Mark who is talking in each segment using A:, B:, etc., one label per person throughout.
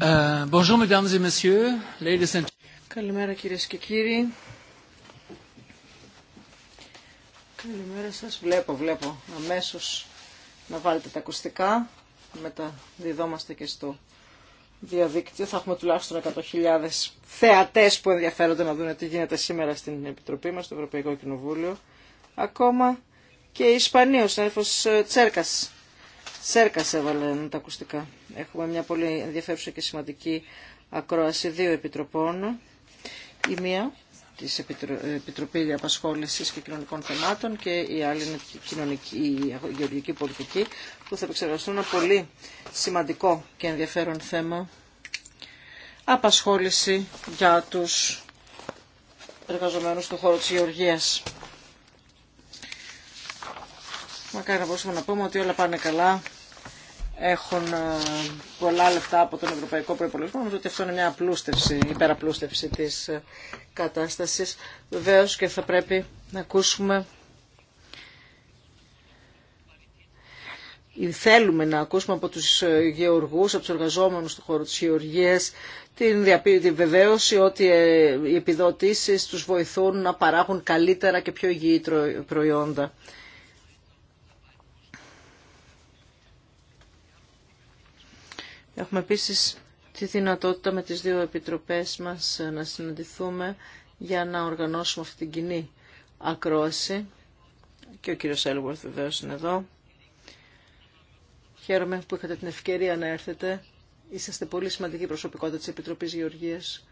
A: Ε, Καλημέρα κυρίες και κύριοι. Καλημέρα σας. Βλέπω, βλέπω αμέσως να βάλετε τα ακουστικά. Μετά διδόμαστε και στο διαδίκτυο. Θα έχουμε τουλάχιστον 100.000 θεατές που ενδιαφέρονται να δουν τι γίνεται σήμερα στην Επιτροπή μας, στο Ευρωπαϊκό Κοινοβούλιο. Ακόμα και Ισπανίος, συνάδελφος Τσέρκας Σέρκας έβαλε τα ακουστικά. Έχουμε μια πολύ ενδιαφέρουσα και σημαντική ακρόαση δύο επιτροπών. Η μία της Επιτροπή Απασχόλησης και Κοινωνικών Θεμάτων και η άλλη είναι η, κοινωνική, η γεωργική πολιτική που θα επεξεργαστούν ένα πολύ σημαντικό και ενδιαφέρον θέμα απασχόληση για τους εργαζομένους του χώρου της γεωργίας. Μακάρι να μπορούσαμε να πούμε ότι όλα πάνε καλά έχουν ε, πολλά λεφτά από τον Ευρωπαϊκό Προπολογισμό. Νομίζω ότι αυτό είναι μια απλούστευση, υπεραπλούστευση της ε, κατάστασης. Βεβαίω και θα πρέπει να ακούσουμε θέλουμε να ακούσουμε από τους ε, γεωργούς, από τους εργαζόμενους του χώρου της γεωργίας, την, την βεβαίωση ότι οι επιδοτήσεις τους βοηθούν να παράγουν καλύτερα και πιο υγιή προϊόντα. Έχουμε επίσης τη δυνατότητα με τις δύο επιτροπές μας να συναντηθούμε για να οργανώσουμε αυτή την κοινή ακρόαση. Και ο κύριος Έλγουαρθ βεβαίως είναι εδώ. Χαίρομαι που είχατε την ευκαιρία να έρθετε. Είσαστε πολύ σημαντική προσωπικότητα της Επιτροπής Γεωργίας.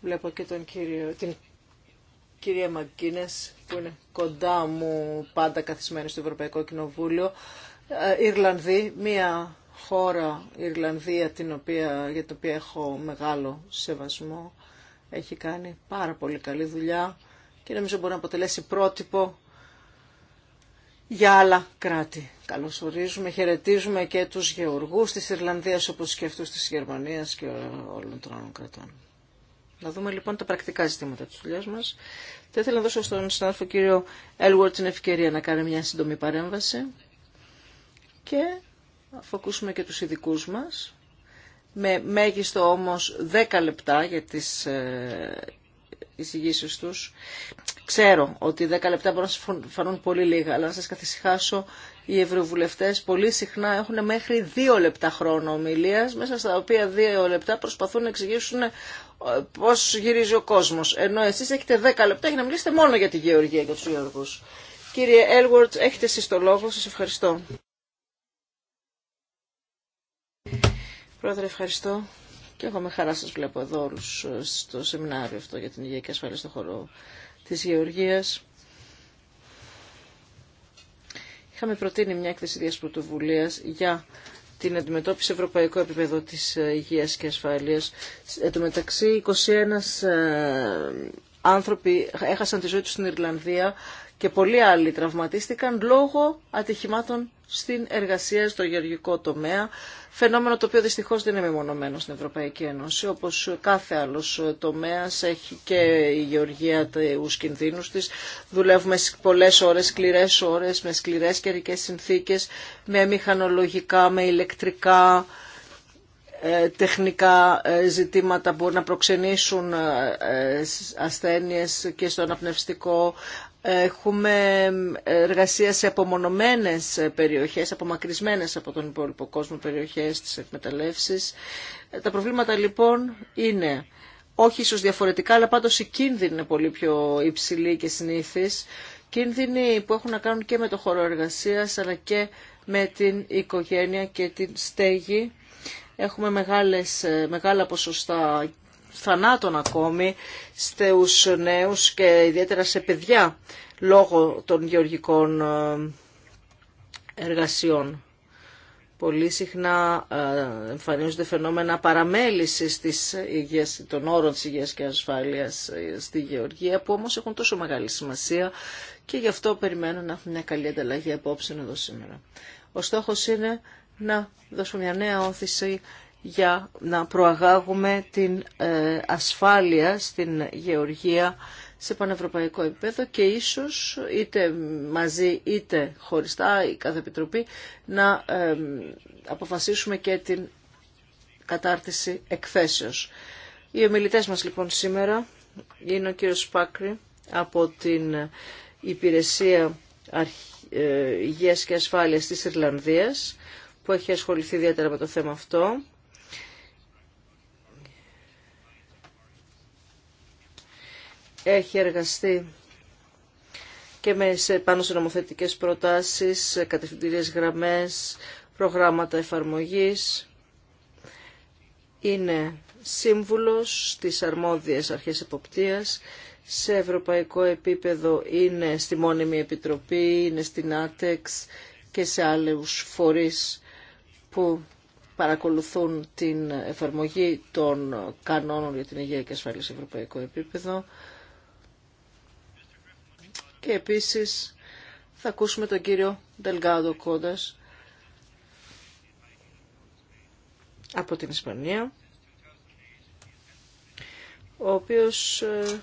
A: Βλέπω και τον κύριο, την κυρία Μαγκίνες που είναι κοντά μου πάντα καθισμένη στο Ευρωπαϊκό Κοινοβούλιο. Ε, Ιρλανδή, μία χώρα, η Ιρλανδία, την οποία, για την οποία έχω μεγάλο σεβασμό, έχει κάνει πάρα πολύ καλή δουλειά και νομίζω μπορεί να αποτελέσει πρότυπο για άλλα κράτη. ορίζουμε. χαιρετίζουμε και τους γεωργούς της Ιρλανδίας όπως και αυτούς της Γερμανίας και όλων των άλλων κρατών. Να δούμε λοιπόν τα πρακτικά ζητήματα της δουλειά μας. Θα ήθελα να δώσω στον συνάδελφο κύριο Έλουαρτ την ευκαιρία να κάνει μια σύντομη παρέμβαση και αφού ακούσουμε και τους ειδικού μας, με μέγιστο όμως 10 λεπτά για τις ε, εισηγήσεις τους. Ξέρω ότι 10 λεπτά μπορούν να σας φανούν πολύ λίγα, αλλά να σας καθησυχάσω, οι ευρωβουλευτές πολύ συχνά έχουν μέχρι 2 λεπτά χρόνο ομιλίας, μέσα στα οποία 2 λεπτά προσπαθούν να εξηγήσουν ε, πώς γυρίζει ο κόσμος. Ενώ εσείς έχετε 10 λεπτά για να μιλήσετε μόνο για τη γεωργία και τους γεωργούς. Κύριε Έλγουαρτ, έχετε εσείς το λόγο. Σας ευχαριστώ. Πρόεδρε, ευχαριστώ. Και εγώ με χαρά σας βλέπω εδώ όλους ε, στο σεμινάριο αυτό για την υγεία και ασφάλεια στον χώρο της γεωργίας. Είχαμε προτείνει μια έκθεση πρωτοβουλία για την αντιμετώπιση ευρωπαϊκού επίπεδο της ε, υγείας και ασφάλειας. Εν τω μεταξύ, 21 ε, άνθρωποι έχασαν τη ζωή τους στην Ιρλανδία και πολλοί άλλοι τραυματίστηκαν λόγω ατυχημάτων στην εργασία στο γεωργικό τομέα, φαινόμενο το οποίο δυστυχώς δεν είναι μεμονωμένο στην Ευρωπαϊκή Ένωση, όπως κάθε άλλος τομέας έχει και η γεωργία του κινδύνους της. Δουλεύουμε πολλές ώρες, σκληρές ώρες, με σκληρές καιρικέ συνθήκες, με μηχανολογικά, με ηλεκτρικά, ε, τεχνικά ε, ζητήματα μπορεί να προξενήσουν ε, ασθένειες και στο αναπνευστικό Έχουμε εργασία σε απομονωμένες περιοχές, απομακρυσμένες από τον υπόλοιπο κόσμο περιοχές της εκμεταλλεύσης. Τα προβλήματα λοιπόν είναι όχι ίσως διαφορετικά, αλλά πάντως η κίνδυνη είναι πολύ πιο υψηλή και συνήθις. Κίνδυνοι που έχουν να κάνουν και με το χώρο εργασίας, αλλά και με την οικογένεια και την στέγη. Έχουμε μεγάλες, μεγάλα ποσοστά θανάτων ακόμη στους νέους και ιδιαίτερα σε παιδιά λόγω των γεωργικών ε, εργασιών. Πολύ συχνά ε, εμφανίζονται φαινόμενα παραμέλησης της υγείας, των όρων της υγείας και ασφάλειας ε, στη γεωργία που όμως έχουν τόσο μεγάλη σημασία και γι' αυτό περιμένω να έχουμε μια καλή ανταλλαγή απόψε εδώ σήμερα. Ο στόχος είναι να δώσουμε μια νέα όθηση για να προαγάγουμε την ε, ασφάλεια στην γεωργία σε πανευρωπαϊκό επίπεδο και ίσως είτε μαζί είτε χωριστά η κάθε επιτροπή να ε, αποφασίσουμε και την κατάρτιση εκθέσεως. Οι ομιλητές μας λοιπόν σήμερα είναι ο κύριος Πάκρη από την Υπηρεσία ε, Υγείας και Ασφάλειας της Ιρλανδίας που έχει ασχοληθεί ιδιαίτερα με το θέμα αυτό έχει εργαστεί και με, σε, πάνω σε νομοθετικές προτάσεις, κατευθυντήριες γραμμές, προγράμματα εφαρμογής. Είναι σύμβουλος στις αρμόδιες αρχές εποπτείας. Σε ευρωπαϊκό επίπεδο είναι στη Μόνιμη Επιτροπή, είναι στην ΆΤΕΞ και σε άλλους φορείς που παρακολουθούν την εφαρμογή των κανόνων για την υγεία και ασφάλεια σε ευρωπαϊκό επίπεδο. Και επίσης θα ακούσουμε τον κύριο Δελγάδο Κόντας από την Ισπανία, ο οποίος ε,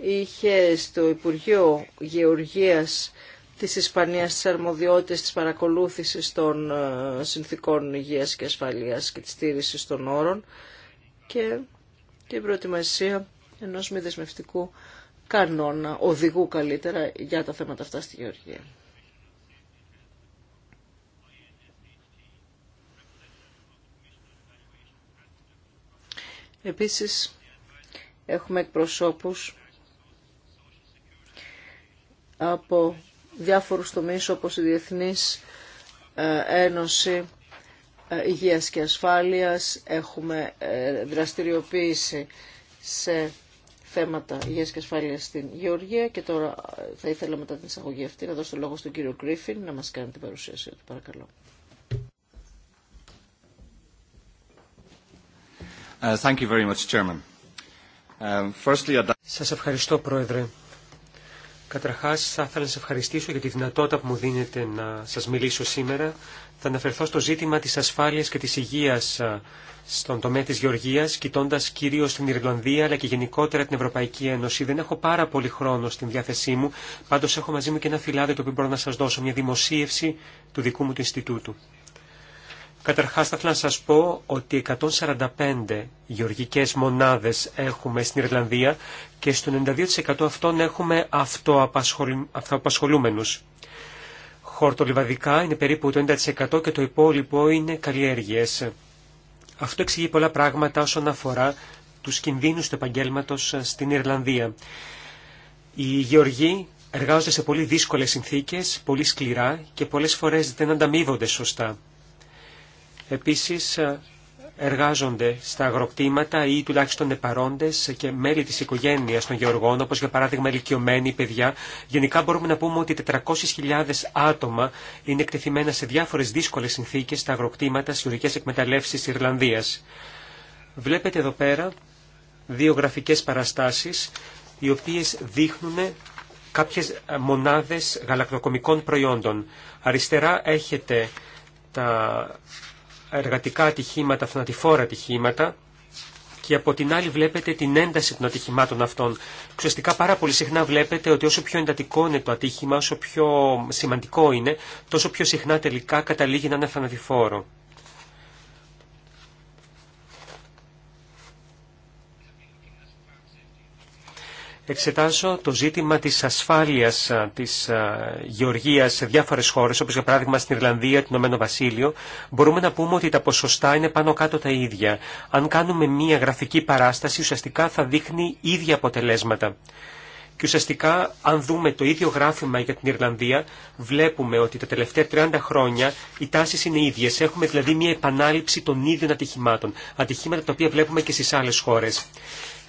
A: είχε στο Υπουργείο Γεωργίας της Ισπανίας τις αρμοδιότητες της παρακολούθησης των ε, συνθήκων υγείας και ασφαλείας και της τήρησης των όρων και την προετοιμασία ενός μη δεσμευτικού κανόνα, οδηγού καλύτερα για τα θέματα αυτά στη Γεωργία. Επίσης, έχουμε εκπροσώπους από διάφορους τομείς όπως η Διεθνής ε, Ένωση ε, Υγείας και Ασφάλειας. Έχουμε ε, δραστηριοποίηση σε θέματα υγεία και ασφάλειας στην Γεωργία και τώρα ε, θα ήθελα μετά την εισαγωγή αυτή να δώσω το λόγο στον κύριο Γκρίφιν να μας κάνει την παρουσίασή του. Παρακαλώ.
B: Uh, thank you very much, uh, Firstly... Σας ευχαριστώ, Πρόεδρε. Καταρχάς θα ήθελα να σας ευχαριστήσω για τη δυνατότητα που μου δίνετε να σας μιλήσω σήμερα. Θα αναφερθώ στο ζήτημα της ασφάλειας και της υγείας στον τομέα της γεωργίας, κοιτώντας κυρίως την Ιρλανδία αλλά και γενικότερα την Ευρωπαϊκή Ένωση. Δεν έχω πάρα πολύ χρόνο στην διάθεσή μου, πάντως έχω μαζί μου και ένα φυλάδιο το οποίο μπορώ να σας δώσω, μια δημοσίευση του δικού μου του Ινστιτούτου. Καταρχάς θα ήθελα να σας πω ότι 145 γεωργικές μονάδες έχουμε στην Ιρλανδία και στο 92% αυτών έχουμε αυτοαπασχολούμενους. Χορτολιβαδικά είναι περίπου το 90% και το υπόλοιπο είναι καλλιέργειες. Αυτό εξηγεί πολλά πράγματα όσον αφορά τους κινδύνους του επαγγέλματος στην Ιρλανδία. Οι γεωργοί εργάζονται σε πολύ δύσκολες συνθήκες, πολύ σκληρά και πολλές φορές δεν ανταμείβονται σωστά. Επίσης ε, εργάζονται στα αγροκτήματα ή τουλάχιστον επαροντες και μέλη της οικογένειας των γεωργών, όπως για παράδειγμα ηλικιωμένοι παιδιά. Γενικά μπορούμε να πούμε ότι 400.000 άτομα είναι εκτεθειμένα σε διάφορες δύσκολες συνθήκες στα αγροκτήματα στις ουρικές εκμεταλλεύσεις Ιρλανδίας. Βλέπετε εδώ πέρα δύο γραφικές παραστάσεις, οι οποίες δείχνουν κάποιες μονάδες γαλακτοκομικών προϊόντων. Αριστερά έχετε τα εργατικά ατυχήματα, θανατηφόρα ατυχήματα και από την άλλη βλέπετε την ένταση των ατυχημάτων αυτών. Ουσιαστικά πάρα πολύ συχνά βλέπετε ότι όσο πιο εντατικό είναι το ατύχημα, όσο πιο σημαντικό είναι, τόσο πιο συχνά τελικά καταλήγει να είναι θανατηφόρο. εξετάζω το ζήτημα της ασφάλειας της γεωργίας σε διάφορες χώρες, όπως για παράδειγμα στην Ιρλανδία, το Ηνωμένο Βασίλειο, μπορούμε να πούμε ότι τα ποσοστά είναι πάνω κάτω τα ίδια. Αν κάνουμε μία γραφική παράσταση, ουσιαστικά θα δείχνει ίδια αποτελέσματα. Και ουσιαστικά, αν δούμε το ίδιο γράφημα για την Ιρλανδία, βλέπουμε ότι τα τελευταία 30 χρόνια οι τάσει είναι ίδιε. Έχουμε δηλαδή μια επανάληψη των ίδιων ατυχημάτων. Ατυχήματα τα οποία βλέπουμε και στι άλλε χώρε.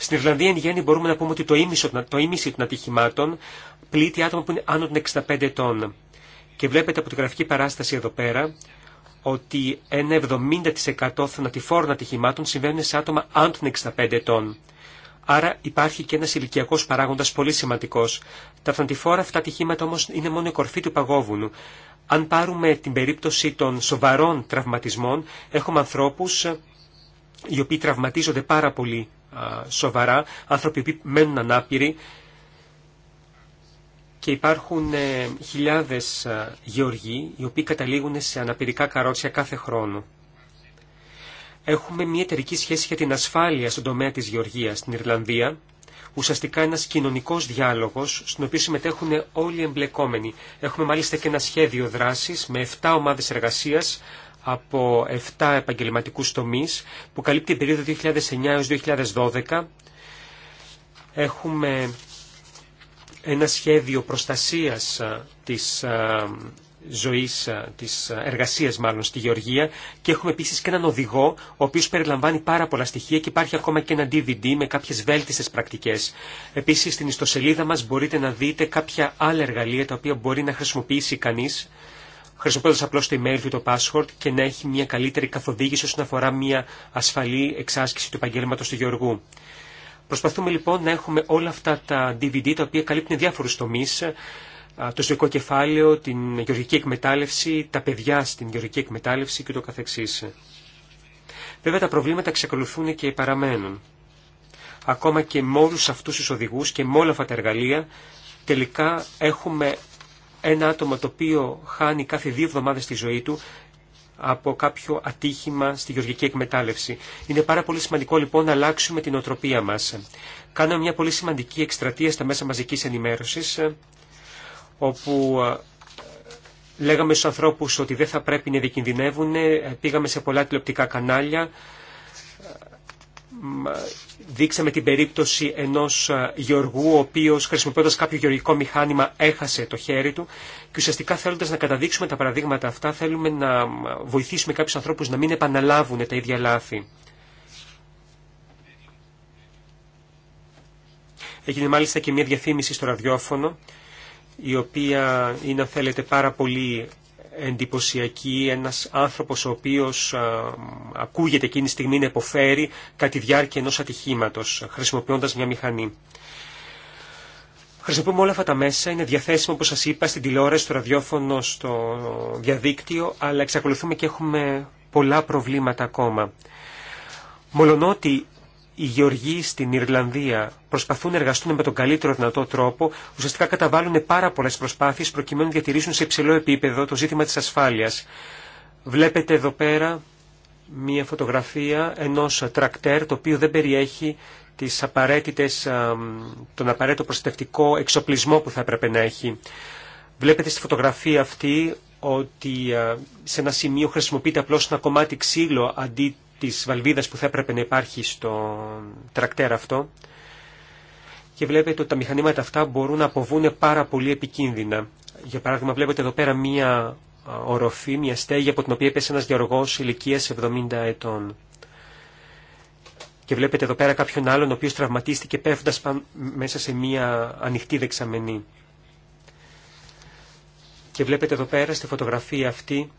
B: Στην Ιρλανδία εν γέννη μπορούμε να πούμε ότι το ίμιση, το ίμιση των ατυχημάτων πλήττει άτομα που είναι άνω των 65 ετών. Και βλέπετε από τη γραφική παράσταση εδώ πέρα ότι ένα 70% θανατηφόρων ατυχημάτων συμβαίνουν σε άτομα άνω των 65 ετών. Άρα υπάρχει και ένα ηλικιακό παράγοντα πολύ σημαντικό. Τα θανατηφόρα αυτά ατυχήματα όμω είναι μόνο η κορφή του παγόβουνου. Αν πάρουμε την περίπτωση των σοβαρών τραυματισμών, έχουμε ανθρώπου οι οποίοι τραυματίζονται πάρα πολύ σοβαρά, άνθρωποι που μένουν ανάπηροι και υπάρχουν ε, χιλιάδες γεωργοί οι οποίοι καταλήγουν σε αναπηρικά καρότσια κάθε χρόνο. Έχουμε μια εταιρική σχέση για την ασφάλεια στον τομέα της γεωργίας στην Ιρλανδία, ουσιαστικά ένας κοινωνικός διάλογος στον οποίο συμμετέχουν όλοι οι εμπλεκόμενοι. Έχουμε μάλιστα και ένα σχέδιο δράσης με 7 ομάδες εργασίας από 7 επαγγελματικούς τομείς που καλύπτει την περίοδο 2009 έως 2012. Έχουμε ένα σχέδιο προστασίας ε, της ε, ζωής, ε, της εργασίας μάλλον στη Γεωργία και έχουμε επίσης και έναν οδηγό ο οποίος περιλαμβάνει πάρα πολλά στοιχεία και υπάρχει ακόμα και ένα DVD με κάποιες βέλτιστες πρακτικές. Επίσης στην ιστοσελίδα μας μπορείτε να δείτε κάποια άλλα εργαλεία τα οποία μπορεί να χρησιμοποιήσει κανείς χρησιμοποιώντα απλώ το email του το password και να έχει μια καλύτερη καθοδήγηση όσον αφορά μια ασφαλή εξάσκηση του επαγγέλματο του Γεωργού. Προσπαθούμε λοιπόν να έχουμε όλα αυτά τα DVD τα οποία καλύπτουν διάφορου τομεί. Το ζωικό κεφάλαιο, την γεωργική εκμετάλλευση, τα παιδιά στην γεωργική εκμετάλλευση και το Βέβαια τα προβλήματα εξακολουθούν και παραμένουν. Ακόμα και με όλου αυτούς τους οδηγούς και με όλα αυτά τα εργαλεία τελικά έχουμε ένα άτομο το οποίο χάνει κάθε δύο εβδομάδες τη ζωή του από κάποιο ατύχημα στη γεωργική εκμετάλλευση. Είναι πάρα πολύ σημαντικό λοιπόν να αλλάξουμε την οτροπία μας. Κάναμε μια πολύ σημαντική εκστρατεία στα μέσα μαζικής ενημέρωσης, όπου ε, λέγαμε στους ανθρώπους ότι δεν θα πρέπει να διακινδυνεύουν, πήγαμε σε πολλά τηλεοπτικά κανάλια, δείξαμε την περίπτωση ενός ε, γεωργού ο οποίος χρησιμοποιώντας κάποιο γεωργικό μηχάνημα έχασε το χέρι του και ουσιαστικά θέλοντας να καταδείξουμε τα παραδείγματα αυτά θέλουμε να βοηθήσουμε κάποιους ανθρώπους να μην επαναλάβουν τα ίδια λάθη. Έγινε μάλιστα και μια διαφήμιση στο ραδιόφωνο η οποία είναι αν θέλετε πάρα πολύ εντυπωσιακή, ένας άνθρωπος ο οποίος ε, ακούγεται εκείνη τη στιγμή να υποφέρει κατά τη διάρκεια ενός ατυχήματος, χρησιμοποιώντας μια μηχανή. Χρησιμοποιούμε όλα αυτά τα μέσα, είναι διαθέσιμο όπως σας είπα στην τηλεόραση, στο ραδιόφωνο, στο διαδίκτυο, αλλά εξακολουθούμε και έχουμε πολλά προβλήματα ακόμα. Μολονότι οι γεωργοί στην Ιρλανδία προσπαθούν να εργαστούν με τον καλύτερο δυνατό τρόπο, ουσιαστικά καταβάλουν πάρα πολλέ προσπάθειε προκειμένου να διατηρήσουν σε υψηλό επίπεδο το ζήτημα τη ασφάλεια. Βλέπετε εδώ πέρα μία φωτογραφία ενός τρακτέρ το οποίο δεν περιέχει τις απαραίτητες, τον απαραίτητο προστατευτικό εξοπλισμό που θα έπρεπε να έχει. Βλέπετε στη φωτογραφία αυτή ότι σε ένα σημείο χρησιμοποιείται απλώς ένα κομμάτι ξύλο αντί της βαλβίδας που θα έπρεπε να υπάρχει στο τρακτέρ αυτό και βλέπετε ότι τα μηχανήματα αυτά μπορούν να αποβούν πάρα πολύ επικίνδυνα. Για παράδειγμα βλέπετε εδώ πέρα μία οροφή, μία στέγη από την οποία έπεσε ένας γεωργός ηλικίας 70 ετών. Και βλέπετε εδώ πέρα κάποιον άλλον ο οποίος τραυματίστηκε πέφτοντας μέσα σε μία ανοιχτή δεξαμενή. Και βλέπετε εδώ πέρα στη φωτογραφία αυτή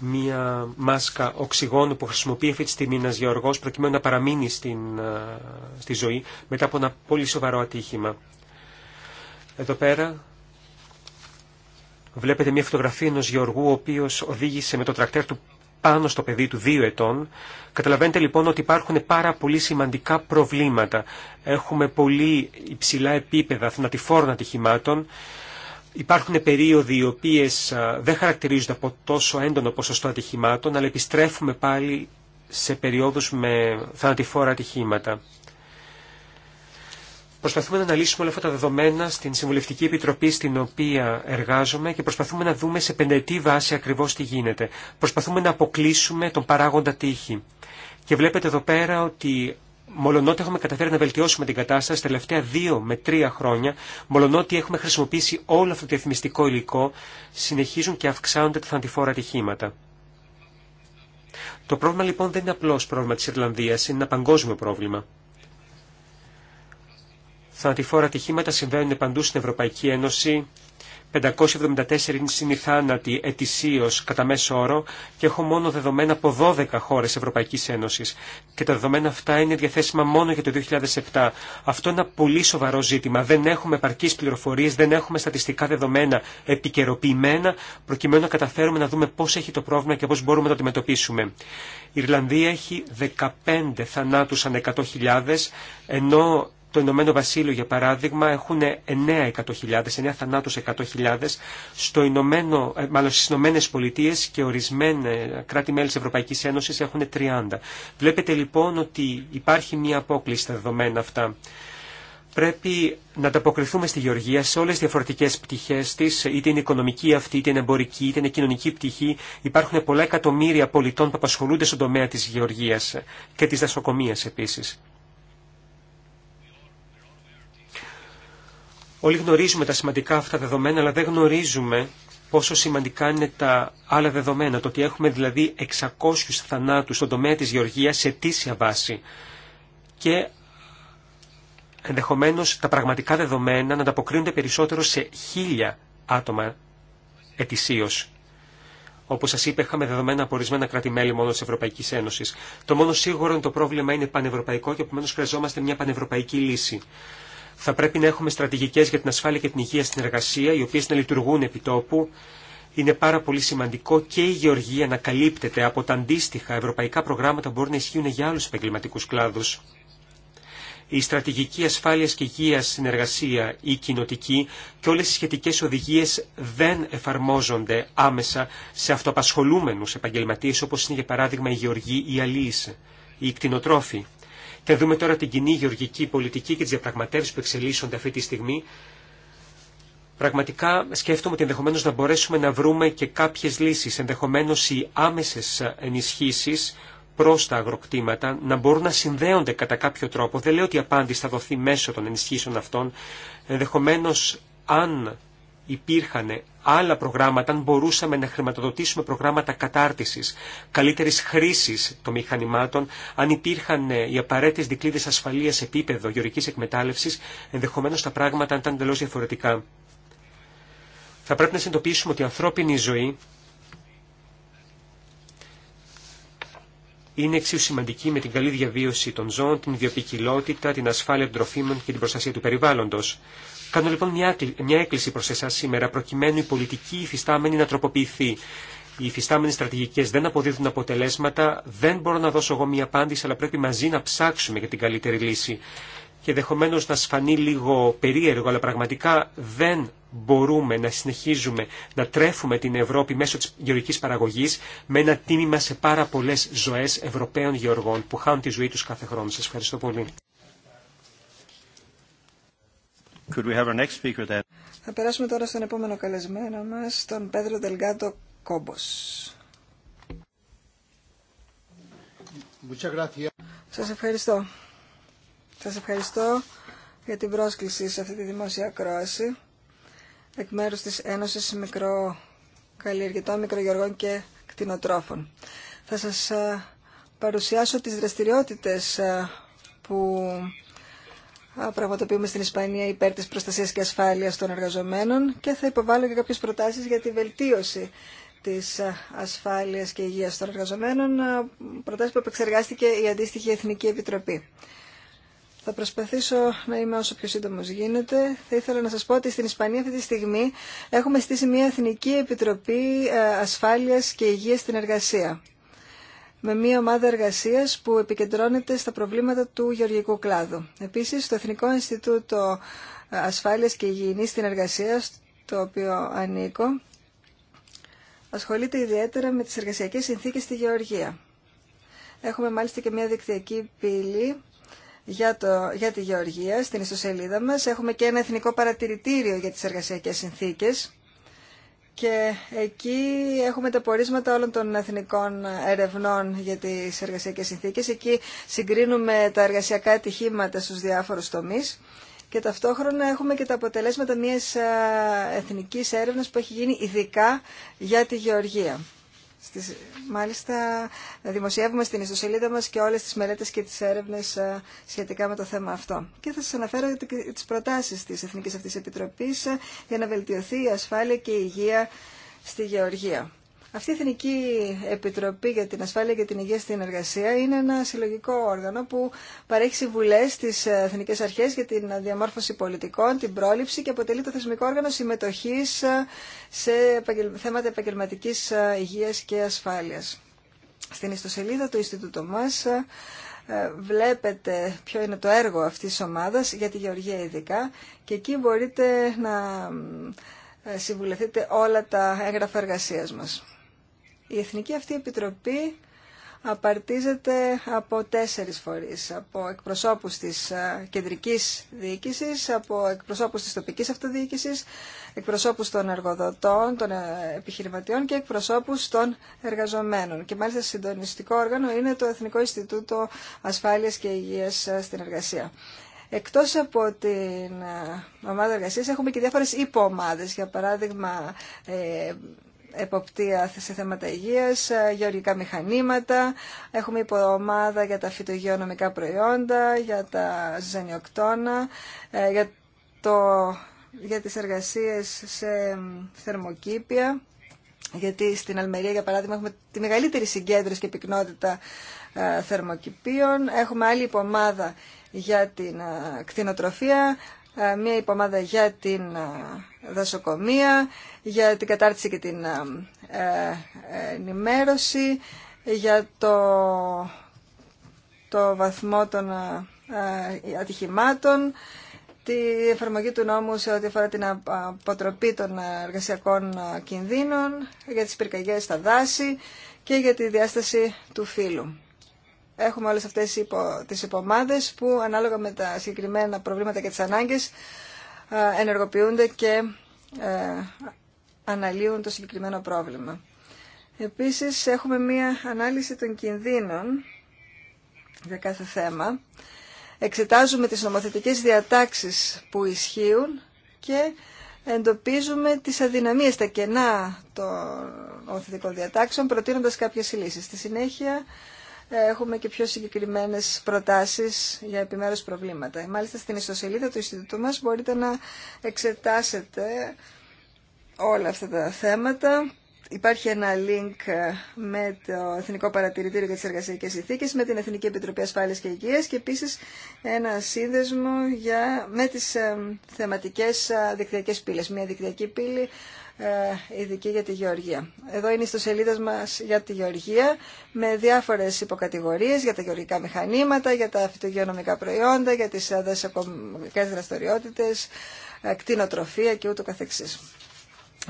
B: μία μάσκα οξυγόνου που χρησιμοποιεί αυτή τη στιγμή ένα γεωργό προκειμένου να παραμείνει στην, στη ζωή μετά από ένα πολύ σοβαρό ατύχημα. Εδώ πέρα βλέπετε μία φωτογραφία ενό γεωργού ο οποίο οδήγησε με το τρακτέρ του πάνω στο παιδί του δύο ετών. Καταλαβαίνετε λοιπόν ότι υπάρχουν πάρα πολύ σημαντικά προβλήματα. Έχουμε πολύ υψηλά επίπεδα θνατηφόρων ατυχημάτων. Υπάρχουν περίοδοι οι οποίες δεν χαρακτηρίζονται από τόσο έντονο ποσοστό ατυχημάτων, αλλά επιστρέφουμε πάλι σε περιόδους με θανατηφόρα ατυχήματα. Προσπαθούμε να αναλύσουμε όλα αυτά τα δεδομένα στην Συμβουλευτική Επιτροπή στην οποία εργάζομαι και προσπαθούμε να δούμε σε πενταετή βάση ακριβώς τι γίνεται. Προσπαθούμε να αποκλείσουμε τον παράγοντα τύχη. Και βλέπετε εδώ πέρα ότι μολονότι έχουμε καταφέρει να βελτιώσουμε την κατάσταση τα τελευταία δύο με τρία χρόνια, μολονότι έχουμε χρησιμοποιήσει όλο αυτό το διαφημιστικό υλικό, συνεχίζουν και αυξάνονται τα θανατηφόρα ατυχήματα. Το πρόβλημα λοιπόν δεν είναι απλώς πρόβλημα της Ιρλανδίας, είναι ένα παγκόσμιο πρόβλημα. Θανατηφόρα ατυχήματα συμβαίνουν παντού στην Ευρωπαϊκή Ένωση, 574 είναι οι θάνατοι ετησίως κατά μέσο όρο και έχω μόνο δεδομένα από 12 χώρες Ευρωπαϊκής Ένωσης. Και τα δεδομένα αυτά είναι διαθέσιμα μόνο για το 2007. Αυτό είναι ένα πολύ σοβαρό ζήτημα. Δεν έχουμε επαρκείς πληροφορίες, δεν έχουμε στατιστικά δεδομένα επικαιροποιημένα, προκειμένου να καταφέρουμε να δούμε πώ έχει το πρόβλημα και πώς μπορούμε να το αντιμετωπίσουμε. Η Ιρλανδία έχει 15 θανάτους ανά 100.000, ενώ το Ηνωμένο Βασίλειο, για παράδειγμα, έχουν 9 εκατομμύρια, 9 θανάτους 100.000, στο Ηνωμένο, ε, μάλλον στις Ηνωμένες Πολιτείες και ορισμένα κράτη-μέλη της Ευρωπαϊκής Ένωσης έχουν 30. Βλέπετε λοιπόν ότι υπάρχει μια απόκληση στα δεδομένα αυτά. Πρέπει να ανταποκριθούμε στη Γεωργία σε όλες τις διαφορετικές πτυχές της, είτε είναι οικονομική αυτή, είτε είναι εμπορική, είτε είναι κοινωνική πτυχή. Υπάρχουν πολλά εκατομμύρια πολιτών που απασχολούνται στον τομέα της Γεωργίας και τη δασοκομεία επίσης. Όλοι γνωρίζουμε τα σημαντικά αυτά δεδομένα, αλλά δεν γνωρίζουμε πόσο σημαντικά είναι τα άλλα δεδομένα. Το ότι έχουμε δηλαδή 600 θανάτους στον τομέα της γεωργίας σε αιτήσια βάση. Και ενδεχομένως τα πραγματικά δεδομένα να ανταποκρίνονται περισσότερο σε χίλια άτομα ετησίως. Όπω σα είπα, είχαμε δεδομένα από ορισμένα κράτη-μέλη μόνο τη Ευρωπαϊκή Ένωση. Το μόνο σίγουρο είναι το πρόβλημα είναι πανευρωπαϊκό και επομένω χρειαζόμαστε μια πανευρωπαϊκή λύση. Θα πρέπει να έχουμε στρατηγικές για την ασφάλεια και την υγεία στην εργασία, οι οποίες να λειτουργούν επί τόπου. Είναι πάρα πολύ σημαντικό και η γεωργία να καλύπτεται από τα αντίστοιχα ευρωπαϊκά προγράμματα που μπορούν να ισχύουν για άλλους επαγγελματικούς κλάδους. Η στρατηγική ασφάλειας και υγείας συνεργασία, η κοινοτική και όλες οι σχετικές οδηγίες δεν εφαρμόζονται άμεσα σε αυτοαπασχολούμενους επαγγελματίες όπως είναι για παράδειγμα οι η αλής, η η οι κτηνοτρόφοι. Θα δούμε τώρα την κοινή γεωργική πολιτική και τι διαπραγματεύσει που εξελίσσονται αυτή τη στιγμή. Πραγματικά σκέφτομαι ότι ενδεχομένω να μπορέσουμε να βρούμε και κάποιε λύσει. Ενδεχομένω οι άμεσε ενισχύσει προ τα αγροκτήματα να μπορούν να συνδέονται κατά κάποιο τρόπο. Δεν λέω ότι η απάντηση θα δοθεί μέσω των ενισχύσεων αυτών. Ενδεχομένω αν υπήρχαν άλλα προγράμματα, αν μπορούσαμε να χρηματοδοτήσουμε προγράμματα κατάρτισης, καλύτερης χρήσης των μηχανημάτων, αν υπήρχαν ε, οι απαραίτητες δικλείδες ασφαλείας σε επίπεδο γεωρικής εκμετάλλευσης, ενδεχομένως τα πράγματα ήταν εντελώ διαφορετικά. Θα πρέπει να συνειδητοποιήσουμε ότι η ανθρώπινη ζωή είναι εξίσου σημαντική με την καλή διαβίωση των ζώων, την βιοπικιλότητα, την ασφάλεια των τροφίμων και την προστασία του περιβάλλοντος. Κάνω λοιπόν μια, μια έκκληση προς εσάς σήμερα, προκειμένου η πολιτική υφιστάμενη να τροποποιηθεί. Οι υφιστάμενες στρατηγικές δεν αποδίδουν αποτελέσματα, δεν μπορώ να δώσω εγώ μια απάντηση, αλλά πρέπει μαζί να ψάξουμε για την καλύτερη λύση. Και δεχομένω να σφανεί λίγο περίεργο, αλλά πραγματικά δεν μπορούμε να συνεχίζουμε να τρέφουμε την Ευρώπη μέσω της γεωργικής παραγωγής με ένα τίμημα σε πάρα πολλές ζωές Ευρωπαίων γεωργών που χάνουν τη ζωή τους κάθε χρόνο. Σας ευχαριστώ πολύ. Θα
C: περάσουμε τώρα στον επόμενο καλεσμένο μας, τον Πέδρο Δελγάτο Κόμπος. Σας ευχαριστώ. Σας ευχαριστώ για την πρόσκληση σε αυτή τη δημόσια ακρόαση εκ μέρους της Ένωσης Μικροκαλλιεργητών, Μικρογεωργών και Κτηνοτρόφων. Θα σας παρουσιάσω τις δραστηριότητες που πραγματοποιούμε στην Ισπανία υπέρ της προστασίας και ασφάλειας των εργαζομένων και θα υποβάλω και κάποιες προτάσεις για τη βελτίωση της ασφάλειας και υγείας των εργαζομένων, προτάσεις που επεξεργάστηκε η αντίστοιχη Εθνική Επιτροπή. Θα προσπαθήσω να είμαι όσο πιο σύντομο γίνεται. Θα ήθελα να σα πω ότι στην Ισπανία αυτή τη στιγμή έχουμε στήσει μια Εθνική Επιτροπή Ασφάλεια και Υγεία στην Εργασία με μια ομάδα εργασία που επικεντρώνεται στα προβλήματα του γεωργικού κλάδου. Επίσης, το Εθνικό Ινστιτούτο Ασφάλεια και Υγιεινή στην Εργασία, το οποίο ανήκω, ασχολείται ιδιαίτερα με τις εργασιακές συνθήκες στη Γεωργία. Έχουμε μάλιστα και μια δικτυακή πύλη για, το, για τη Γεωργία στην ιστοσελίδα μας. Έχουμε και ένα εθνικό παρατηρητήριο για τις εργασιακές συνθήκες και εκεί έχουμε τα πορίσματα όλων των εθνικών ερευνών για τις εργασιακές συνθήκες. Εκεί συγκρίνουμε τα εργασιακά ατυχήματα στους διάφορους τομείς και ταυτόχρονα έχουμε και τα αποτελέσματα μιας εθνικής έρευνας που έχει γίνει ειδικά για τη γεωργία. Στις, μάλιστα δημοσιεύουμε στην ιστοσελίδα μας και όλες τις μελέτες και τις έρευνες ε, σχετικά με το θέμα αυτό. Και θα σας αναφέρω τις προτάσεις της Εθνικής Αυτής Επιτροπής ε, για να βελτιωθεί η ασφάλεια και η υγεία στη Γεωργία. Αυτή η Εθνική Επιτροπή για την Ασφάλεια και την Υγεία στην Εργασία είναι ένα συλλογικό όργανο που παρέχει συμβουλέ στι εθνικέ αρχέ για την διαμόρφωση πολιτικών, την πρόληψη και αποτελεί το θεσμικό όργανο συμμετοχή σε θέματα επαγγελματική υγεία και ασφάλεια. Στην ιστοσελίδα του Ινστιτούτου μα ε, βλέπετε ποιο είναι το έργο αυτής της ομάδας για τη Γεωργία ειδικά και εκεί μπορείτε να ε, συμβουλευτείτε όλα τα έγγραφα εργασίας μας. Η Εθνική αυτή Επιτροπή απαρτίζεται από τέσσερις φορείς, από εκπροσώπους της ε, κεντρικής διοίκησης, από εκπροσώπους της τοπικής αυτοδιοίκησης, εκπροσώπους των εργοδοτών, των ε, επιχειρηματιών και εκπροσώπους των εργαζομένων. Και μάλιστα συντονιστικό όργανο είναι το Εθνικό Ινστιτούτο Ασφάλειας και Υγείας ε, στην Εργασία. Εκτός από την ομάδα εργασίας έχουμε και διάφορες υποομάδες, για παράδειγμα εποπτεία σε θέματα υγείας, ε, γεωργικά μηχανήματα, έχουμε υποομάδα για τα φυτογεωνομικά προϊόντα, για τα ζανιοκτώνα, ε, για, το, για τις εργασίες σε θερμοκήπια, γιατί στην Αλμερία, για παράδειγμα, έχουμε τη μεγαλύτερη συγκέντρωση και πυκνότητα ε, θερμοκηπίων. Έχουμε άλλη υπομάδα για την κτηνοτροφία, ε, μια υπομάδα για την ε, δασοκομεία, για την κατάρτιση και την ε, ενημέρωση, για το, το βαθμό των ατυχημάτων, τη εφαρμογή του νόμου σε ό,τι αφορά την αποτροπή των εργασιακών κινδύνων, για τις πυρκαγιές στα δάση και για τη διάσταση του φύλου έχουμε όλες αυτές τις υπομάδες που ανάλογα με τα συγκεκριμένα προβλήματα και τις ανάγκες ε, ενεργοποιούνται και ε, αναλύουν το συγκεκριμένο πρόβλημα. Επίσης έχουμε μία ανάλυση των κινδύνων για κάθε θέμα. Εξετάζουμε τις νομοθετικές διατάξεις που ισχύουν και εντοπίζουμε τις αδυναμίες, τα κενά των νομοθετικών διατάξεων, προτείνοντας κάποιες λύσεις. Στη συνέχεια έχουμε και πιο συγκεκριμένες προτάσεις για επιμέρους προβλήματα. Μάλιστα στην ιστοσελίδα του Ινστιτούτου μας μπορείτε να εξετάσετε όλα αυτά τα θέματα. Υπάρχει ένα link με το Εθνικό Παρατηρητήριο για τις Εργασιακές Ηθίκες, με την Εθνική Επιτροπή Ασφάλειας και Υγείας και επίσης ένα σύνδεσμο για, με τις θεματικές δικτυακές πύλες. Μια δικτυακή πύλη ε, ειδική για τη γεωργία. Εδώ είναι η ιστοσελίδα μα για τη γεωργία με διάφορε υποκατηγορίε για τα γεωργικά μηχανήματα, για τα φυτογειονομικά προϊόντα, για τι δασοκομικέ δραστηριότητε, ε, κτηνοτροφία και ούτω καθεξής.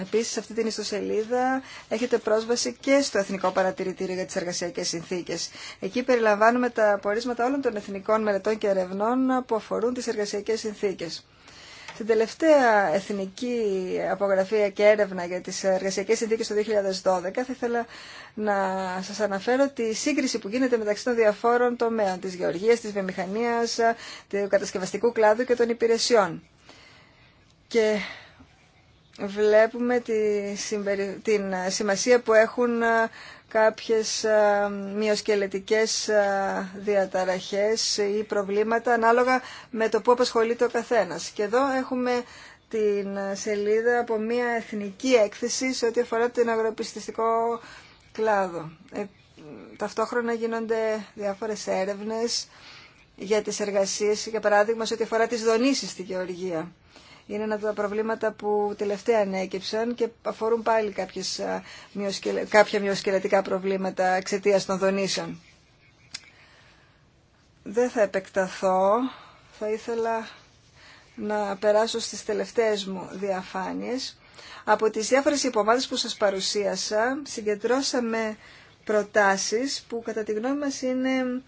C: Επίσης, σε αυτή την ιστοσελίδα έχετε πρόσβαση και στο Εθνικό Παρατηρητήριο για τις Εργασιακές Συνθήκες. Εκεί περιλαμβάνουμε τα απορίσματα όλων των εθνικών μελετών και ερευνών που αφορούν τις εργασιακέ συνθήκες. Στην τελευταία εθνική απογραφή και έρευνα για τις εργασιακές συνθήκες το 2012 θα ήθελα να σας αναφέρω τη σύγκριση που γίνεται μεταξύ των διαφόρων τομέων της γεωργίας, της βιομηχανίας, του κατασκευαστικού κλάδου και των υπηρεσιών. Και βλέπουμε τη την σημασία που έχουν κάποιες ε, μυοσκελετικές ε, διαταραχές ή προβλήματα ανάλογα με το που απασχολείται ο καθένας. Και εδώ έχουμε την σελίδα από μια εθνική έκθεση σε ό,τι αφορά την αγροπιστιστικό κλάδο. Ε, ταυτόχρονα γίνονται διάφορες έρευνες για τις εργασίες, για παράδειγμα σε ό,τι αφορά τις δονήσεις στη γεωργία. Είναι ένα από τα προβλήματα που τελευταία ανέκυψαν και αφορούν πάλι κάποια μειοσκελετικά προβλήματα εξαιτία των δονήσεων. Δεν θα επεκταθώ. Θα ήθελα να περάσω στις τελευταίες μου διαφάνειες. Από τις διάφορες υπομάδες που σας παρουσίασα, συγκεντρώσαμε προτάσεις που κατά τη γνώμη μας είναι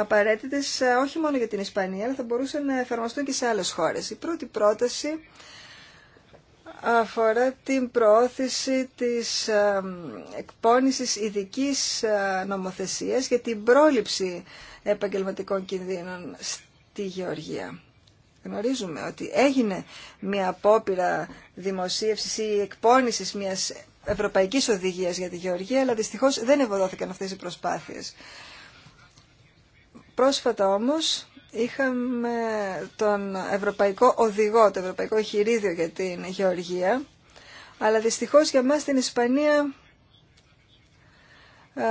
C: απαραίτητες ε, όχι μόνο για την Ισπανία, αλλά θα μπορούσαν να εφαρμοστούν και σε άλλες χώρες. Η πρώτη πρόταση αφορά την προώθηση της ε, εκπόνησης ειδική ε, νομοθεσίας για την πρόληψη επαγγελματικών κινδύνων στη Γεωργία. Γνωρίζουμε ότι έγινε μια απόπειρα δημοσίευσης ή εκπόνησης μιας ευρωπαϊκής οδηγίας για τη Γεωργία, αλλά δυστυχώς δεν ευωδόθηκαν αυτές οι προσπάθειες. Πρόσφατα όμως είχαμε τον Ευρωπαϊκό Οδηγό, το Ευρωπαϊκό Χειρίδιο για την Γεωργία, αλλά δυστυχώς για μας στην Ισπανία ε,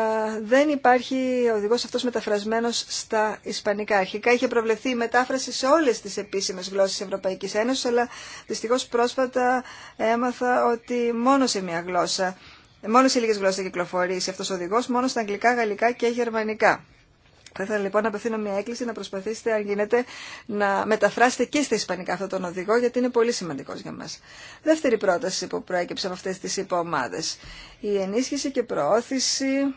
C: δεν υπάρχει ο οδηγός αυτός μεταφρασμένος στα ισπανικά. Αρχικά είχε προβλεφθεί η μετάφραση σε όλες τις επίσημες γλώσσες Ευρωπαϊκής Ένωσης, αλλά δυστυχώς πρόσφατα έμαθα ότι μόνο σε μια γλώσσα, μόνο σε λίγες γλώσσες κυκλοφορεί αυτός ο οδηγός, μόνο στα αγγλικά, γαλλικά και γερμανικά. Θα ήθελα λοιπόν να απευθύνω μια έκκληση να προσπαθήσετε, αν γίνεται, να μεταφράσετε και στα Ισπανικά αυτόν τον οδηγό, γιατί είναι πολύ σημαντικό για μα. Δεύτερη πρόταση που προέκυψε από αυτέ τι υποομάδε. Η ενίσχυση και προώθηση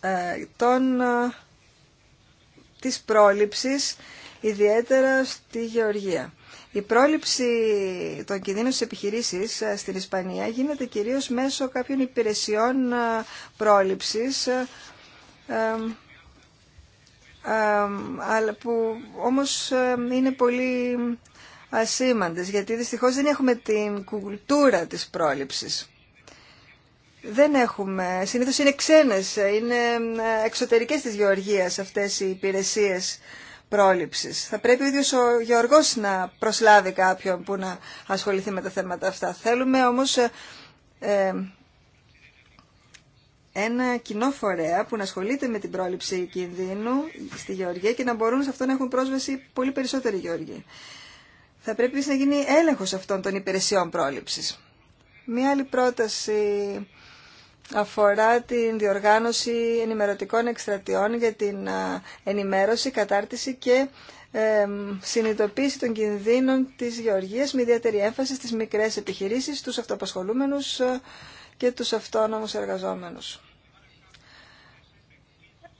C: ε, των, ε, της πρόληψης, ιδιαίτερα στη Γεωργία. Η πρόληψη των κινδύνων στις επιχειρήσεις ε, στην Ισπανία γίνεται κυρίως μέσω κάποιων υπηρεσιών πρόληψης αλλά που όμως είναι πολύ ασήμαντες, γιατί δυστυχώς δεν έχουμε την κουλτούρα της πρόληψης. Δεν έχουμε. Συνήθως είναι ξένες, είναι εξωτερικές της γεωργίας αυτές οι υπηρεσίες πρόληψης. Θα πρέπει ο ίδιος ο γεωργός να προσλάβει κάποιον που να ασχοληθεί με τα θέματα αυτά. Θέλουμε όμως ένα κοινό φορέα που να ασχολείται με την πρόληψη κινδύνου στη γεωργία και να μπορούν σε αυτό να έχουν πρόσβαση πολύ περισσότεροι γεωργοί. Θα πρέπει να γίνει έλεγχος αυτών των υπηρεσιών πρόληψης. Μία άλλη πρόταση αφορά την διοργάνωση ενημερωτικών εκστρατιών για την ενημέρωση, κατάρτιση και συνειδητοποίηση των κινδύνων της γεωργίας με ιδιαίτερη έμφαση στις μικρές επιχειρήσεις, στους αυτοπασχολούμενους και τους αυτόνομους εργαζόμενους.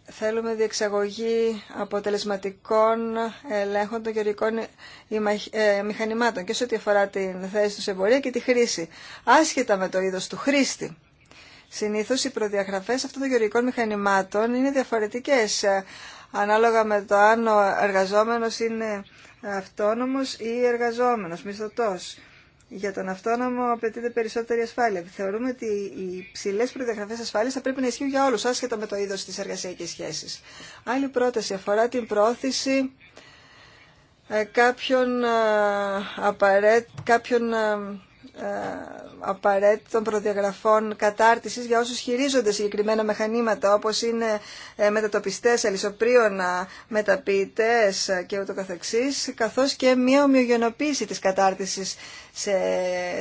C: Θέλουμε διεξαγωγή αποτελεσματικών ελέγχων των γεωργικών ε, μηχανημάτων και σε ό,τι αφορά τη θέση του σε εμπορία και τη χρήση, άσχετα με το είδος του χρήστη. Συνήθως οι προδιαγραφές αυτών των γεωργικών μηχανημάτων είναι διαφορετικές ε, ανάλογα με το αν ο εργαζόμενος είναι αυτόνομος ή εργαζόμενος, μισθωτός για τον αυτόνομο απαιτείται περισσότερη ασφάλεια. Θεωρούμε ότι οι ψηλέ προδιαγραφέ ασφάλεια θα πρέπει να ισχύουν για όλου, άσχετα με το είδο τη εργασιακή σχέση. Άλλη πρόταση αφορά την πρόθεση ε, κάποιων, ε, απαραίτ, κάποιων ε, απαραίτητων προδιαγραφών κατάρτισης για όσους χειρίζονται συγκεκριμένα μηχανήματα όπως είναι ε, μετατοπιστές, αλυσοπρίωνα, μεταποιητές και ούτω καθεξής καθώς και μια ομοιογενοποίηση της κατάρτισης σε,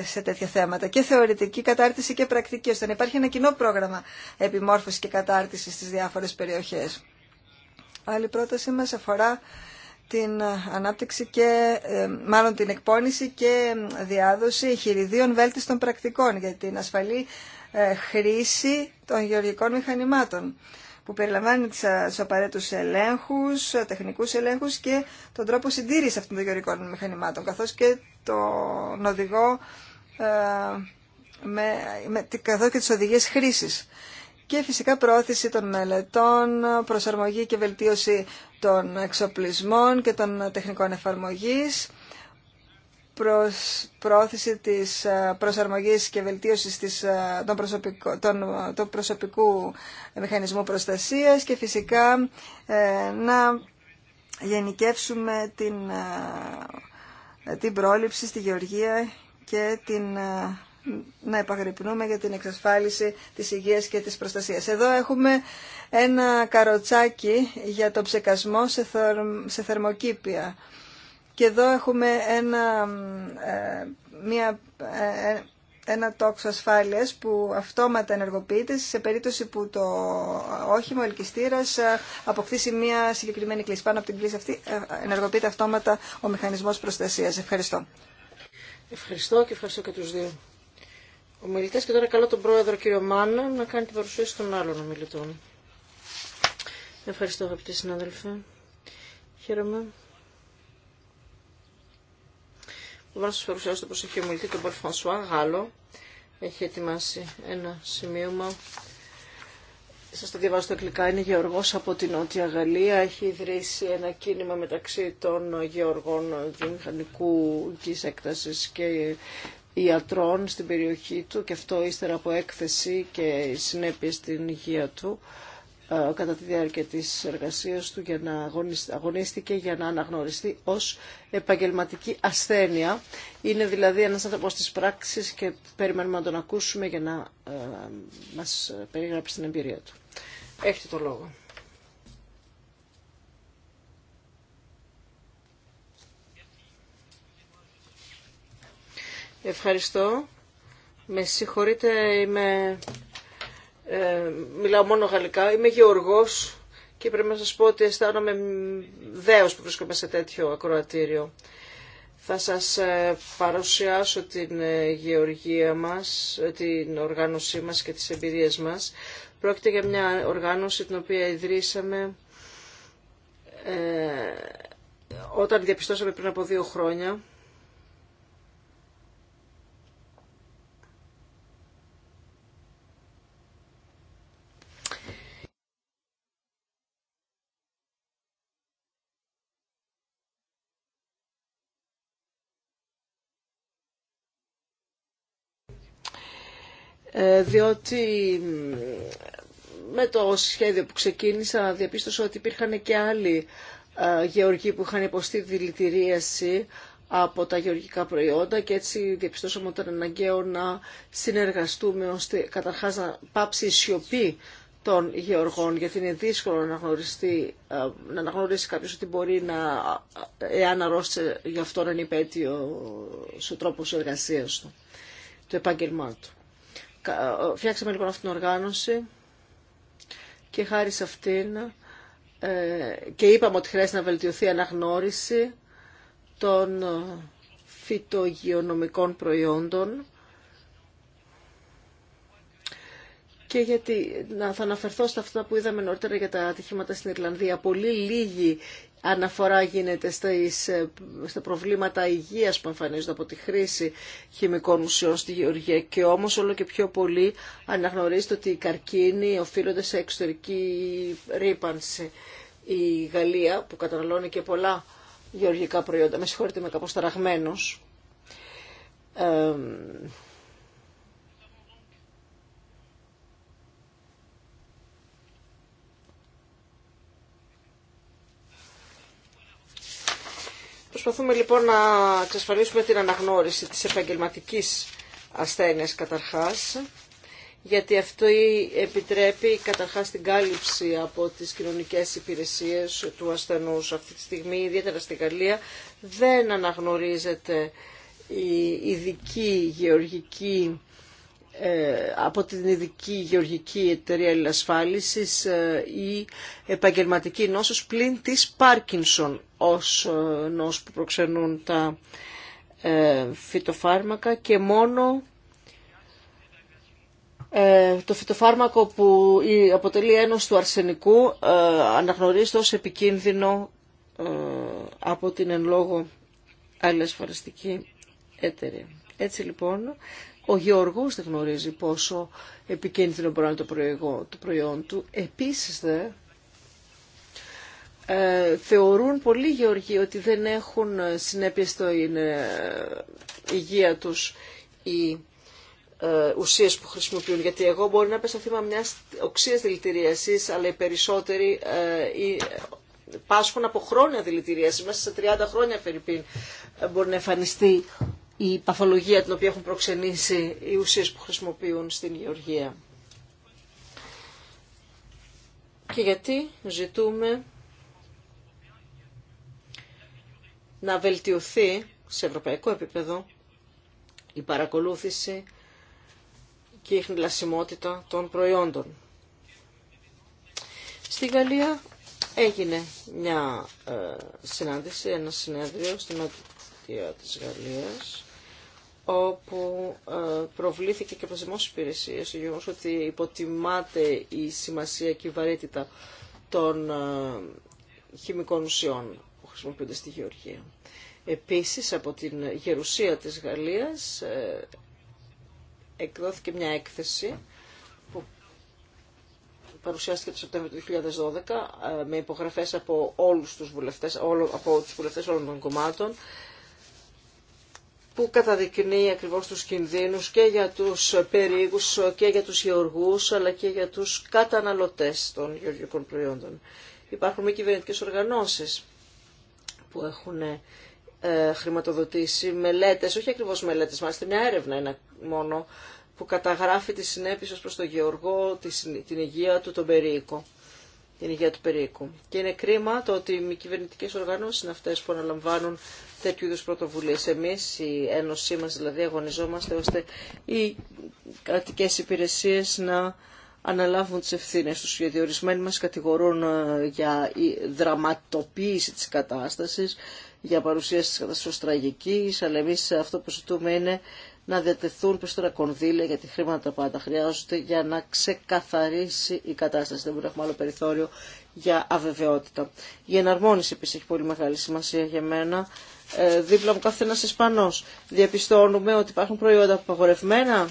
C: σε τέτοια θέματα και θεωρητική κατάρτιση και πρακτική ώστε να υπάρχει ένα κοινό πρόγραμμα επιμόρφωσης και κατάρτισης στις διάφορες περιοχές. Άλλη πρότασή μας αφορά την ανάπτυξη και ε, μάλλον την εκπόνηση και ε, διάδοση χειριδίων βέλτιστων πρακτικών για την ασφαλή ε, χρήση των γεωργικών μηχανημάτων που περιλαμβάνει τους απαραίτητους ελέγχους, τεχνικούς ελέγχους και τον τρόπο συντήρησης αυτών των γεωργικών μηχανημάτων καθώς και τον οδηγό με, με, καθώς και τις οδηγίες χρήσης και φυσικά πρόθεση των μελετών, προσαρμογή και βελτίωση των εξοπλισμών και των τεχνικών εφαρμογής, προς, προώθηση της ε, προσαρμογής και βελτίωσης της, ε, των προσωπικού, μηχανισμού προστασίας και φυσικά ε, να γενικεύσουμε την, την πρόληψη στη γεωργία και την να επαγρυπνούμε για την εξασφάλιση της υγείας και της προστασίας. Εδώ έχουμε ένα καροτσάκι για το ψεκασμό σε, θερμοκήπια. Και εδώ έχουμε ένα, ε, μια, ε, ε, ένα τόξο ασφάλειας που αυτόματα ενεργοποιείται σε περίπτωση που το όχημα, ελκυστήρας, αποκτήσει μια συγκεκριμένη κλίση. Πάνω από την κλίση αυτή ενεργοποιείται αυτόματα ο μηχανισμός
A: προστασίας. Ευχαριστώ. Ευχαριστώ και ευχαριστώ και τους δύο ομιλητές και τώρα καλώ τον πρόεδρο κύριο Μάνα να κάνει την παρουσίαση των άλλων ομιλητών. Ευχαριστώ αγαπητοί συνάδελφοι. Χαίρομαι. Μπορώ να σας παρουσιάσω το προσεχή ομιλητή, τον Πολ Γάλλο. Έχει ετοιμάσει ένα σημείωμα. Σας το διαβάζω στο αγγλικά. Είναι γεωργός από την Νότια Γαλλία. Έχει ιδρύσει ένα κίνημα μεταξύ των γεωργών βιομηχανικού της έκτασης και ιατρών στην περιοχή του και αυτό ύστερα από έκθεση και συνέπειες στην υγεία του ε, κατά τη διάρκεια της εργασίας του για να αγωνίστηκε για να αναγνωριστεί ως επαγγελματική ασθένεια. Είναι δηλαδή ένας άνθρωπος της πράξης και περιμένουμε να τον ακούσουμε για να ε, μας περιγράψει την εμπειρία του. Έχετε το λόγο. Ευχαριστώ. Με συγχωρείτε, ε, μιλάω μόνο γαλλικά. Είμαι γεωργός και πρέπει να σας πω ότι αισθάνομαι δέος που βρίσκομαι σε τέτοιο ακροατήριο. Θα σας ε, παρουσιάσω την ε, γεωργία μας, την οργάνωσή μας και τις εμπειρίες μας. Πρόκειται για μια οργάνωση την οποία ιδρύσαμε ε, όταν διαπιστώσαμε πριν από δύο χρόνια Ε, διότι με το σχέδιο που ξεκίνησα διαπίστωσα ότι υπήρχαν και άλλοι ε, γεωργοί που είχαν υποστεί δηλητηρίαση από τα γεωργικά προϊόντα και έτσι διαπιστώσαμε ότι ήταν αναγκαίο να συνεργαστούμε ώστε καταρχάς να πάψει η σιωπή των γεωργών γιατί είναι δύσκολο να, γνωριστεί, ε, να αναγνωρίσει κάποιος ότι μπορεί να εάν αρρώσει γι' αυτό να είναι υπέτειο στο τρόπο του, το επάγγελμά του. Φτιάξαμε λοιπόν αυτήν την οργάνωση και χάρη σε αυτήν ε, και είπαμε ότι χρειάζεται να βελτιωθεί η αναγνώριση των ε, φυτογειονομικών προϊόντων και γιατί να θα αναφερθώ στα αυτά που είδαμε νωρίτερα για τα ατυχήματα στην Ιρλανδία. Πολύ λίγοι αναφορά γίνεται ε, στα προβλήματα υγείας που εμφανίζονται από τη χρήση χημικών ουσιών στη γεωργία και όμως όλο και πιο πολύ αναγνωρίζεται ότι οι καρκίνοι οφείλονται σε εξωτερική ρήπανση. Η Γαλλία που καταναλώνει και πολλά γεωργικά προϊόντα, με συγχωρείτε με κάπως ταραγμένος, ε, Προσπαθούμε λοιπόν να εξασφαλίσουμε την αναγνώριση της επαγγελματικής ασθένειας καταρχάς, γιατί αυτό επιτρέπει καταρχάς την κάλυψη από τις κοινωνικές υπηρεσίες του ασθενούς. Αυτή τη στιγμή, ιδιαίτερα στη Γαλλία, δεν αναγνωρίζεται η ειδική γεωργική ε, από την ειδική γεωργική εταιρεία ασφάλισης ε, η επαγγελματική νόσος πλην της Πάρκινσον ως ε, νόσου που προξενούν τα ε, φυτοφάρμακα και μόνο ε, το φυτοφάρμακο που αποτελεί ένωση του αρσενικού αναγνωρίζεται ως επικίνδυνο από την εν λόγω αλληλεσφαριστική εταιρεία. Έτσι λοιπόν, ο Γιώργος δεν γνωρίζει πόσο επικίνδυνο μπορεί να είναι το προϊόν του. Επίσης, δε, ε, θεωρούν πολλοί γεωργοί ότι δεν έχουν συνέπειε στην ε, υγεία τους οι ε, ουσίες που χρησιμοποιούν. Γιατί εγώ μπορεί να πέσω θύμα μιας οξίας δηλητηρίασης, αλλά οι περισσότεροι πάσχουν από χρόνια δηλητηρίαση. Μέσα σε 30 χρόνια περίπου μπορεί να εμφανιστεί η παθολογία την οποία έχουν προξενήσει οι ουσίες που χρησιμοποιούν στην γεωργία. Και γιατί ζητούμε να βελτιωθεί σε ευρωπαϊκό επίπεδο η παρακολούθηση και η χνηλασιμότητα των προϊόντων. Στη Γαλλία έγινε μια ε, συνάντηση, ένα συνέδριο στην Νότια της Γαλλίας όπου ε, προβλήθηκε και τις δημόσιες υπηρεσίες ότι υποτιμάται η σημασία και η βαρύτητα των ε, χημικών ουσιών χρησιμοποιούνται στη Γεωργία. Επίσης από την Γερουσία της Γαλλίας ε, εκδόθηκε μια έκθεση που παρουσιάστηκε το Σεπτέμβριο του 2012 ε, με υπογραφές από όλους τους βουλευτές, όλο, από τους βουλευτές όλων των κομμάτων που καταδεικνύει ακριβώς τους κινδύνους και για τους περίγους και για τους γεωργούς αλλά και για τους καταναλωτές των γεωργικών προϊόντων. Υπάρχουν μη κυβερνητικέ οργανώσεις που έχουν ε, χρηματοδοτήσει μελέτες, όχι ακριβώς μελέτες, μάλιστα μια έρευνα είναι μόνο, που καταγράφει τις συνέπειες ως προς τον γεωργό, την υγεία του, τον Την υγεία του περίοικου. Και είναι κρίμα το ότι οι μη κυβερνητικέ οργανώσει είναι αυτέ που αναλαμβάνουν τέτοιου είδου πρωτοβουλίε. Εμεί, η Ένωσή μα δηλαδή, αγωνιζόμαστε ώστε οι κρατικέ υπηρεσίε να αναλάβουν τις ευθύνε τους, γιατί ορισμένοι μας κατηγορούν ε, για η δραματοποίηση της κατάστασης, για παρουσίαση της κατάστασης τραγικής, αλλά εμεί αυτό που ζητούμε είναι να διατεθούν περισσότερα κονδύλια, γιατί χρήματα πάντα χρειάζονται, για να ξεκαθαρίσει η κατάσταση. Δεν μπορούμε να έχουμε άλλο περιθώριο για αβεβαιότητα. Η εναρμόνιση επίση έχει πολύ μεγάλη σημασία για μένα. Ε, δίπλα μου κάθε ένας Ισπανός. Διαπιστώνουμε ότι υπάρχουν προϊόντα απαγορευμένα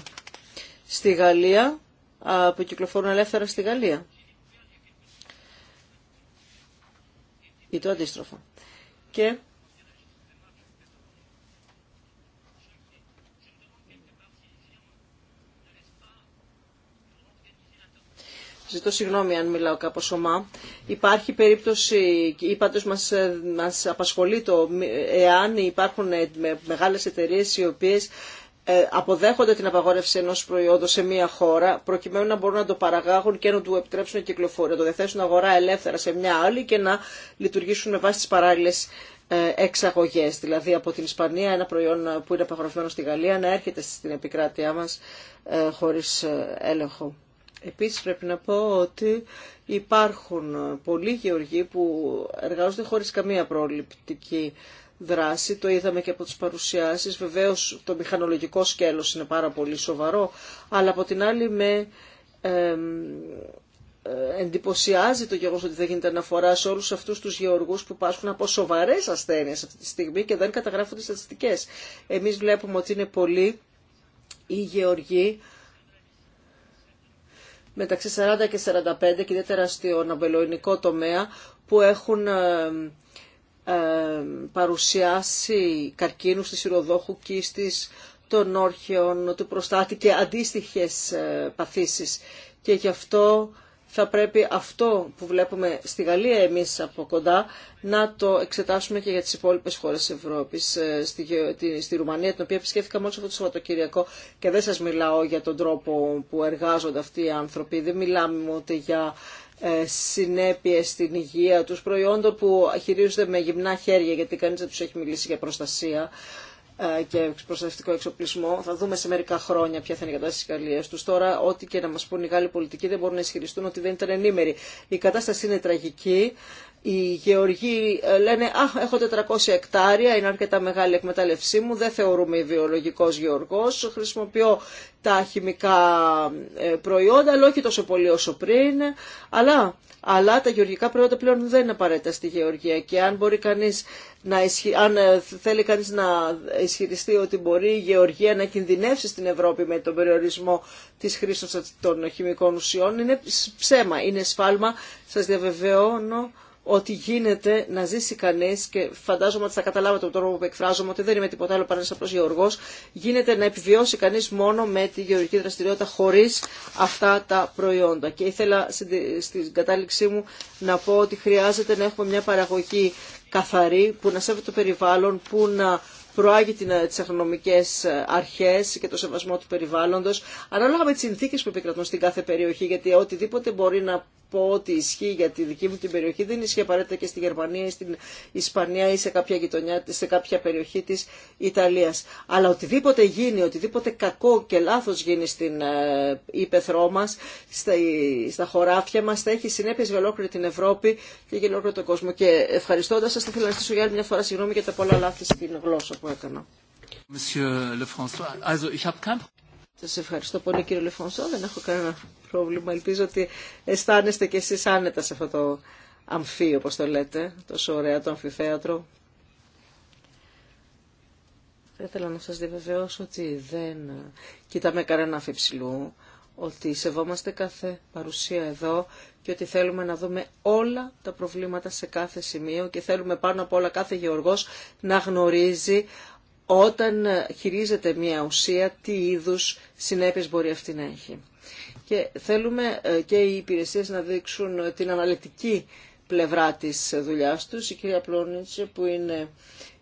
A: στη Γαλλία, που κυκλοφορούν ελεύθερα στη Γαλλία. Ή το αντίστροφο. Και Ζητώ συγγνώμη αν μιλάω κάπως ομά. Υπάρχει περίπτωση, ή πάντως μας, ε, μας απασχολεί το εάν υπάρχουν ε, μεγάλες εταιρείες οι οποίες ε, αποδέχονται την απαγόρευση ενό προϊόντος σε μία χώρα, προκειμένου να μπορούν να το παραγάγουν και να του επιτρέψουν κυκλοφορία, να το διαθέσουν αγορά ελεύθερα σε μία άλλη και να λειτουργήσουν με βάση τι παράλληλε ε, εξαγωγέ. Δηλαδή από την Ισπανία ένα προϊόν που είναι απαγορευμένο στη Γαλλία να έρχεται στην επικράτειά μα ε, χωρί έλεγχο. Επίση πρέπει να πω ότι υπάρχουν πολλοί γεωργοί που εργάζονται χωρί καμία προληπτική δράση. Το είδαμε και από τις παρουσιάσεις. Βεβαίως το μηχανολογικό σκέλος είναι πάρα πολύ σοβαρό, αλλά από την άλλη με ε, εντυπωσιάζει το γεγονός ότι δεν γίνεται αναφορά σε όλους αυτούς τους γεωργούς που πάσχουν από σοβαρές ασθένειες αυτή τη στιγμή και δεν καταγράφονται στατιστικές. Εμείς βλέπουμε ότι είναι πολλοί οι γεωργοί μεταξύ 40 και 45 και ιδιαίτερα στο ναμπελοϊνικό τομέα που έχουν ε, παρουσιάσει καρκίνου της ηροδόχου κίστης, των όρχεων, του προστάτη και αντίστοιχες ε, παθήσεις. Και γι' αυτό θα πρέπει αυτό που βλέπουμε στη Γαλλία εμείς από κοντά να το εξετάσουμε και για τις υπόλοιπες χώρες Ευρώπης. Ε, στη, στη Ρουμανία, την οποία επισκέφθηκα μόλις αυτό το Σαββατοκυριακό και δεν σας μιλάω για τον τρόπο που εργάζονται αυτοί οι άνθρωποι, δεν μιλάμε ούτε για ε, συνέπειες στην υγεία τους, προϊόντων που χειρίζονται με γυμνά χέρια γιατί κανείς δεν τους έχει μιλήσει για προστασία ε, και προστατευτικό εξοπλισμό. Θα δούμε σε μερικά χρόνια ποια θα είναι η κατάσταση τη του. Τώρα, ό,τι και να μα πούν οι Γάλλοι πολιτικοί, δεν μπορούν να ισχυριστούν ότι δεν ήταν ενήμεροι. Η κατάσταση είναι τραγική. Οι γεωργοί ε, λένε «Αχ, έχω 400 εκτάρια, είναι αρκετά μεγάλη εκμεταλλευσή μου, δεν θεωρούμε βιολογικός γεωργός, χρησιμοποιώ τα χημικά ε, προϊόντα, αλλά όχι τόσο πολύ όσο πριν, αλλά, αλλά τα γεωργικά προϊόντα πλέον δεν είναι απαραίτητα στη γεωργία και αν, μπορεί κανείς να αν ε, θέλει κανείς να ισχυριστεί ότι μπορεί η γεωργία να κινδυνεύσει στην Ευρώπη με τον περιορισμό της χρήσης των χημικών ουσιών, είναι ψέμα, είναι σφάλμα, σας διαβεβαιώνω ότι γίνεται να ζήσει κανεί και φαντάζομαι ότι θα καταλάβετε τον τρόπο που εκφράζομαι ότι δεν είμαι τίποτα άλλο παρά ένα απλό γεωργό. Γίνεται να επιβιώσει κανεί μόνο με τη γεωργική δραστηριότητα χωρί αυτά τα προϊόντα. Και ήθελα στην κατάληξή μου να πω ότι χρειάζεται να έχουμε μια παραγωγή καθαρή που να σέβεται το περιβάλλον, που να προάγει ε, τι αγρονομικέ ε, αρχέ και το σεβασμό του περιβάλλοντο, ανάλογα με τι συνθήκε που επικρατούν στην κάθε περιοχή, γιατί οτιδήποτε μπορεί να πω ότι ισχύει για τη δική μου την περιοχή δεν ισχύει απαραίτητα και στη Γερμανία ή στην Ισπανία ή σε κάποια γειτονιά, σε κάποια περιοχή της Ιταλίας. Αλλά οτιδήποτε γίνει, οτιδήποτε κακό και λάθος γίνει στην ε, ύπεθρό μας, στα, ε, στα χωράφια μας, θα έχει συνέπειες για ολόκληρη την Ευρώπη και για ολόκληρο τον κόσμο. Και ευχαριστώντας σας, θα ήθελα να ζητήσω για άλλη μια φορά συγγνώμη για τα πολλά λάθη στην γλώσσα που έκανα.
B: Monsieur also ich habe kein...
A: Σας ευχαριστώ πολύ κύριε Λεφόνσο, δεν έχω κανένα πρόβλημα. Ελπίζω ότι αισθάνεστε κι εσείς άνετα σε αυτό το αμφί, όπως το λέτε, τόσο ωραία το αμφιθέατρο. Θα ήθελα να σας διαβεβαιώσω ότι δεν κοιτάμε κανένα αμφιψηλού, ότι σεβόμαστε κάθε παρουσία εδώ και ότι θέλουμε να δούμε όλα τα προβλήματα σε κάθε σημείο και θέλουμε πάνω απ' όλα κάθε γεωργός να γνωρίζει όταν χειρίζεται μια ουσία τι είδους συνέπειες μπορεί αυτή να έχει. Και θέλουμε ε, και οι υπηρεσίες να δείξουν ε, την αναλυτική πλευρά της δουλειάς τους. Η κυρία Πλόνιτσε που είναι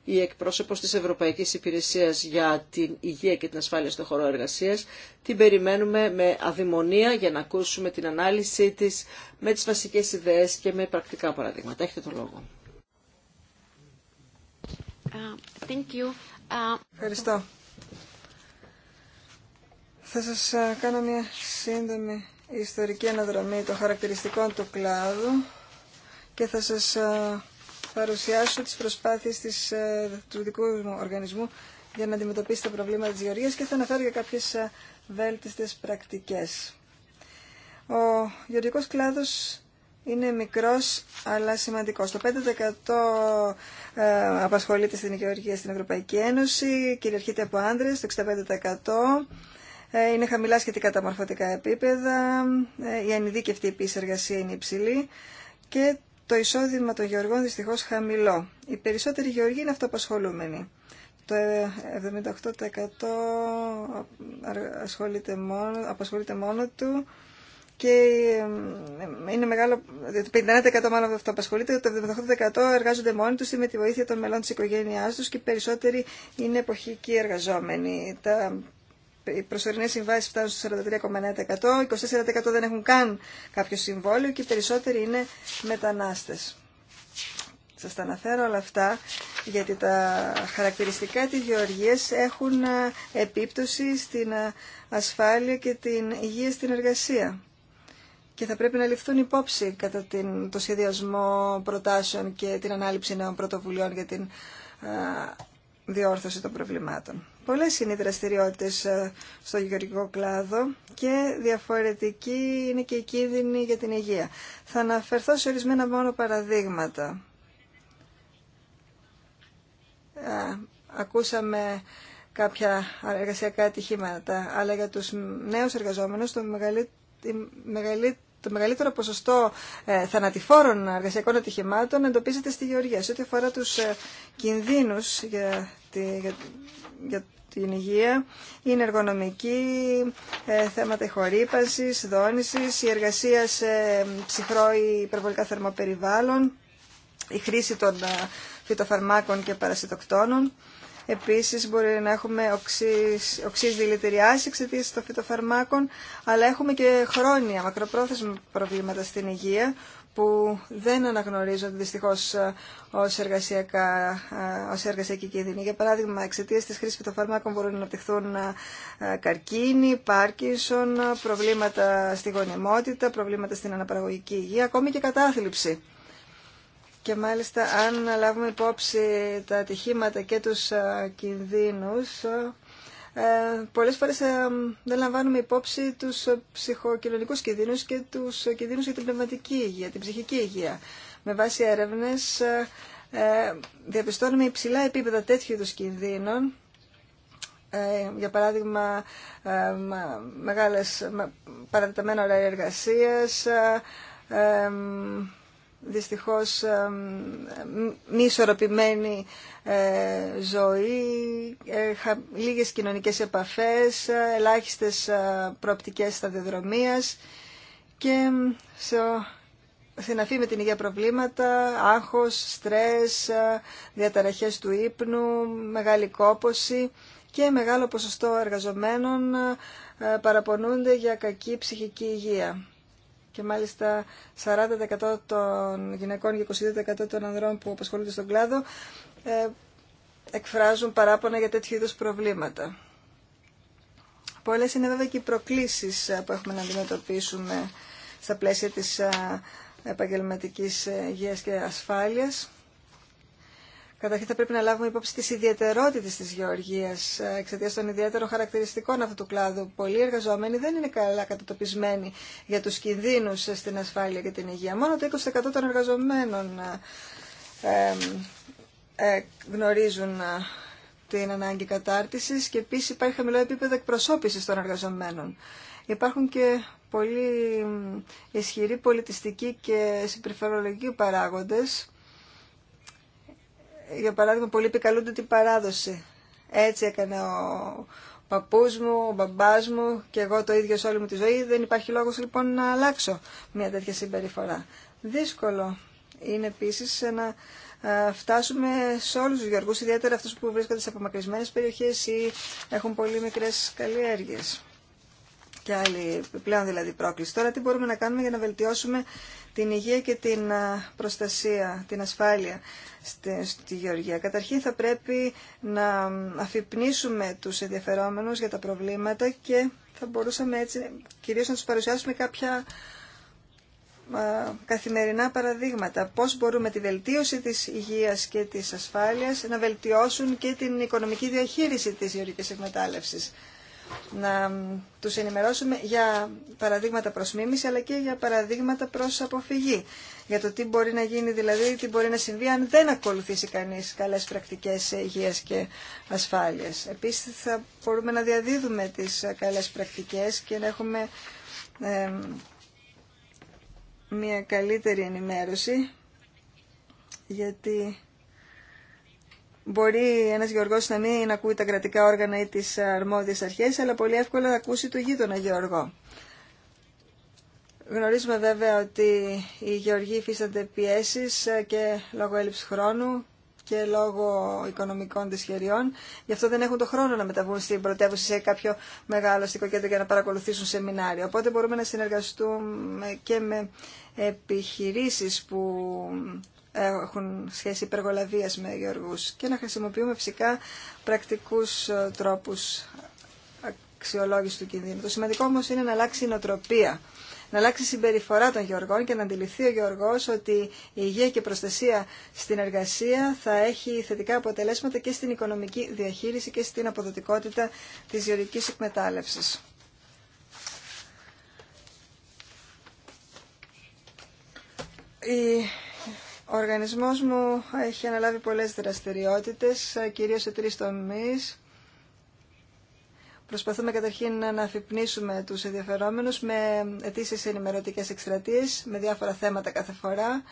A: η εκπρόσωπος της Ευρωπαϊκής Υπηρεσίας για την Υγεία και την Ασφάλεια στον χώρο εργασίας. Την περιμένουμε με αδημονία για να ακούσουμε την ανάλυση της με τις βασικές ιδέες και με πρακτικά παραδείγματα. Έχετε το λόγο. Uh, thank
C: Ευχαριστώ. Θα σας κάνω μια σύντομη ιστορική αναδρομή των χαρακτηριστικών του κλάδου και θα σας παρουσιάσω τις προσπάθειες της, του δικού μου οργανισμού για να αντιμετωπίσει τα προβλήματα της γεωργίας και θα αναφέρω για κάποιες βέλτιστες πρακτικές. Ο γεωργικός κλάδος είναι μικρός αλλά σημαντικός. Το 5% ε, απασχολείται στην Γεωργία στην Ευρωπαϊκή Ένωση, κυριαρχείται από άνδρες, το 65%. Ε, είναι χαμηλά σχετικά τα μορφωτικά επίπεδα, ε, η ανειδίκευτη επίση εργασία είναι υψηλή και το εισόδημα των γεωργών δυστυχώς χαμηλό. Οι περισσότεροι γεωργοί είναι αυτοαπασχολούμενοι. Το 78% μόνο, απασχολείται μόνο του και είναι μεγάλο, το από μάλλον απασχολείται το 78% εργάζονται μόνοι τους ή με τη βοήθεια των μελών της οικογένειάς τους και οι περισσότεροι είναι εποχικοί εργαζόμενοι. Τα, οι προσωρινές συμβάσεις φτάνουν στο 43,9%, 24% δεν έχουν καν κάποιο συμβόλαιο και οι περισσότεροι είναι μετανάστες. Σας τα αναφέρω όλα αυτά γιατί τα χαρακτηριστικά της γεωργίας έχουν ε, επίπτωση στην ε, ασφάλεια και την υγεία στην εργασία και θα πρέπει να ληφθούν υπόψη κατά την, το σχεδιασμό προτάσεων και την ανάληψη νέων πρωτοβουλειών για την διόρθωση των προβλημάτων. Πολλές είναι οι δραστηριότητες στο γεωργικό κλάδο και διαφορετική είναι και η κίνδυνη για την υγεία. Θα αναφερθώ σε ορισμένα μόνο παραδείγματα. ακούσαμε κάποια εργασιακά ατυχήματα, αλλά για τους νέους εργαζόμενους το μεγαλύτερο η μεγαλύτερη το μεγαλύτερο ποσοστό ε, θανατηφόρων εργασιακών ατυχημάτων εντοπίζεται στη Γεωργία. Σε ό,τι αφορά τους ε, κινδύνους για, τη, την υγεία, είναι εργονομική, ε, θέματα χορύπανσης, δόνησης, η εργασία σε ψυχρό ή υπερβολικά θερμοπεριβάλλον, η χρήση των φυτοφαρμάκων και παρασιτοκτόνων. Επίσης μπορεί να έχουμε οξύς, δηλητηριάση εξαιτία των φυτοφαρμάκων, αλλά έχουμε και χρόνια μακροπρόθεσμα προβλήματα στην υγεία που δεν αναγνωρίζονται δυστυχώ ε, ε, ως, εργασιακή κίνδυνη. Για παράδειγμα, εξαιτία της χρήσης φυτοφαρμάκων μπορούν να αναπτυχθούν ε, καρκίνοι, πάρκινσον, προβλήματα στη γονιμότητα, προβλήματα στην αναπαραγωγική υγεία, ακόμη και κατάθλιψη και μάλιστα αν λάβουμε υπόψη τα ατυχήματα και τους κινδύνους, ε, πολλές φορές ε, δεν λαμβάνουμε υπόψη τους ε, ψυχοκοινωνικούς κινδύνους και τους κινδύνους για την πνευματική υγεία, την ψυχική υγεία. Με βάση έρευνες διαπιστώνουμε υψηλά επίπεδα τέτοιου είδους κινδύνων, για παράδειγμα μεγάλες παρατεταμένα ωραία εργασίας, δυστυχώς μη ισορροπημένη ε, ζωή, ε, λίγες κοινωνικές επαφές, ε, ελάχιστες προοπτικές σταδιοδρομίας και σε με την υγεία προβλήματα, άγχος, στρες, διαταραχές του ύπνου, μεγάλη κόπωση και μεγάλο ποσοστό εργαζομένων παραπονούνται για κακή ψυχική υγεία και μάλιστα 40% των γυναικών και 22% των ανδρών που απασχολούνται στον κλάδο ε, εκφράζουν παράπονα για τέτοιου είδους προβλήματα. Πολλές είναι βέβαια και οι προκλήσεις ε, που έχουμε να αντιμετωπίσουμε στα πλαίσια της ε, επαγγελματικής υγείας και ασφάλειας. Καταρχήν θα πρέπει να λάβουμε υπόψη τις ιδιαιτερότητες της γεωργίας ε, εξαιτίας των ιδιαίτερων χαρακτηριστικών αυτού του κλάδου. Πολλοί εργαζόμενοι δεν είναι καλά κατατοπισμένοι για τους κινδύνους ε, στην ασφάλεια και την υγεία. Μόνο το 20% των εργαζομένων ε, ε γνωρίζουν την ανάγκη κατάρτισης και επίσης υπάρχει χαμηλό επίπεδο εκπροσώπησης των εργαζομένων. Υπάρχουν και πολύ ισχυροί πολιτιστικοί και συμπεριφερολογικοί παράγοντες για παράδειγμα, πολλοί επικαλούνται την παράδοση. Έτσι έκανε ο παππούς μου, ο μπαμπάς μου και εγώ το ίδιο σε όλη μου τη ζωή. Δεν υπάρχει λόγος λοιπόν να αλλάξω μια τέτοια συμπεριφορά. Δύσκολο είναι επίσης να ε, φτάσουμε σε όλους τους γεωργούς, ιδιαίτερα αυτούς που βρίσκονται σε απομακρυσμένες περιοχές ή έχουν πολύ μικρές καλλιέργειες και άλλη πλέον δηλαδή πρόκληση. Τώρα τι μπορούμε να κάνουμε για να βελτιώσουμε την υγεία και την προστασία, την ασφάλεια στη, Γεωργία. Καταρχήν θα πρέπει να αφυπνίσουμε τους ενδιαφερόμενους για τα προβλήματα και θα μπορούσαμε έτσι κυρίως να τους παρουσιάσουμε κάποια καθημερινά παραδείγματα. Πώς μπορούμε τη βελτίωση της υγείας και της ασφάλειας να βελτιώσουν και την οικονομική διαχείριση της γεωργικής εκμετάλλευσης να τους ενημερώσουμε για παραδείγματα προς μίμηση αλλά και για παραδείγματα προς αποφυγή. Για το τι μπορεί να γίνει δηλαδή, τι μπορεί να συμβεί αν δεν ακολουθήσει κανείς καλές πρακτικές υγείας και ασφάλειας. Επίσης θα μπορούμε να διαδίδουμε τις καλές πρακτικές και να έχουμε μια καλύτερη ενημέρωση γιατί Μπορεί ένα Γεωργό να μην ακούει τα κρατικά όργανα ή τι αρμόδιε αρχέ, αλλά πολύ εύκολα να ακούσει το γείτονα γεωργό. Γνωρίζουμε βέβαια ότι οι γεωργοί υφίστανται πιέσει ε, και λόγω έλλειψη χρόνου και λόγω οικονομικών δυσχεριών. Γι' αυτό δεν έχουν το χρόνο να μεταβούν στην πρωτεύουσα σε κάποιο μεγάλο αστικό κέντρο για να παρακολουθήσουν σεμινάριο. Οπότε μπορούμε να συνεργαστούμε και με επιχειρήσεις που έχουν σχέση υπεργολαβίας με γεωργούς και να χρησιμοποιούμε φυσικά πρακτικούς ε, τρόπους αξιολόγηση του κινδύνου. Το σημαντικό όμω είναι να αλλάξει η νοοτροπία, να αλλάξει η συμπεριφορά των γεωργών και να αντιληφθεί ο γεωργός ότι η υγεία και η προστασία στην εργασία θα έχει θετικά αποτελέσματα και στην οικονομική διαχείριση και στην αποδοτικότητα της γεωργικής εκμετάλλευση. Ο οργανισμός μου έχει αναλάβει πολλές δραστηριότητες, κυρίως σε τρεις τομείς. Προσπαθούμε καταρχήν να αφυπνίσουμε τους ενδιαφερόμενους με αιτήσεις ενημερωτικές εκστρατείες, με διάφορα θέματα κάθε φορά.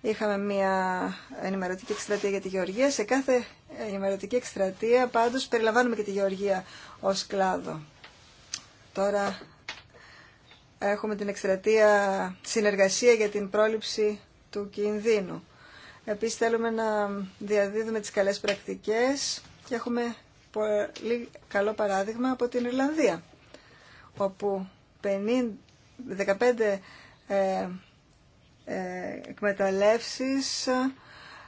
C: Είχαμε μια ενημερωτική εκστρατεία για τη γεωργία. Σε κάθε ενημερωτική εκστρατεία πάντως περιλαμβάνουμε και τη γεωργία ως κλάδο. Τώρα έχουμε την εκστρατεία συνεργασία για την πρόληψη του κινδύνου. Επίσης θέλουμε να διαδίδουμε τις καλές πρακτικές και έχουμε πολύ καλό παράδειγμα από την Ιρλανδία όπου 15 ε, ε,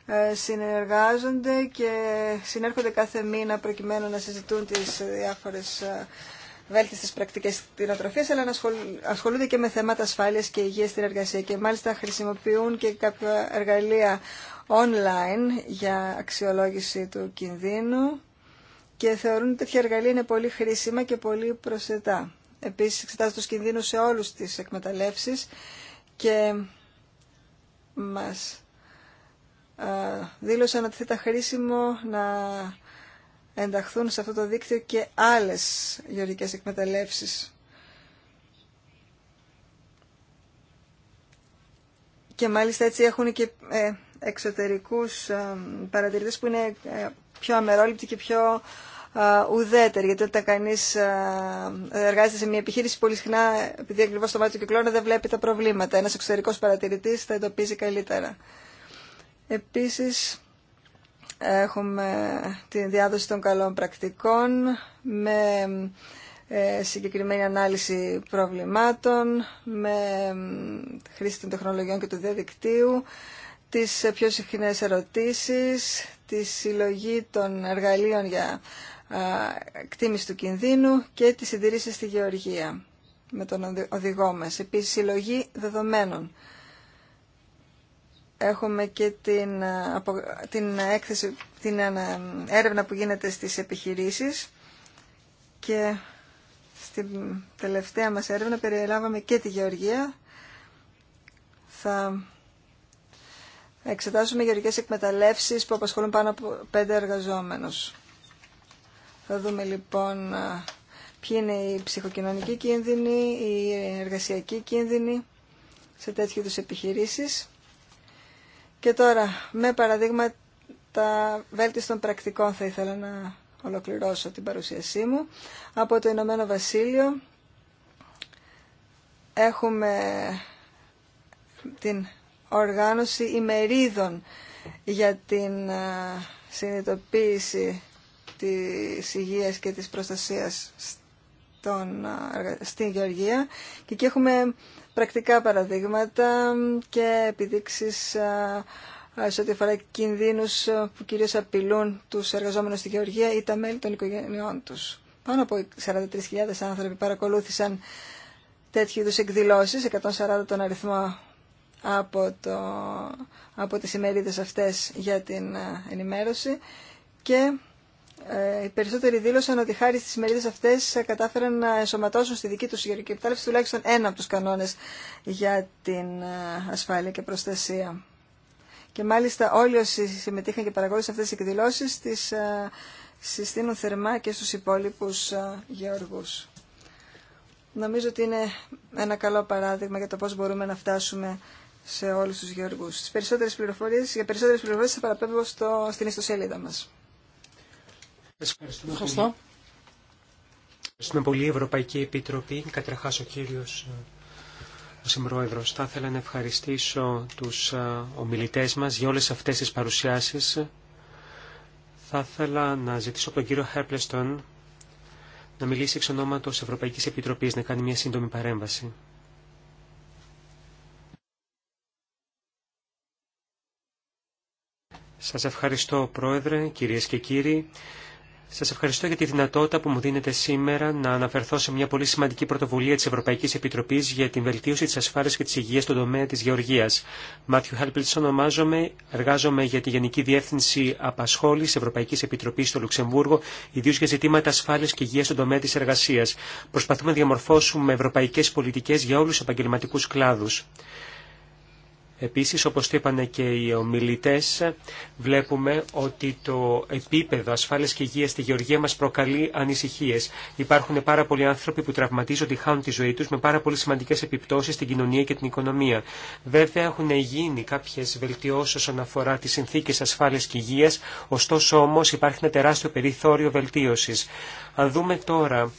C: ε, συνεργάζονται και συνέρχονται κάθε μήνα προκειμένου να συζητούν τις διάφορες ε, βέλτιστες πρακτικές κτηνοτροφίας, αλλά ασχολούνται και με θέματα ασφάλειας και υγεία στην εργασία και μάλιστα χρησιμοποιούν και κάποια εργαλεία online για αξιολόγηση του κινδύνου και θεωρούν ότι τέτοια εργαλεία είναι πολύ χρήσιμα και πολύ προσετά. Επίσης εξετάζουν τους κινδύνου σε όλους τις εκμεταλλεύσεις και μας ε, δήλωσαν ότι θα ήταν χρήσιμο να ενταχθούν σε αυτό το δίκτυο και άλλες γεωργικές εκμεταλλεύσεις. Και μάλιστα έτσι έχουν και ε, εξωτερικούς ε, παρατηρητές που είναι ε, πιο αμερόληπτοι και πιο ουδέτεροι. Γιατί όταν κανείς εργάζεται σε μια επιχείρηση, πολύ συχνά, επειδή ακριβώ το μάτι του κυκλώνα, δεν βλέπει τα προβλήματα. Ένας εξωτερικός παρατηρητής θα εντοπίζει καλύτερα. Επίσης, Έχουμε τη διάδοση των καλών πρακτικών με ε, συγκεκριμένη ανάλυση προβλημάτων, με χρήση των τεχνολογιών και του διαδικτύου, τις πιο συχνές ερωτήσεις, τη συλλογή των εργαλείων για εκτίμηση του κινδύνου και τη συντηρήση στη γεωργία με τον οδηγό μας. Επίσης, συλλογή δεδομένων έχουμε και την, ε, την, έκθεση, την ε, έρευνα που γίνεται στις επιχειρήσεις και στην τελευταία μας έρευνα περιέλαβαμε και τη γεωργία. Θα εξετάσουμε γεωργικές εκμεταλλεύσεις που απασχολούν πάνω από πέντε εργαζόμενους. Θα δούμε λοιπόν ε, ποιοι είναι οι ψυχοκοινωνικοί κίνδυνοι, οι εργασιακοί κίνδυνοι σε τέτοιου τους επιχειρήσεις και τώρα, με παραδείγματα βέλτιστων πρακτικών θα ήθελα να ολοκληρώσω την παρουσίασή μου. Από το Ηνωμένο Βασίλειο έχουμε την οργάνωση ημερίδων για την συνειδητοποίηση της υγείας και της προστασίας στην Γεωργία και εκεί έχουμε πρακτικά παραδείγματα και επιδείξεις σε ό,τι αφορά κινδύνους που κυρίως απειλούν τους εργαζόμενους στη Γεωργία ή τα μέλη των οικογενειών τους. Πάνω από 43.000 άνθρωποι παρακολούθησαν τέτοιου είδους εκδηλώσεις, 140 τον αριθμό από, το, από τις ημερίδες αυτές για την ενημέρωση και ε, οι περισσότεροι δήλωσαν ότι χάρη στι μερίδε αυτέ ε, κατάφεραν να ενσωματώσουν στη δική του γεωργική επιτάλευση τουλάχιστον ένα από του κανόνε για την ε, ασφάλεια και προστασία. Και μάλιστα όλοι όσοι συμμετείχαν και παρακολούθησαν αυτέ τι εκδηλώσει τι συστήνουν θερμά και στου υπόλοιπου γεωργού. Νομίζω ότι είναι ένα καλό παράδειγμα για το πώ μπορούμε να φτάσουμε σε όλους τους γεωργούς. πληροφορίες, για περισσότερες πληροφορίες θα παραπέμπω στο, στην ιστοσελίδα μας.
B: Ευχαριστούμε πολύ. Ευχαριστούμε πολύ Ευρωπαϊκή Επιτροπή. κύριος ε, ο κύριο Συμπρόεδρο. Θα ήθελα να ευχαριστήσω τους ε, ομιλητές μας για όλες αυτέ τι παρουσιάσει. Θα ήθελα να ζητήσω από τον κύριο Χέρπλεστον να μιλήσει εξ ονόματο Ευρωπαϊκή Επιτροπή να κάνει μια σύντομη παρέμβαση. Σας ευχαριστώ, Πρόεδρε, κυρίες και κύριοι. Σας ευχαριστώ για τη δυνατότητα που μου δίνετε σήμερα να αναφερθώ σε μια πολύ σημαντική πρωτοβουλία της Ευρωπαϊκής Επιτροπής για την βελτίωση της ασφάλειας και της υγείας στον τομέα της γεωργίας. Μάθιου Χάλπιλτς ονομάζομαι, εργάζομαι για τη Γενική Διεύθυνση Απασχόλησης Ευρωπαϊκής Επιτροπής στο Λουξεμβούργο, ιδίως για ζητήματα ασφάλειας και υγείας στον τομέα της εργασίας. Προσπαθούμε να διαμορφώσουμε ευρωπαϊκές πολιτικές για όλους τους επαγγελματικούς κλάδους. Επίσης, όπως είπαν και οι ομιλητές, βλέπουμε ότι το επίπεδο ασφάλειας και υγείας στη Γεωργία μας προκαλεί ανησυχίες. Υπάρχουν πάρα πολλοί άνθρωποι που τραυματίζονται, χάνουν τη ζωή τους με πάρα πολύ σημαντικές επιπτώσεις στην κοινωνία και την οικονομία. Βέβαια, έχουν γίνει κάποιες βελτιώσεις όσον αφορά τις συνθήκες ασφάλειας και υγείας, ωστόσο όμως υπάρχει ένα τεράστιο περιθώριο βελτίωσης. Αν δούμε τώρα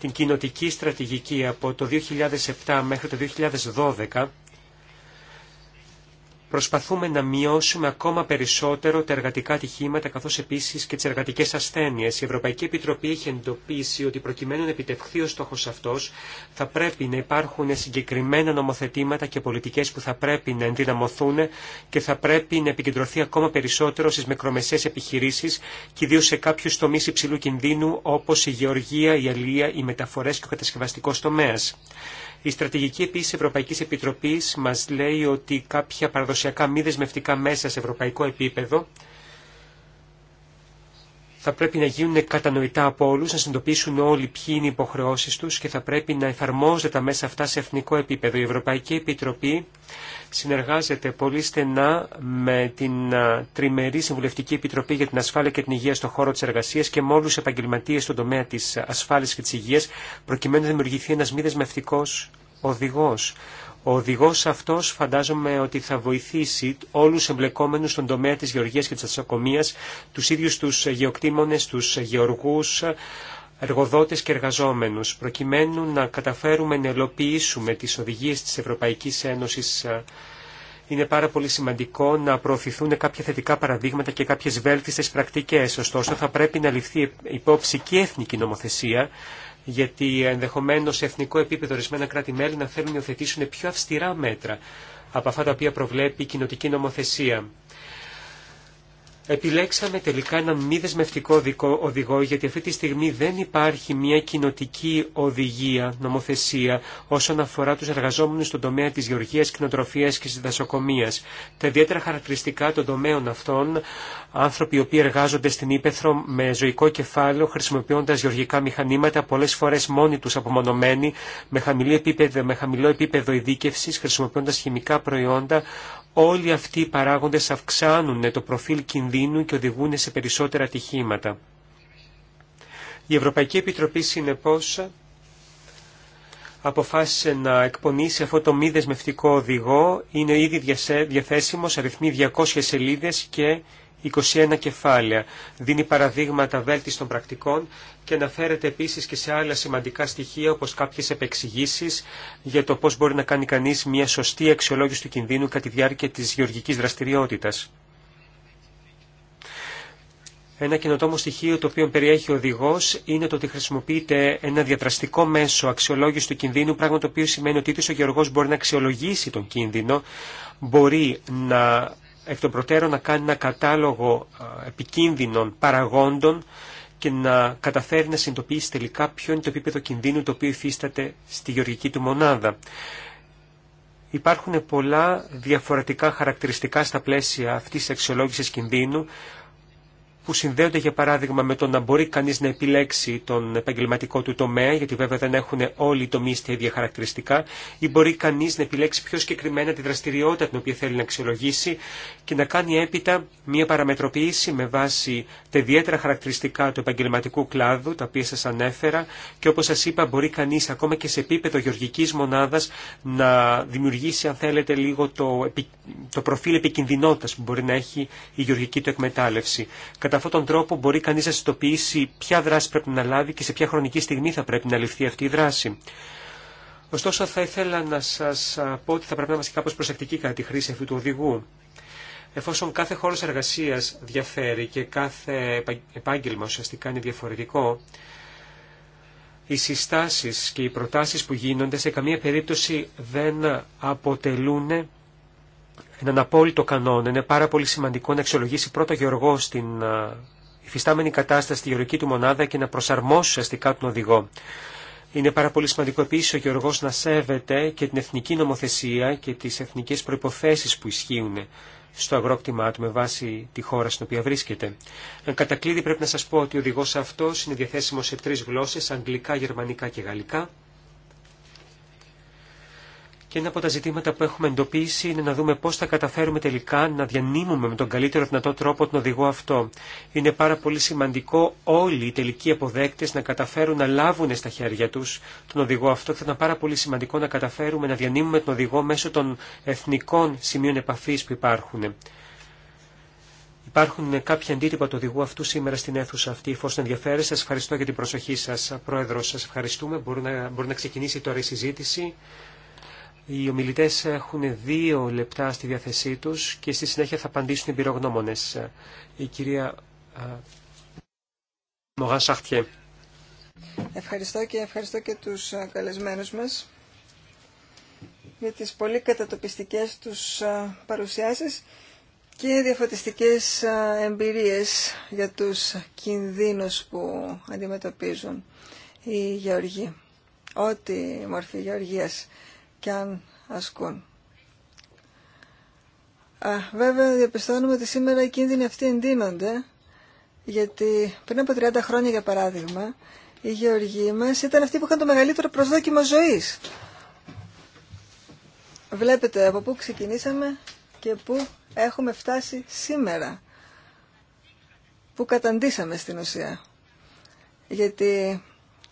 B: την κοινοτική στρατηγική από το 2007 μέχρι το 2012, προσπαθούμε να μειώσουμε ακόμα περισσότερο τα εργατικά ατυχήματα καθώς επίσης και τις εργατικές ασθένειες. Η Ευρωπαϊκή Επιτροπή έχει εντοπίσει ότι προκειμένου να επιτευχθεί ο στόχος αυτός θα πρέπει να υπάρχουν συγκεκριμένα νομοθετήματα και πολιτικές που θα πρέπει να ενδυναμωθούν και θα πρέπει να επικεντρωθεί ακόμα περισσότερο στις μικρομεσαίες επιχειρήσεις και ιδίω σε κάποιους τομείς υψηλού κινδύνου όπως η γεωργία, η αλία, οι μεταφορές και ο κατασκευαστικό τομέα. Η στρατηγική επίση Ευρωπαϊκή Επιτροπή μα λέει ότι κάποια παραδοσιακά μη δεσμευτικά μέσα σε ευρωπαϊκό επίπεδο θα πρέπει να γίνουν κατανοητά από όλου, να συνειδητοποιήσουν όλοι ποιοι είναι οι υποχρεώσει του και θα πρέπει να εφαρμόζονται τα μέσα αυτά σε εθνικό επίπεδο. Η Ευρωπαϊκή Επιτροπή συνεργάζεται πολύ στενά με την Τριμερή Συμβουλευτική Επιτροπή για την Ασφάλεια και την Υγεία στον χώρο της εργασίας και με όλου τους επαγγελματίες στον τομέα της ασφάλειας και της υγείας προκειμένου να δημιουργηθεί ένας μη δεσμευτικός οδηγός. Ο οδηγό αυτό φαντάζομαι ότι θα βοηθήσει όλου του εμπλεκόμενου στον τομέα τη γεωργία και τη αστυνομία, του ίδιου του γεωκτήμονε, του γεωργού, εργοδότες και εργαζόμενους, προκειμένου να καταφέρουμε να ελοποιήσουμε τις οδηγίες της Ευρωπαϊκής Ένωσης. Ε, είναι πάρα πολύ σημαντικό να προωθηθούν κάποια θετικά παραδείγματα και κάποιες βέλτιστες πρακτικές. Ωστόσο, θα πρέπει να ληφθεί υπόψη και η εθνική νομοθεσία, γιατί ενδεχομένως σε εθνικό επίπεδο ορισμένα κράτη-μέλη να θέλουν να υιοθετήσουν πιο αυστηρά μέτρα από αυτά τα οποία προβλέπει η κοινοτική νομοθεσία επιλέξαμε τελικά έναν μη δεσμευτικό οδηγό γιατί αυτή τη στιγμή δεν υπάρχει μια κοινοτική οδηγία, νομοθεσία όσον αφορά τους εργαζόμενους στον τομέα της γεωργίας, κοινοτροφίας και της δασοκομείας. Τα ιδιαίτερα χαρακτηριστικά των τομέων αυτών, άνθρωποι οι οποίοι εργάζονται στην Ήπεθρο με ζωικό κεφάλαιο χρησιμοποιώντας γεωργικά μηχανήματα πολλές φορές μόνοι τους απομονωμένοι με, χαμηλό επίπεδο, με χαμηλό χρησιμοποιώντας χημικά προϊόντα Όλοι αυτοί οι παράγοντες αυξάνουν το προφίλ κινδύνου και οδηγούν σε περισσότερα ατυχήματα. Η Ευρωπαϊκή Επιτροπή συνεπώς αποφάσισε να εκπονήσει αυτό το μη δεσμευτικό οδηγό. Είναι ήδη διαθέσιμο σε 200 σελίδες και 21 κεφάλαια. Δίνει παραδείγματα βέλτιστων πρακτικών και αναφέρεται επίσης και σε άλλα σημαντικά στοιχεία όπως κάποιες επεξηγήσεις για το πώς μπορεί να κάνει κανείς μια σωστή αξιολόγηση του κινδύνου κατά τη διάρκεια της γεωργικής δραστηριότητας. Ένα καινοτόμο στοιχείο το οποίο περιέχει ο οδηγό είναι το ότι χρησιμοποιείται ένα διαδραστικό μέσο αξιολόγηση του κινδύνου, πράγμα το οποίο σημαίνει ότι ο μπορεί να αξιολογήσει τον κίνδυνο, μπορεί να εκ των προτέρων να κάνει ένα κατάλογο επικίνδυνων παραγόντων και να καταφέρει να συνειδητοποιήσει τελικά ποιο είναι το επίπεδο κινδύνου το οποίο υφίσταται στη γεωργική του μονάδα. Υπάρχουν πολλά διαφορετικά χαρακτηριστικά στα πλαίσια αυτής της αξιολόγησης κινδύνου που συνδέονται για παράδειγμα με το να μπορεί κανείς να επιλέξει τον επαγγελματικό του τομέα, γιατί βέβαια δεν έχουν όλοι οι τομείς τα ίδια χαρακτηριστικά, ή μπορεί κανείς να επιλέξει πιο συγκεκριμένα τη δραστηριότητα την οποία θέλει να αξιολογήσει και να κάνει έπειτα μια παραμετροποίηση με βάση τα ιδιαίτερα χαρακτηριστικά του επαγγελματικού κλάδου, τα οποία σας ανέφερα, και όπως σας είπα μπορεί κανείς ακόμα και σε επίπεδο γεωργική μονάδας να δημιουργήσει αν θέλετε λίγο το, το προφίλ επικινδυνότητας που μπορεί να έχει η γεωργική του εκμετάλλευση. Σε αυτόν τον τρόπο μπορεί κανεί να συνειδητοποιήσει ποια δράση πρέπει να λάβει και σε ποια χρονική στιγμή θα πρέπει να ληφθεί αυτή η δράση. Ωστόσο θα ήθελα να σας πω ότι θα πρέπει να είμαστε κάπω προσεκτικοί κατά τη χρήση αυτού του οδηγού. Εφόσον κάθε χώρο εργασίας διαφέρει και κάθε επάγγελμα ουσιαστικά είναι διαφορετικό, οι συστάσει και οι προτάσει που γίνονται σε καμία περίπτωση δεν αποτελούν έναν απόλυτο κανόνα. Είναι πάρα πολύ σημαντικό να αξιολογήσει πρώτα ο Γεωργό την υφιστάμενη κατάσταση στη γεωργική του μονάδα και να προσαρμόσει ουσιαστικά τον οδηγό. Είναι πάρα πολύ σημαντικό επίση ο Γεωργό να σέβεται και την εθνική νομοθεσία και τι εθνικέ προποθέσει που ισχύουν στο αγρόκτημά του με βάση τη χώρα στην οποία βρίσκεται. Εν κατακλείδη πρέπει να σας πω ότι ο οδηγός αυτός είναι διαθέσιμο σε τρεις γλώσσες, αγγλικά, γερμανικά και γαλλικά. Και ένα από τα ζητήματα που έχουμε εντοπίσει είναι να δούμε πώ θα καταφέρουμε τελικά να διανύμουμε με τον καλύτερο δυνατό τρόπο τον οδηγό αυτό. Είναι πάρα πολύ σημαντικό όλοι οι τελικοί αποδέκτε να καταφέρουν να λάβουν στα χέρια του τον οδηγό αυτό θα ήταν πάρα πολύ σημαντικό να καταφέρουμε να διανύμουμε τον οδηγό μέσω των εθνικών σημείων επαφή που υπάρχουν. Υπάρχουν κάποια αντίτυπα του οδηγού αυτού σήμερα στην αίθουσα αυτή. Εφόσον ενδιαφέρεστε, σα ευχαριστώ για την προσοχή σα. Πρόεδρο, σα ευχαριστούμε. Μπορεί να, μπορεί να ξεκινήσει τώρα η συζήτηση. Οι ομιλητές έχουν δύο λεπτά στη διάθεσή τους και στη συνέχεια θα απαντήσουν οι πυρογνώμονες. Η κυρία Μογάν Σαχτιέ.
C: Ευχαριστώ και ευχαριστώ και τους καλεσμένους μας για τις πολύ κατατοπιστικές τους παρουσιάσεις και διαφωτιστικές εμπειρίες για τους κινδύνους που αντιμετωπίζουν οι γεωργοί. Ό,τι μορφή γεωργίας και αν ασκούν. Α, βέβαια διαπιστώνουμε ότι σήμερα οι κίνδυνοι αυτοί εντείνονται γιατί πριν από 30 χρόνια για παράδειγμα οι γεωργοί μας ήταν αυτοί που είχαν το μεγαλύτερο προσδόκιμο ζωής. Βλέπετε από πού ξεκινήσαμε και πού έχουμε φτάσει σήμερα. Πού καταντήσαμε στην ουσία. Γιατί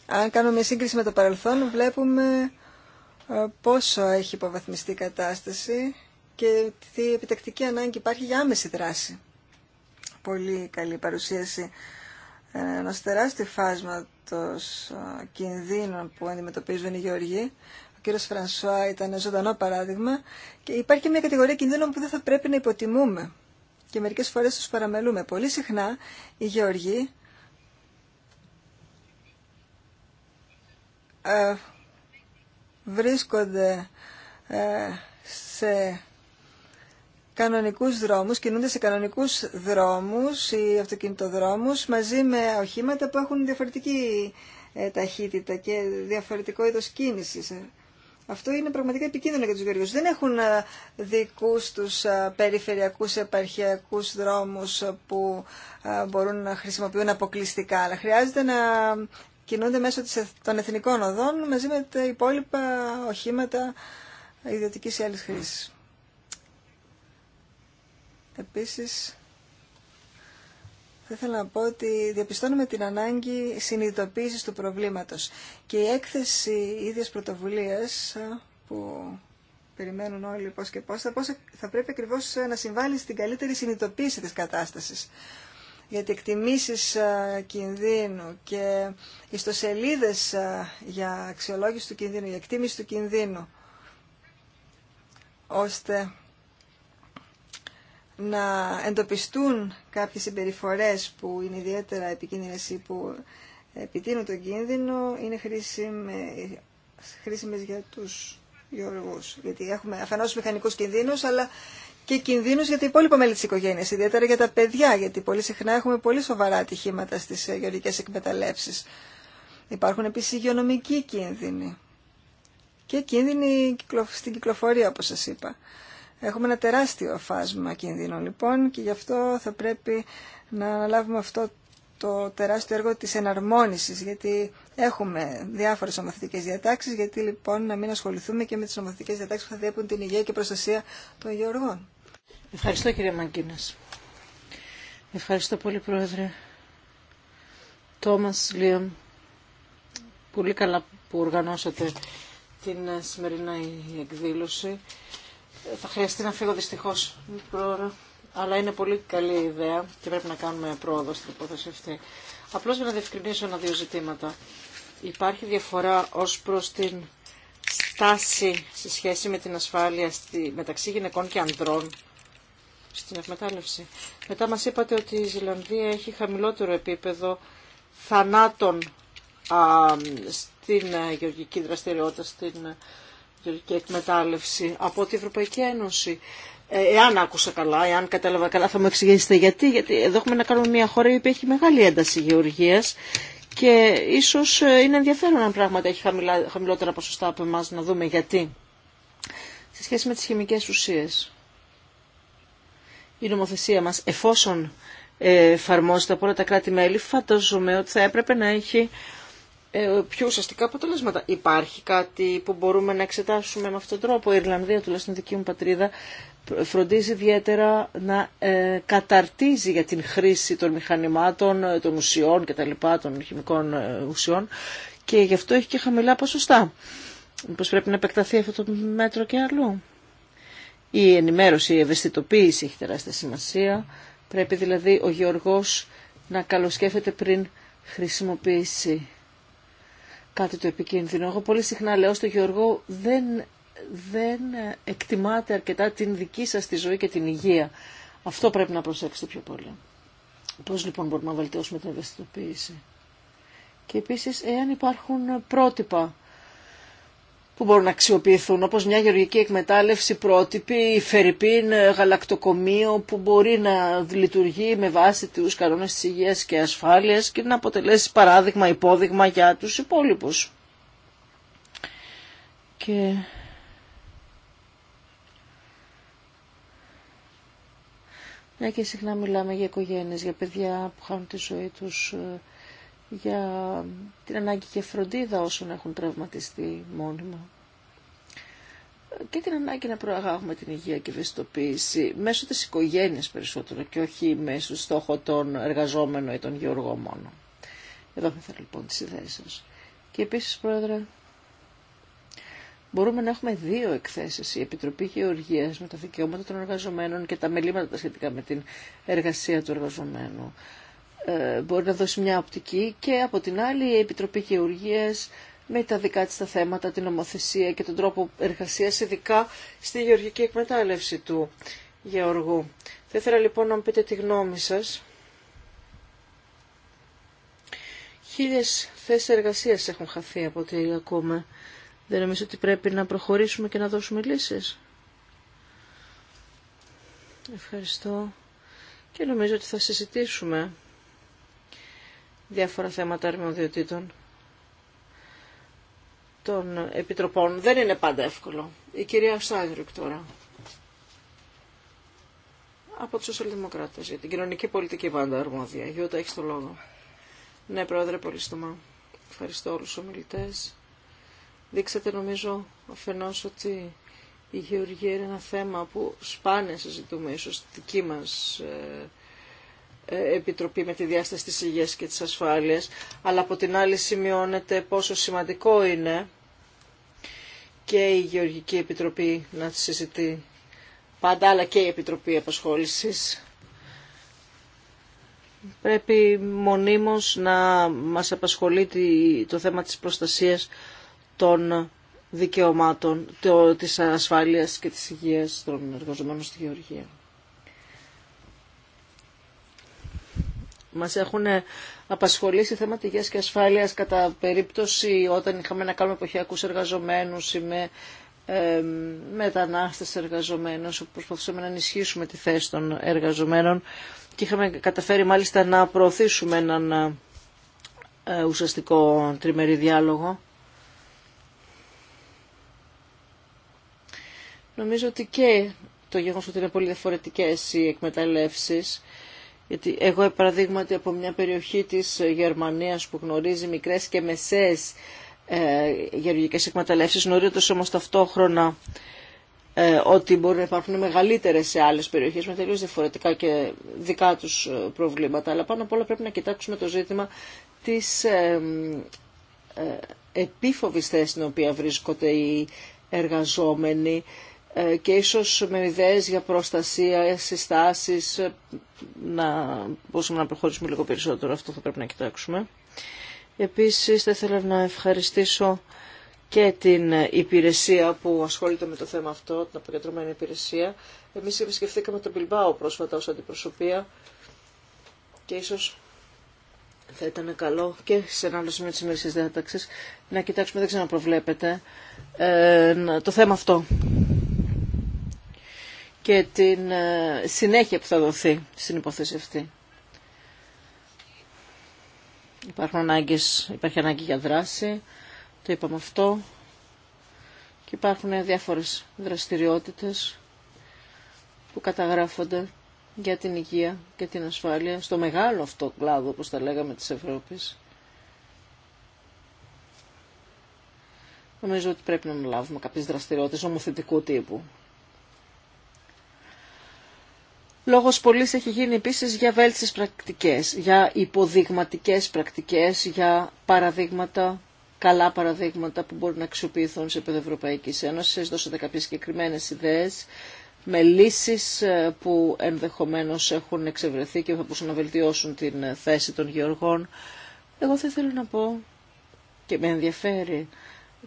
C: αν κάνουμε σύγκριση με το παρελθόν βλέπουμε ε, πόσο έχει υποβαθμιστεί η κατάσταση και τι επιτακτική ανάγκη υπάρχει για άμεση δράση. Πολύ καλή παρουσίαση ε, ενό τεράστιου φάσματο ε, κινδύνων που αντιμετωπίζουν οι Γεωργοί. Ο κύριο Φρανσουά ήταν ζωντανό παράδειγμα και υπάρχει μια κατηγορία κινδύνων που δεν θα πρέπει να υποτιμούμε και μερικέ φορέ του παραμελούμε. Πολύ συχνά οι Γεωργοί βρίσκονται ε, σε κανονικούς δρόμους, κινούνται σε κανονικούς δρόμους ή αυτοκινητοδρόμους μαζί με οχήματα που έχουν διαφορετική ε, ταχύτητα και διαφορετικό είδος κίνησης. Αυτό είναι πραγματικά επικίνδυνο για τους γεωργούς. Δεν έχουν ε, δικούς τους περιφερειακούς επαρχιακούς δρόμους που μπορούν να χρησιμοποιούν αποκλειστικά, αλλά χρειάζεται να κινούνται μέσω των εθνικών οδών μαζί με τα υπόλοιπα οχήματα ιδιωτικής ή άλλης χρήσης. Επίσης, θα ήθελα να πω ότι διαπιστώνουμε την ανάγκη συνειδητοποίησης του προβλήματος και η έκθεση ίδιας πρωτοβουλίας που περιμένουν όλοι πώς και πώς θα, πώς θα πρέπει ακριβώς να συμβάλλει στην καλύτερη συνειδητοποίηση της κατάστασης γιατί εκτιμήσεις ε, κινδύνου και ιστοσελίδες ε, για αξιολόγηση του κινδύνου, για εκτίμηση του κινδύνου, ώστε να εντοπιστούν κάποιες συμπεριφορές που είναι ιδιαίτερα επικίνδυνες ή που επιτείνουν τον κίνδυνο, είναι χρήσιμε, χρήσιμες για τους γεωργούς. Γιατί έχουμε αφενός μηχανικούς κινδύνους, αλλά και κινδύνους για τα υπόλοιπα μέλη της οικογένειας, ιδιαίτερα για τα παιδιά, γιατί πολύ συχνά έχουμε πολύ σοβαρά ατυχήματα στις ε, γεωργικές εκμεταλλεύσεις. Υπάρχουν επίσης υγειονομικοί κίνδυνοι και κίνδυνοι στην κυκλοφορία, όπως σας είπα. Έχουμε ένα τεράστιο φάσμα κινδύνων λοιπόν και γι' αυτό θα πρέπει να αναλάβουμε αυτό το τεράστιο έργο της εναρμόνισης, γιατί έχουμε διάφορες νομοθετικές διατάξεις, γιατί λοιπόν να μην ασχοληθούμε και με τις νομοθετικές διατάξεις που θα διέπουν την υγεία και προστασία των γεωργών. Ευχαριστώ κύριε
A: Μαγκίνας. Ευχαριστώ πολύ πρόεδρε. Τόμας Λίαμ, πολύ καλά που οργανώσατε την ε, σημερινή εκδήλωση. Θα χρειαστεί να φύγω δυστυχώς προώρα, αλλά είναι πολύ καλή ιδέα και πρέπει να κάνουμε πρόοδο στην υπόθεση αυτή. Απλώς για να διευκρινίσω ένα-δύο ζητήματα. Υπάρχει διαφορά ως προς την στάση σε σχέση με την ασφάλεια μεταξύ γυναικών και ανδρών στην εκμετάλλευση. Μετά μας είπατε ότι η Ζηλανδία έχει χαμηλότερο επίπεδο θανάτων στην ε, γεωργική δραστηριότητα, στην ε, γεωργική εκμετάλλευση από την Ευρωπαϊκή Ένωση. Ε, εάν άκουσα καλά, εάν κατάλαβα καλά, θα μου εξηγήσετε γιατί. Γιατί εδώ έχουμε να κάνουμε μια χώρα η οποία έχει μεγάλη ένταση γεωργίας και ίσως είναι ενδιαφέρον αν πράγματα έχει χαμηλότερα ποσοστά από εμά να δούμε γιατί. Σε σχέση με τις χημικές ουσίες η νομοθεσία μας εφόσον ε, εφαρμόζεται από όλα τα κράτη-μέλη, φανταζομαι ότι θα έπρεπε να έχει ε, πιο ουσιαστικά αποτελέσματα. Υπάρχει κάτι που μπορούμε να εξετάσουμε με αυτόν τον τρόπο. Η Ιρλανδία, τουλάχιστον δική μου πατρίδα, φροντίζει ιδιαίτερα να ε, καταρτίζει για την χρήση των μηχανημάτων, των ουσιών κτλ., των χημικών ουσιών και γι' αυτό έχει και χαμηλά ποσοστά. Μήπως πρέπει να επεκταθεί αυτό το μέτρο και αλλού η ενημέρωση, η ευαισθητοποίηση έχει τεράστια σημασία. Πρέπει δηλαδή ο Γεωργός να καλοσκέφεται πριν χρησιμοποιήσει κάτι το επικίνδυνο. Εγώ πολύ συχνά λέω στο Γεωργό δεν, δεν εκτιμάτε αρκετά την δική σας τη ζωή και την υγεία. Αυτό πρέπει να προσέξετε πιο πολύ. Πώς λοιπόν μπορούμε να βελτιώσουμε την ευαισθητοποίηση. Και επίσης εάν υπάρχουν πρότυπα που μπορούν να αξιοποιηθούν, όπως μια γεωργική εκμετάλλευση πρότυπη, η Φερρυπίν ε, γαλακτοκομείο που μπορεί να λειτουργεί με βάση τους κανόνες της υγείας και ασφάλειας και να αποτελέσει παράδειγμα, υπόδειγμα για τους υπόλοιπους. Και... Μια και συχνά μιλάμε για οικογένειες, για παιδιά που χάνουν τη ζωή τους ε, για την ανάγκη και φροντίδα όσων έχουν τραυματιστεί μόνιμα και την ανάγκη να προαγάγουμε την υγεία και ευαισθητοποίηση μέσω της οικογένειας περισσότερο και όχι μέσω στόχο των εργαζόμενων ή των γεωργών μόνο. Εδώ θα ήθελα λοιπόν τις ιδέες σας. Και επίσης, Πρόεδρε, μπορούμε να έχουμε δύο εκθέσεις. Η Επιτροπή Γεωργίας με τα δικαιώματα των εργαζομένων και τα μελήματα σχετικά με την εργασία του εργαζομένου. Ε, μπορεί να δώσει μια οπτική και από την άλλη η Επιτροπή Γεωργίας με τα δικά της τα θέματα, την νομοθεσία και τον τρόπο εργασίας, ειδικά στη γεωργική εκμετάλλευση του Γεωργού. Θα ήθελα λοιπόν να μου πείτε τη γνώμη σας. Χίλιες θέσεις εργασίας έχουν χαθεί από ό,τι ακούμε. Δεν νομίζω ότι πρέπει να προχωρήσουμε και να δώσουμε λύσεις. Ευχαριστώ. Και νομίζω ότι θα συζητήσουμε διάφορα θέματα αρμοδιοτήτων των επιτροπών. Δεν είναι πάντα εύκολο. Η κυρία Σάιρουκ τώρα. Από τους Σοσιαλδημοκράτε για την κοινωνική πολιτική πάντα αρμόδια. Γιώτα, έχει το λόγο. Ναι, πρόεδρε, πολύ στομα. Ευχαριστώ όλου του ομιλητές. Δείξατε, νομίζω, αφενός ότι η γεωργία είναι ένα θέμα που σπάνια συζητούμε, ίσως δική μας ε, ε, Επιτροπή με τη διάσταση της υγείας και της ασφάλειας, αλλά από την άλλη σημειώνεται πόσο σημαντικό είναι και η Γεωργική Επιτροπή να συζητεί πάντα, αλλά και η Επιτροπή Απασχόλησης. Πρέπει μονίμως να μας απασχολεί το θέμα της προστασίας των δικαιωμάτων, της ασφάλειας και της υγείας των εργαζομένων στη Γεωργία. Μας έχουν ε, απασχολήσει θέματα υγείας και ασφάλειας κατά περίπτωση όταν είχαμε να κάνουμε εποχιακούς εργαζομένους ή με ε, μετανάστες εργαζομένους όπου προσπαθούσαμε να ενισχύσουμε τη θέση των εργαζομένων και είχαμε καταφέρει μάλιστα να προωθήσουμε έναν ε, ε, ουσιαστικό τριμερή διάλογο. Νομίζω ότι και το γεγονός ότι είναι πολύ διαφορετικές οι εκμεταλλεύσεις γιατί εγώ, ε, παραδείγματι, από μια περιοχή της ε, Γερμανίας που γνωρίζει μικρές και μεσαίες ε, γεωργικές εκμεταλλεύσεις, γνωρίζοντας όμως ταυτόχρονα ε, ότι μπορεί να υπάρχουν μεγαλύτερες σε άλλες περιοχές με τελείως διαφορετικά και δικά τους προβλήματα. Αλλά πάνω απ' όλα πρέπει να κοιτάξουμε το ζήτημα της ε, στην οποία βρίσκονται οι εργαζόμενοι, ε, και ίσως με ιδέες για προστασία, συστάσεις, ε, να μπορούμε να προχωρήσουμε λίγο περισσότερο, αυτό θα πρέπει να κοιτάξουμε. Επίσης θα ήθελα να ευχαριστήσω και την υπηρεσία που ασχολείται με το θέμα αυτό, την αποκεντρωμένη υπηρεσία. Εμείς επισκεφθήκαμε τον Πιλμπάο πρόσφατα ως αντιπροσωπεία και ίσως θα ήταν καλό και σε ένα άλλο σημείο της ημερήσιας διάταξης να κοιτάξουμε, δεν ξέρω προβλέπετε, ε, το θέμα αυτό και την ε, συνέχεια που θα δοθεί στην υπόθεση αυτή. Υπάρχουν ανάγκες, υπάρχει ανάγκη για δράση, το είπαμε αυτό, και υπάρχουν διάφορες δραστηριότητες που καταγράφονται για την υγεία και την ασφάλεια στο μεγάλο αυτό κλάδο, όπως τα λέγαμε, της Ευρώπης. Νομίζω ότι πρέπει να λάβουμε κάποιες δραστηριότητες ομοθετικού τύπου Λόγος πολλής έχει γίνει επίσης για βέλτιστες πρακτικές, για υποδειγματικές πρακτικές, για παραδείγματα, καλά παραδείγματα που μπορούν να αξιοποιηθούν σε επίπεδο Ευρωπαϊκής Ένωσης. Δώσατε κάποιες συγκεκριμένε ιδέες με λύσεις ε, που ενδεχομένως έχουν εξευρεθεί και θα μπορούσαν να βελτιώσουν την ε, θέση των γεωργών. Εγώ θα ήθελα να πω και με ενδιαφέρει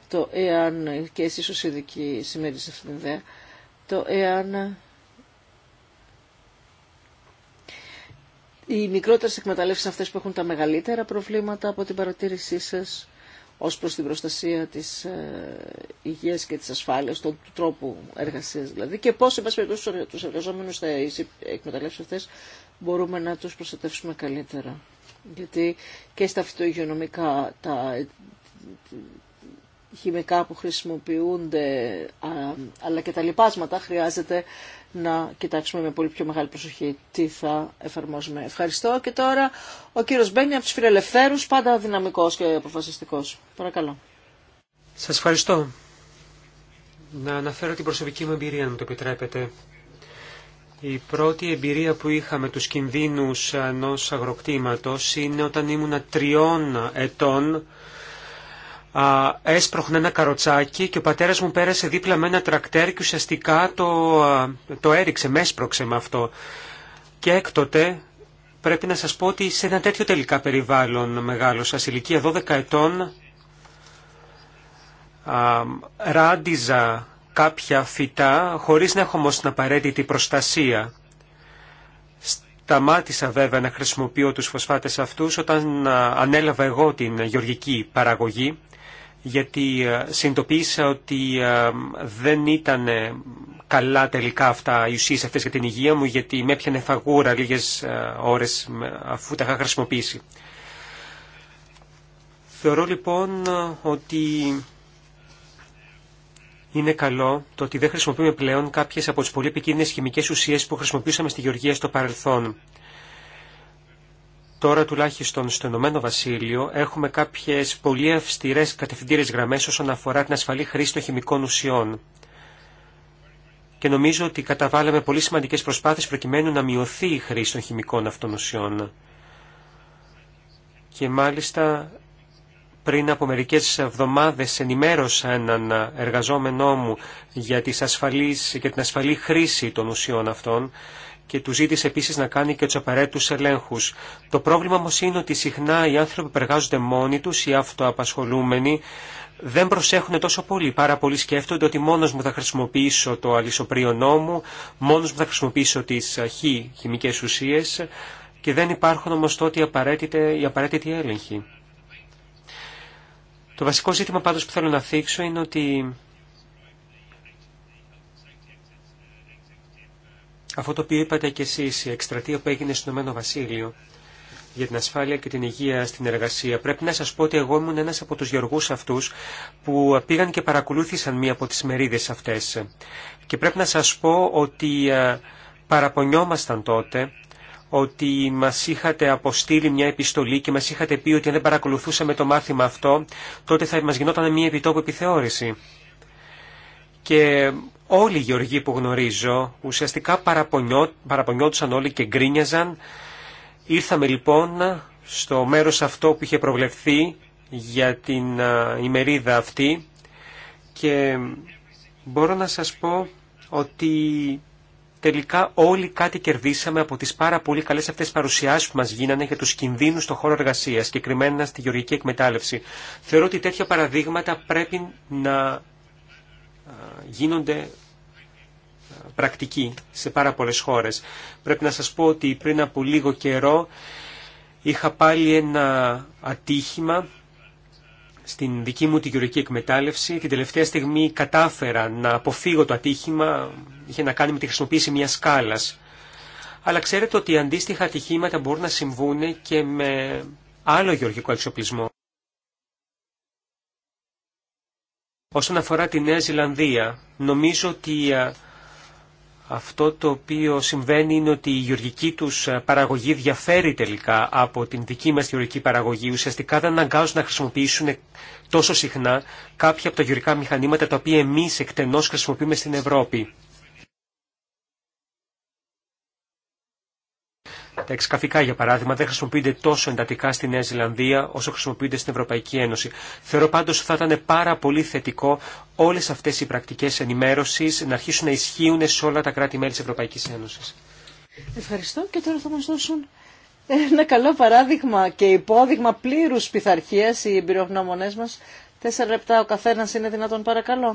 A: το εάν, ε, και εσείς ως ειδικοί σε αυτήν την ιδέα, το εάν οι μικρότερε εκμεταλλεύσει αυτές που έχουν τα μεγαλύτερα προβλήματα από την παρατήρησή σας ως προς την προστασία της υγεία υγείας και της ασφάλειας, του τρόπου εργασίας δηλαδή και πώς, εν πάση περιπτώσει, τους εργαζόμενους στα εκμεταλλεύσεις αυτές μπορούμε να τους προστατεύσουμε καλύτερα. Γιατί και στα φυτοϊγειονομικά, τα ε, χημικά που χρησιμοποιούνται, αλλά και τα λοιπάσματα χρειάζεται να κοιτάξουμε με πολύ πιο μεγάλη προσοχή τι θα εφαρμόζουμε. Ευχαριστώ και τώρα ο κύριο Μπένι από του Φιλελευθέρου, πάντα δυναμικό και αποφασιστικό. Παρακαλώ.
B: Σας ευχαριστώ. Να αναφέρω την προσωπική μου εμπειρία, αν μου το επιτρέπετε. Η πρώτη εμπειρία που είχα με τους κινδύνους ενός αγροκτήματος είναι όταν ήμουνα τριών ετών έσπρωχνα ένα καροτσάκι και ο πατέρας μου πέρασε δίπλα με ένα τρακτέρ και ουσιαστικά το, το έριξε, με έσπρωξε με αυτό. Και έκτοτε πρέπει να σας πω ότι σε ένα τέτοιο τελικά περιβάλλον μεγάλωσα, σε ηλικία 12 ετών, α, ράντιζα κάποια φυτά χωρίς να έχω όμως την απαραίτητη προστασία. Σταμάτησα βέβαια να χρησιμοποιώ τους φωσφάτες αυτούς όταν ανέλαβα εγώ την γεωργική παραγωγή γιατί ε, συνειδητοποίησα ότι ε, δεν ήταν καλά τελικά αυτά οι ουσίες αυτές για την υγεία μου, γιατί με έπιανε φαγούρα λίγες ε, ώρες αφού τα είχα χρησιμοποιήσει. Θεωρώ λοιπόν ότι είναι καλό το ότι δεν χρησιμοποιούμε πλέον κάποιες από τις πολύ επικίνδυνες χημικές ουσίες που χρησιμοποιούσαμε στη Γεωργία στο παρελθόν. Τώρα τουλάχιστον στο Ηνωμένο Βασίλειο έχουμε κάποιες πολύ αυστηρές κατευθυντήρες γραμμές όσον αφορά την ασφαλή χρήση των χημικών ουσιών. Και νομίζω ότι καταβάλαμε πολύ σημαντικές προσπάθειες προκειμένου να μειωθεί η χρήση των χημικών αυτών ουσιών. Και μάλιστα πριν από μερικές εβδομάδες ενημέρωσα έναν εργαζόμενό μου για, τις ασφαλείς, για την ασφαλή χρήση των ουσιών αυτών και του ζήτησε επίση να κάνει και του απαραίτητου ελέγχου. Το πρόβλημα όμω είναι ότι συχνά οι άνθρωποι που εργάζονται μόνοι του, οι αυτοαπασχολούμενοι, δεν προσέχουν τόσο πολύ. Πάρα πολύ σκέφτονται ότι μόνος μου θα χρησιμοποιήσω το αλυσοπρίο μου, μόνος μου θα χρησιμοποιήσω τις χι χημικές ουσίες και δεν υπάρχουν όμω τότε οι οι έλεγχοι. Το βασικό ζήτημα πάντως που θέλω να θίξω είναι ότι Αυτό το οποίο είπατε και εσείς, η εκστρατεία που έγινε στο Ηνωμένο Βασίλειο για την ασφάλεια και την υγεία στην εργασία. Πρέπει να σας πω ότι εγώ ήμουν ένας από τους γεωργούς αυτούς που πήγαν και παρακολούθησαν μία από τις μερίδες αυτές. Και πρέπει να σας πω ότι ε, παραπονιόμασταν τότε ότι μας είχατε αποστείλει μια επιστολή και μας είχατε πει ότι αν δεν παρακολουθούσαμε το μάθημα αυτό, τότε θα μας γινόταν μια επιτόπου επιθεώρηση. Και Όλοι οι γεωργοί που γνωρίζω ουσιαστικά παραπονιό, παραπονιόντουσαν όλοι και γκρίνιαζαν. Ήρθαμε λοιπόν στο μέρος αυτό που είχε προβλεφθεί για την ημερίδα αυτή και μπορώ να σας πω ότι τελικά όλοι κάτι κερδίσαμε από τις πάρα πολύ καλές αυτές παρουσιάσεις που μας γίνανε για τους κινδύνους στον χώρο εργασίας, συγκεκριμένα στη γεωργική εκμετάλλευση. Θεωρώ ότι τέτοια παραδείγματα πρέπει να γίνονται πρακτικοί σε πάρα πολλές χώρες. Πρέπει να σας πω ότι πριν από λίγο καιρό είχα πάλι ένα ατύχημα στην δική μου τη γεωργική εκμετάλλευση. Την τελευταία στιγμή κατάφερα να αποφύγω το ατύχημα, είχε να κάνει με τη χρησιμοποίηση μιας σκάλας. Αλλά ξέρετε ότι αντίστοιχα ατυχήματα μπορούν να συμβούν και με άλλο γεωργικό εξοπλισμό. Όσον αφορά τη Νέα Ζηλανδία, νομίζω ότι αυτό το οποίο συμβαίνει είναι ότι η γεωργική τους παραγωγή διαφέρει τελικά από την δική μας γεωργική παραγωγή. Ουσιαστικά δεν αναγκάζουν να χρησιμοποιήσουν τόσο συχνά κάποια από τα γεωργικά μηχανήματα τα οποία εμείς εκτενώς χρησιμοποιούμε στην Ευρώπη. Τα εξκαφικά, για παράδειγμα, δεν χρησιμοποιούνται τόσο εντατικά στη Νέα Ζηλανδία όσο χρησιμοποιούνται στην Ευρωπαϊκή Ένωση. Θεωρώ πάντω ότι θα ήταν πάρα πολύ θετικό όλε αυτέ οι πρακτικέ ενημέρωση να αρχίσουν να ισχύουν σε όλα τα κράτη-μέλη τη Ευρωπαϊκή Ένωση.
A: Ευχαριστώ και τώρα θα μα δώσουν ένα καλό παράδειγμα και υπόδειγμα πλήρου πειθαρχία οι εμπειρογνώμονέ μα. Τέσσερα λεπτά ο καθένα είναι δυνατόν, παρακαλώ.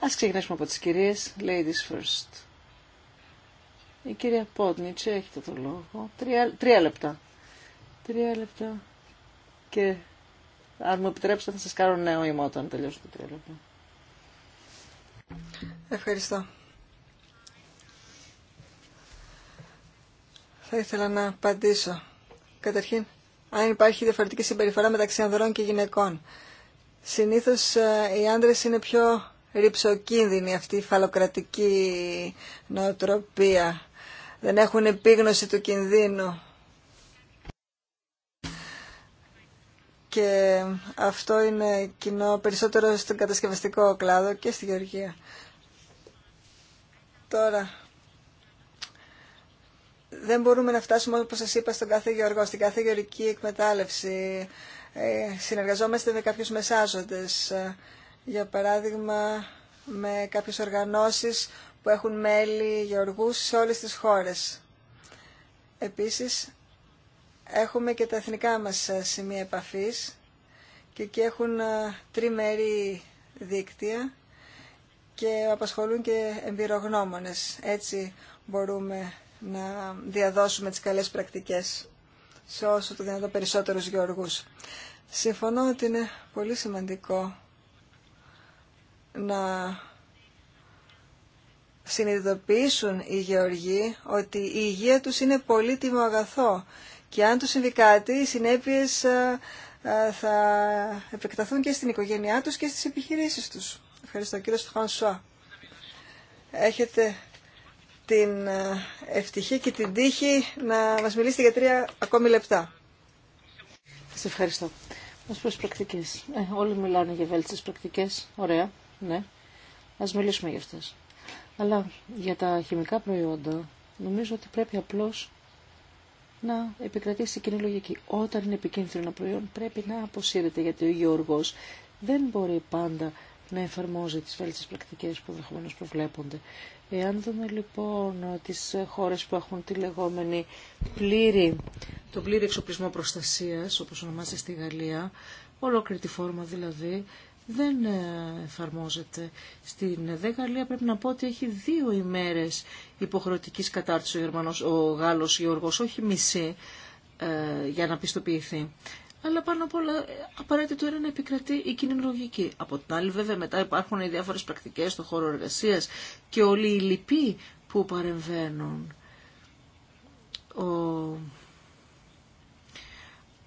A: Α ξεκινήσουμε από τι κυρίε. Ladies first. Η κυρία Πόντνιτσε, έχετε το λόγο. Τρία, λεπτά. Τρία λεπτά. Και αν μου επιτρέψετε θα σας κάνω νέο ημό όταν τελειώσω το τρία λεπτά. Ευχαριστώ.
C: Θα ήθελα να απαντήσω. Καταρχήν, αν υπάρχει διαφορετική συμπεριφορά μεταξύ ανδρών και γυναικών. Συνήθως ε, οι άντρες είναι πιο ριψοκίνδυνη αυτή η φαλοκρατική νοοτροπία δεν έχουν επίγνωση του κινδύνου. Και αυτό είναι κοινό περισσότερο στον κατασκευαστικό κλάδο και στη Γεωργία. Τώρα, δεν μπορούμε να φτάσουμε όπως σας είπα στον κάθε γεωργό, στην κάθε γεωργική εκμετάλλευση. Ε, συνεργαζόμαστε με κάποιους μεσάζοντες, ε, για παράδειγμα με κάποιες οργανώσεις που έχουν μέλη γεωργούς σε όλες τις χώρες. Επίσης, έχουμε και τα εθνικά μας ε, σημεία επαφής και εκεί έχουν ε, τριμερή δίκτυα και απασχολούν και εμπειρογνώμονες. Έτσι μπορούμε να διαδώσουμε τις καλές πρακτικές σε όσο το δυνατόν περισσότερους γεωργούς. Συμφωνώ ότι είναι πολύ σημαντικό να συνειδητοποιήσουν οι γεωργοί ότι η υγεία τους είναι πολύτιμο αγαθό και αν τους συμβεί κάτι, οι συνέπειες ε, ε, θα επεκταθούν και στην οικογένειά τους και στις επιχειρήσεις τους. Ευχαριστώ κύριο Φρανσουά. Έχετε την ε, ευτυχία και την τύχη
A: να μας μιλήσετε για τρία ακόμη λεπτά. Σας ευχαριστώ. Ως προς πρακτικές. Ε, όλοι μιλάνε για βέλτιστες πρακτικές. Ωραία. Ναι. Ας μιλήσουμε για αυτές. Αλλά για τα χημικά προϊόντα νομίζω ότι πρέπει απλώς να επικρατήσει κοινή λογική. Όταν είναι επικίνδυνο προϊόν πρέπει να αποσύρεται γιατί ο Γιώργος δεν μπορεί πάντα να εφαρμόζει τις βέλτιστες πρακτικές που ενδεχομένω προβλέπονται. Εάν δούμε λοιπόν τις χώρες που έχουν τη λεγόμενη πλήρη, το πλήρη εξοπλισμό προστασίας, όπως ονομάζεται στη Γαλλία, ολόκληρη τη φόρμα δηλαδή, δεν ε, εφαρμόζεται. Στην ε, δε Γαλλία πρέπει να πω ότι έχει δύο ημέρες υποχρεωτικής κατάρτισης ο, Γερμανός, ο Γάλλος Γιώργος, όχι μισή, ε, για να πιστοποιηθεί. Αλλά πάνω απ' όλα απαραίτητο είναι να επικρατεί η κοινωνική. Από την άλλη βέβαια μετά υπάρχουν οι διάφορες πρακτικές στον χώρο εργασίας και όλοι οι λοιποί που παρεμβαίνουν. Ο...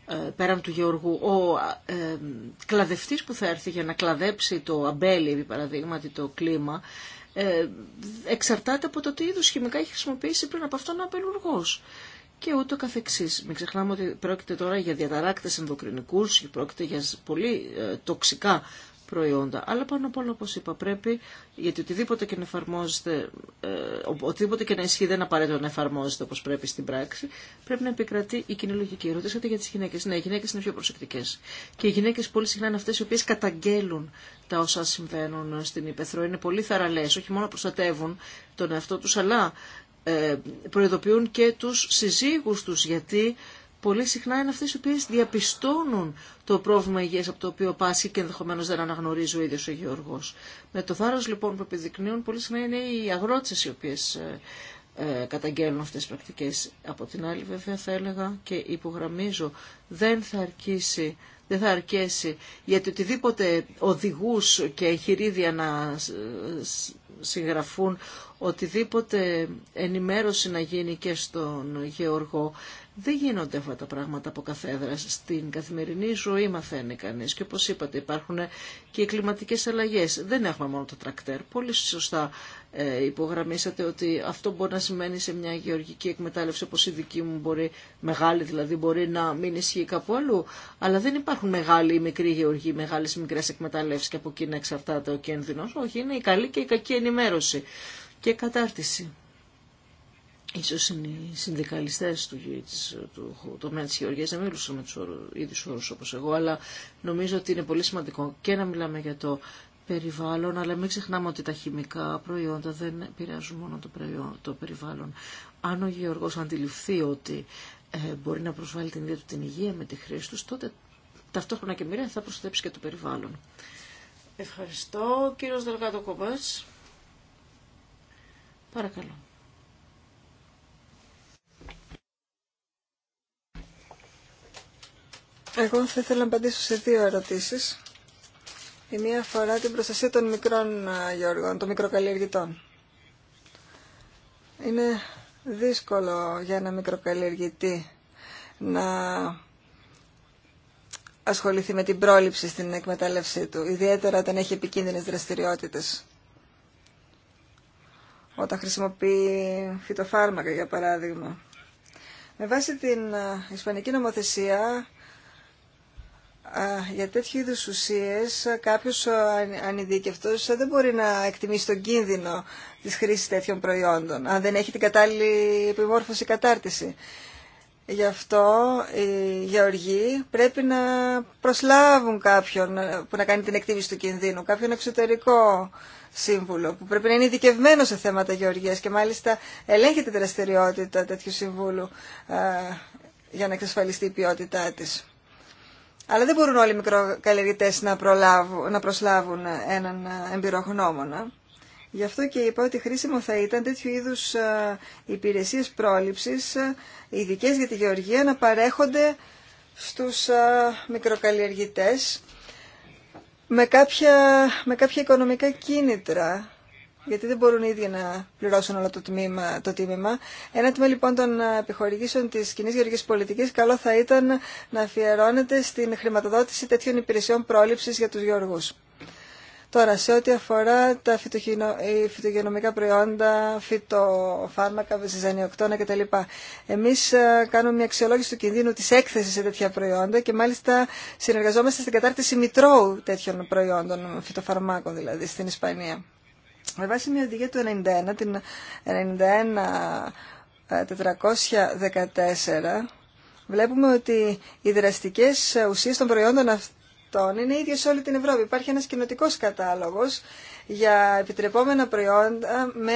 A: Ε, πέραν του Γεωργού, ο ε, κλαδευτής που θα έρθει για να κλαδέψει το αμπέλι, επί παραδείγματι το κλίμα, ε, εξαρτάται από το τι είδους χημικά έχει χρησιμοποιήσει πριν από αυτόν ο απελουργός Και ούτω καθεξής. Μην ξεχνάμε ότι πρόκειται τώρα για διαταράκτες ενδοκρινικούς, πρόκειται για πολύ ε, τοξικά προϊόντα. Αλλά πάνω απ' όλα, όπω είπα, πρέπει, γιατί οτιδήποτε και να εφαρμόζεται, ε, οτιδήποτε και να ισχύει δεν απαραίτητο να εφαρμόζεται όπω πρέπει στην πράξη, πρέπει να επικρατεί η κοινή λογική. Ρωτήσατε για τι γυναίκε. Ναι, οι γυναίκε είναι πιο προσεκτικέ. Και οι γυναίκε πολύ συχνά είναι αυτέ οι οποίε καταγγέλουν τα όσα συμβαίνουν στην Υπεθρό. Είναι πολύ θαραλέ, όχι μόνο προστατεύουν τον εαυτό του, αλλά ε, προειδοποιούν και τους συζύγους τους, γιατί πολύ συχνά είναι αυτές οι οποίες διαπιστώνουν το πρόβλημα υγείας από το οποίο πάσχει και ενδεχομένω δεν αναγνωρίζει ο ίδιος ο Γεωργός. Με το θάρρος λοιπόν που επιδεικνύουν πολύ συχνά είναι οι αγρότες οι οποίες ε, ε καταγγέλνουν αυτές τις πρακτικές. Από την άλλη βέβαια θα έλεγα και υπογραμμίζω δεν θα αρκίσει δεν θα αρκέσει, γιατί οτιδήποτε οδηγούς και εγχειρίδια να συγγραφούν οτιδήποτε ενημέρωση να γίνει και στον Γεωργό. Δεν γίνονται αυτά τα πράγματα από καθέδρα. Στην καθημερινή ζωή μαθαίνει κανείς. Και όπως είπατε υπάρχουν και οι κλιματικές αλλαγές. Δεν έχουμε μόνο το τρακτέρ. Πολύ σωστά ε, υπογραμμίσατε ότι αυτό μπορεί να σημαίνει σε μια γεωργική εκμετάλλευση όπως η δική μου μπορεί, μεγάλη δηλαδή μπορεί να μην ισχύει κάπου αλλού, αλλά δεν υπάρχουν μεγάλοι ή μικροί γεωργοί, μεγάλες ή μικρές εκμεταλλεύσεις και από εκεί να εξαρτάται ο κίνδυνος. Όχι, είναι η καλή και η κακή ενημέρωση και κατάρτιση. Ίσως είναι οι συνδικαλιστές του, του τομέα της Γεωργίας δεν μιλούσαν με τους ίδιους όρους όπως εγώ, αλλά νομίζω ότι είναι πολύ σημαντικό και να μιλάμε για το περιβάλλον, αλλά μην ξεχνάμε ότι τα χημικά προϊόντα δεν επηρεάζουν μόνο το, το περιβάλλον. Αν ο Γεωργός αντιληφθεί ότι ε, μπορεί να προσβάλλει την ίδια του την υγεία με τη χρήση του, τότε ταυτόχρονα και μοίρα θα προστατέψει και το περιβάλλον. Ευχαριστώ. Κύριος Δελγάτο Κομπάς. Παρακαλώ.
C: Εγώ θα ήθελα να απαντήσω σε δύο ερωτήσεις. Η μία αφορά την προστασία των μικρών γιώργων, των μικροκαλλιεργητών. Είναι δύσκολο για ένα μικροκαλλιεργητή να ασχοληθεί με την πρόληψη στην εκμετάλλευσή του, ιδιαίτερα όταν έχει επικίνδυνες δραστηριότητες. Όταν χρησιμοποιεί φυτοφάρμακα, για παράδειγμα. Με βάση την Ισπανική νομοθεσία, για τέτοιου είδου ουσίε κάποιο ανειδίκευτο δεν μπορεί να εκτιμήσει τον κίνδυνο τη χρήση τέτοιων προϊόντων, αν δεν έχει την κατάλληλη επιμόρφωση κατάρτιση. Γι' αυτό οι γεωργοί πρέπει να προσλάβουν κάποιον ε, που να κάνει την εκτίμηση του κινδύνου, κάποιον εξωτερικό σύμβουλο που πρέπει να είναι ειδικευμένο σε θέματα γεωργίας και μάλιστα ελέγχεται η δραστηριότητα τέτοιου συμβούλου ε, για να εξασφαλιστεί η ποιότητά της. Αλλά δεν μπορούν όλοι οι μικροκαλλιεργητές να, προσλάβουν έναν ε, εμπειρογνώμονα. Γι' αυτό και είπα ότι χρήσιμο θα ήταν τέτοιου είδου ε, υπηρεσίες πρόληψης, ε, ειδικέ για τη γεωργία, να παρέχονται στους μικροκαλλιεργητέ με με κάποια οικονομικά κίνητρα γιατί δεν μπορούν οι ίδιοι να πληρώσουν όλο το, τμήμα, το τίμημα. Ένα τμήμα λοιπόν των ε, επιχορηγήσεων τη κοινή γεωργική πολιτική, καλό θα ήταν να αφιερώνεται στην χρηματοδότηση τέτοιων υπηρεσιών πρόληψη για του γεωργού. Τώρα, σε ό,τι αφορά τα ε, φυτογενομικά προϊόντα, φυτοφάρμακα, ζυζανιοκτώνα κτλ. Εμείς ε, κάνουμε μια αξιολόγηση του κινδύνου της έκθεσης σε τέτοια προϊόντα και μάλιστα συνεργαζόμαστε στην κατάρτιση μητρώου τέτοιων προϊόντων, φυτοφαρμάκων δηλαδή, στην Ισπανία. Με βάση μια οδηγία του 91, την 91-414, ε, βλέπουμε ότι οι δραστικές ουσίες των προϊόντων αυτών είναι ίδιες σε όλη την Ευρώπη. Υπάρχει ένας κοινοτικός κατάλογος για επιτρεπόμενα προϊόντα με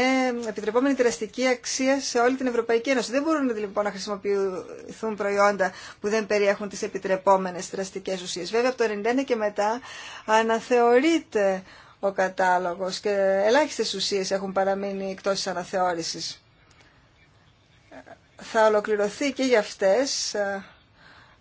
C: επιτρεπόμενη δραστική αξία σε όλη την Ευρωπαϊκή Ένωση. Δεν μπορούν λοιπόν να χρησιμοποιηθούν προϊόντα που δεν περιέχουν τις επιτρεπόμενες δραστικές ουσίες. Βέβαια από το 1991 και μετά αναθεωρείται ο κατάλογος και ελάχιστες ουσίες έχουν παραμείνει εκτός της αναθεώρησης. Θα ολοκληρωθεί και για αυτές ε,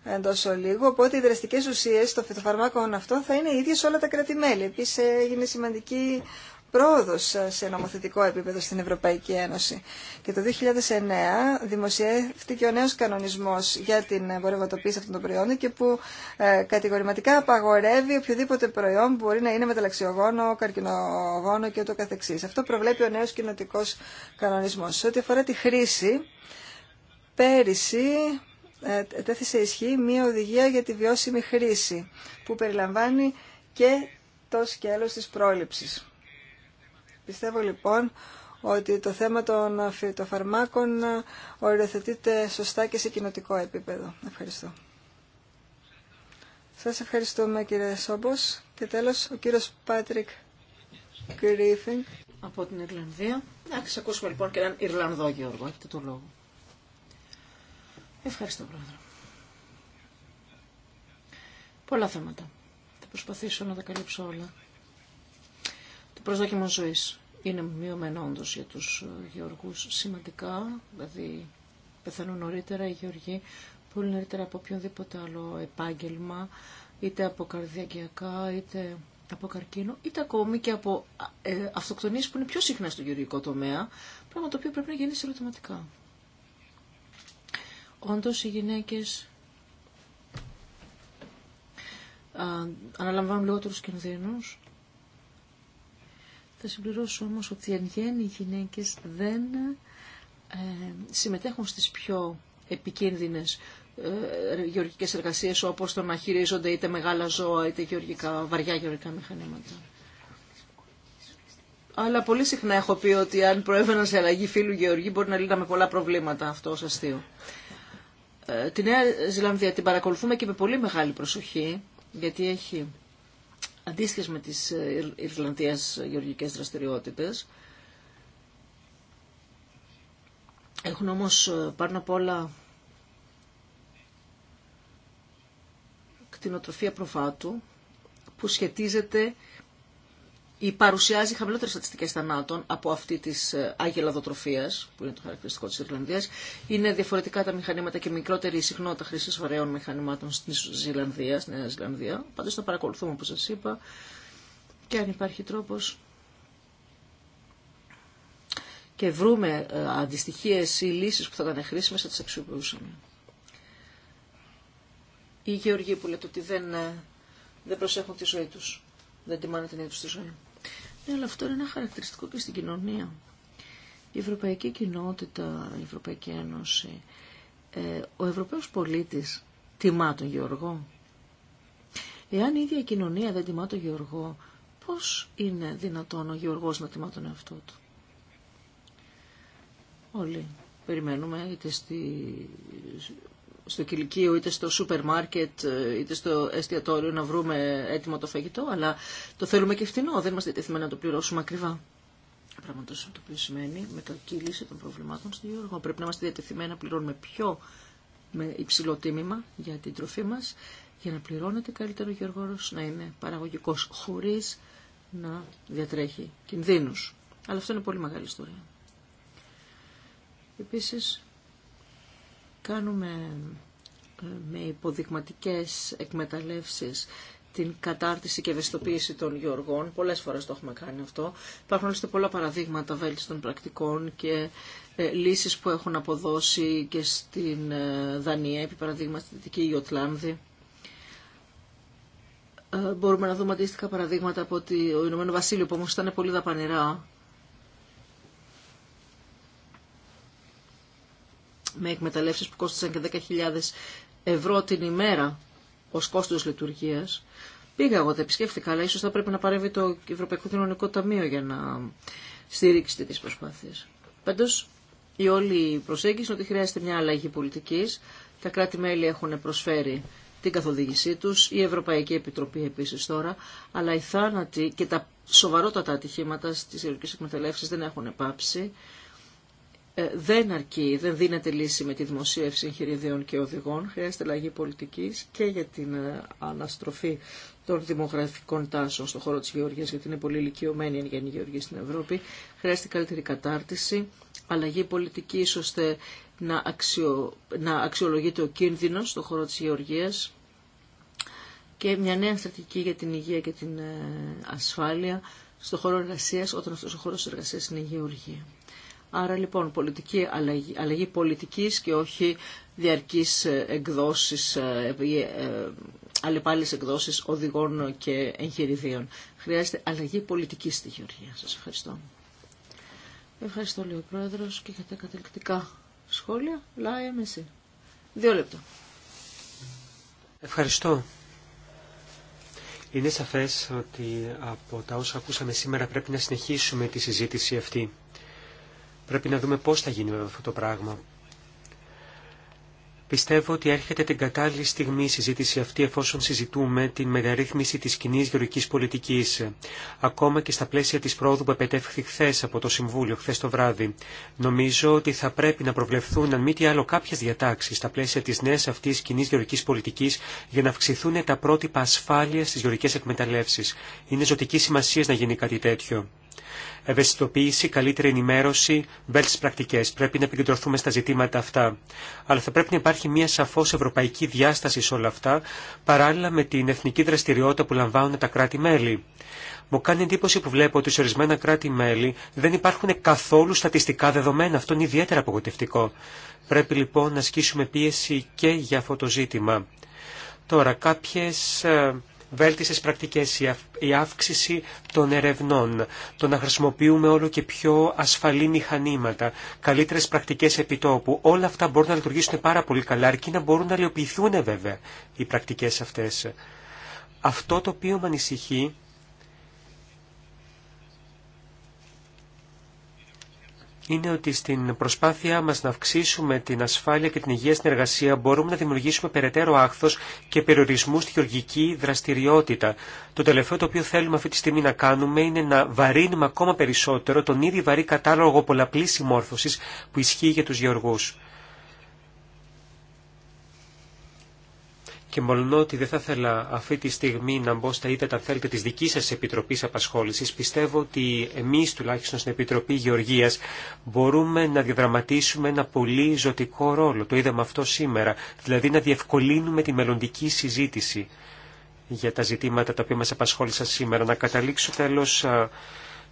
C: εντός ολίγου, οπότε οι δραστικές ουσίες των φυτοφαρμάκων αυτών θα είναι ίδιες σε όλα τα κράτη-μέλη. Επίσης έγινε σημαντική πρόοδος σε νομοθετικό επίπεδο στην Ευρωπαϊκή Ένωση. Και το 2009 δημοσιεύτηκε ο νέος κανονισμός για την εμπορευματοποίηση αυτών των προϊόντων και που ε, κατηγορηματικά απαγορεύει οποιοδήποτε προϊόν που μπορεί να είναι μεταλλαξιογόνο, καρκινογόνο και ούτω καθεξής. Αυτό προβλέπει ο νέος κοινοτικό κανονισμός. Σε ό,τι αφορά τη χρήση, πέρυσι ε, τέθησε ισχύ μία οδηγία για τη βιώσιμη χρήση που περιλαμβάνει και το σκέλος της πρόληψης. Πιστεύω λοιπόν ότι το θέμα των φυτοφαρμάκων ε, οριοθετείται σωστά και σε κοινοτικό επίπεδο. Ευχαριστώ. Σας ευχαριστούμε κύριε Σόμπος. Και τέλος ο κύριος Πάτρικ Γκρίφινγκ.
A: Από την Ιρλανδία. Να ξακούσουμε λοιπόν και έναν Ιρλανδό Γιώργο. Έχετε το λόγο. Ευχαριστώ πρόεδρε. Πολλά θέματα. Θα προσπαθήσω να τα καλύψω όλα. Το προσδόκιμο ζωής είναι μειωμένα όντω για του γεωργού. σημαντικά, δηλαδή πεθαίνουν νωρίτερα οι γεωργοί, πολύ νωρίτερα από οποιονδήποτε άλλο επάγγελμα, είτε από καρδιακιακά, είτε από καρκίνο, είτε ακόμη και από ε, αυτοκτονίες που είναι πιο συχνά στο γεωργικό τομέα, πράγμα το οποίο πρέπει να γίνει ερωτηματικά. Όντως οι γυναίκες αναλαμβάνουν λιγότερους κινδύνους θα συμπληρώσω όμως ότι εν γέννη οι γυναίκες δεν ε, συμμετέχουν στις πιο επικίνδυνες ε, γεωργικές εργασίες όπως το να χειρίζονται είτε μεγάλα ζώα είτε γεωργικά, βαριά γεωργικά μηχανήματα. Αλλά πολύ συχνά έχω πει ότι αν προέβαιναν σε αλλαγή φίλου γεωργή μπορεί να λύναμε πολλά προβλήματα αυτό ως αστείο. Την ε, τη Νέα Ζηλανδία την παρακολουθούμε και με πολύ μεγάλη προσοχή γιατί έχει αντίστοιχες με τις ε, Ιρλανδίας γεωργικές δραστηριότητες. Έχουν όμως ε, πάνω απ' όλα κτηνοτροφία προφάτου που σχετίζεται παρουσιάζει χαμηλότερε στατιστικέ θανάτων από αυτή τη ε, αγελαδοτροφία, που είναι το χαρακτηριστικό τη Ιρλανδία. Είναι διαφορετικά τα μηχανήματα και μικρότερη η συχνότητα χρήση βαρέων μηχανημάτων στην Ζηλανδία, στην Νέα Ζηλανδία. Πάντως θα παρακολουθούμε, όπω σα είπα, και αν υπάρχει τρόπο, και βρούμε ε, αντιστοιχίε ή λύσει που θα ήταν χρήσιμε θα τι αξιοποιούσαμε. Οι γεωργοί που λέτε ότι δεν, ε, δεν προσέχουν τη ζωή του. Δεν τιμάνε την ίδια του τη ζωή. Ναι, αλλά αυτό είναι ένα χαρακτηριστικό και στην κοινωνία. Η Ευρωπαϊκή Κοινότητα, η Ευρωπαϊκή Ένωση, ε, ο Ευρωπαίος πολίτης τιμά τον Γεωργό. Εάν η ίδια η κοινωνία δεν τιμά τον Γεωργό, πώς είναι δυνατόν ο Γεωργός να τιμά τον εαυτό του. Όλοι περιμένουμε είτε στη στο κηλικείο είτε στο σούπερ μάρκετ ε, είτε στο εστιατόριο να βρούμε έτοιμο το φαγητό, αλλά το θέλουμε και φθηνό Δεν είμαστε τεθειμένοι να το πληρώσουμε ακριβά. Πράγμα το οποίο σημαίνει μετακύληση των προβλημάτων στο Γιώργο. Πρέπει να είμαστε διατεθειμένοι να πληρώνουμε πιο με υψηλό τίμημα για την τροφή μας, για να πληρώνεται καλύτερο ο Γεωργόρος να είναι παραγωγικός, χωρίς να διατρέχει κινδύνους. Αλλά αυτό είναι πολύ μεγάλη ιστορία. Επίσης, κάνουμε ε, με υποδειγματικές εκμεταλλεύσεις την κατάρτιση και ευαισθητοποίηση των γεωργών. Πολλές φορές το έχουμε κάνει αυτό. Υπάρχουν όλες, πολλά παραδείγματα βέλτιστων πρακτικών και ε, λύσεις που έχουν αποδώσει και στην ε, Δανία, επί παραδείγμα στη Δυτική Ιωτλάνδη. μπορούμε να δούμε αντίστοιχα παραδείγματα από ο Ηνωμένο Βασίλειο, που όμως ήταν πολύ δαπανηρά με εκμεταλλεύσεις που κόστησαν και 10.000 ευρώ την ημέρα ως κόστος λειτουργίας. Πήγα εγώ, τα επισκέφθηκα, αλλά ίσως θα πρέπει να παρεύει το Ευρωπαϊκό Κοινωνικό Ταμείο για να στηρίξει τις προσπάθειες. Πάντως, η όλη προσέγγιση είναι ότι χρειάζεται μια αλλαγή πολιτικής. Τα κράτη-μέλη έχουν προσφέρει την καθοδήγησή τους, η Ευρωπαϊκή Επιτροπή επίσης τώρα, αλλά οι θάνατοι και τα σοβαρότατα ατυχήματα στις ιερουργικές εκμεταλλεύσεις δεν έχουν πάψει. Ε, δεν αρκεί, δεν δίνεται λύση με τη δημοσίευση εγχειριδίων και οδηγών. Χρειάζεται αλλαγή πολιτικής και για την ε, αναστροφή των δημογραφικών τάσεων στον χώρο της γεωργίας, γιατί είναι πολύ ηλικιωμένη η γέννη γεωργία στην Ευρώπη. Χρειάζεται καλύτερη κατάρτιση, αλλαγή πολιτικής ώστε να, αξιο... να αξιολογείται ο κίνδυνος στον χώρο της γεωργίας και μια νέα στρατηγική για την υγεία και την ε, ασφάλεια στον χώρο εργασίας, όταν αυτός ο χώρο εργασία είναι η γεωργία. Άρα λοιπόν πολιτική αλλαγή, αλλαγή πολιτικής και όχι διαρκής ε, εκδόσεις ε, ε, αλλεπάλληλες εκδόσεις οδηγών και εγχειριδίων. Χρειάζεται αλλαγή πολιτικής στη Γεωργία. Σας ευχαριστώ. Ευχαριστώ λέει ο Πρόεδρος και για τα καταληκτικά σχόλια. με εσύ. Δύο
B: λεπτά. Ευχαριστώ. Είναι σαφές ότι από τα όσα ακούσαμε σήμερα πρέπει να συνεχίσουμε τη συζήτηση αυτή. Πρέπει να δούμε πώς θα γίνει αυτό το πράγμα. Πιστεύω ότι έρχεται την κατάλληλη στιγμή η συζήτηση αυτή εφόσον συζητούμε την μεγαρύθμιση της κοινή γεωργικής πολιτικής, ακόμα και στα πλαίσια της πρόοδου που επετεύχθη χθε από το Συμβούλιο, χθε το βράδυ. Νομίζω ότι θα πρέπει να προβλεφθούν, αν μη τι άλλο, κάποιες διατάξεις στα πλαίσια της νέας αυτής κοινή γεωργικής πολιτικής για να αυξηθούν τα πρότυπα ασφάλεια στις γεωργικές εκμεταλλεύσεις. Είναι ζωτική σημασία να γίνει κάτι τέτοιο ευαισθητοποίηση, καλύτερη ενημέρωση, βέλτιστε πρακτικέ. Πρέπει να επικεντρωθούμε στα ζητήματα αυτά. Αλλά θα πρέπει να υπάρχει μια σαφώ ευρωπαϊκή διάσταση σε όλα αυτά, παράλληλα με την εθνική δραστηριότητα που λαμβάνουν τα κράτη-μέλη. Μου κάνει εντύπωση που βλέπω ότι σε ορισμένα κράτη-μέλη δεν υπάρχουν καθόλου στατιστικά δεδομένα. Αυτό είναι ιδιαίτερα απογοητευτικό. Πρέπει λοιπόν να ασκήσουμε πίεση και για αυτό το ζήτημα. Τώρα, κάποιες ε, βέλτιστες πρακτικές, η αύξηση των ερευνών, το να χρησιμοποιούμε όλο και πιο ασφαλή μηχανήματα, καλύτερες πρακτικές επιτόπου. Όλα αυτά μπορούν να λειτουργήσουν πάρα πολύ καλά, αρκεί να μπορούν να αλλοιοποιηθούν βέβαια οι πρακτικές αυτές. Αυτό το οποίο με ανησυχεί είναι ότι στην προσπάθειά μας να αυξήσουμε την ασφάλεια και την υγεία στην εργασία μπορούμε να δημιουργήσουμε περαιτέρω άχθος και περιορισμού στη γεωργική δραστηριότητα. Το τελευταίο το οποίο θέλουμε αυτή τη στιγμή να κάνουμε είναι να βαρύνουμε ακόμα περισσότερο τον ήδη βαρύ κατάλογο πολλαπλής συμμόρφωσης που ισχύει για τους γεωργούς. και ότι δεν θα ήθελα αυτή τη στιγμή να μπω στα ύδατα, τα θέλετε, της δικής σας Επιτροπής Απασχόλησης, πιστεύω ότι εμείς, τουλάχιστον στην Επιτροπή Γεωργίας, μπορούμε να διαδραματίσουμε ένα πολύ ζωτικό ρόλο. Το είδαμε αυτό σήμερα. Δηλαδή να διευκολύνουμε τη μελλοντική συζήτηση για τα ζητήματα τα οποία μας απασχόλησαν σήμερα. Να καταλήξω τέλος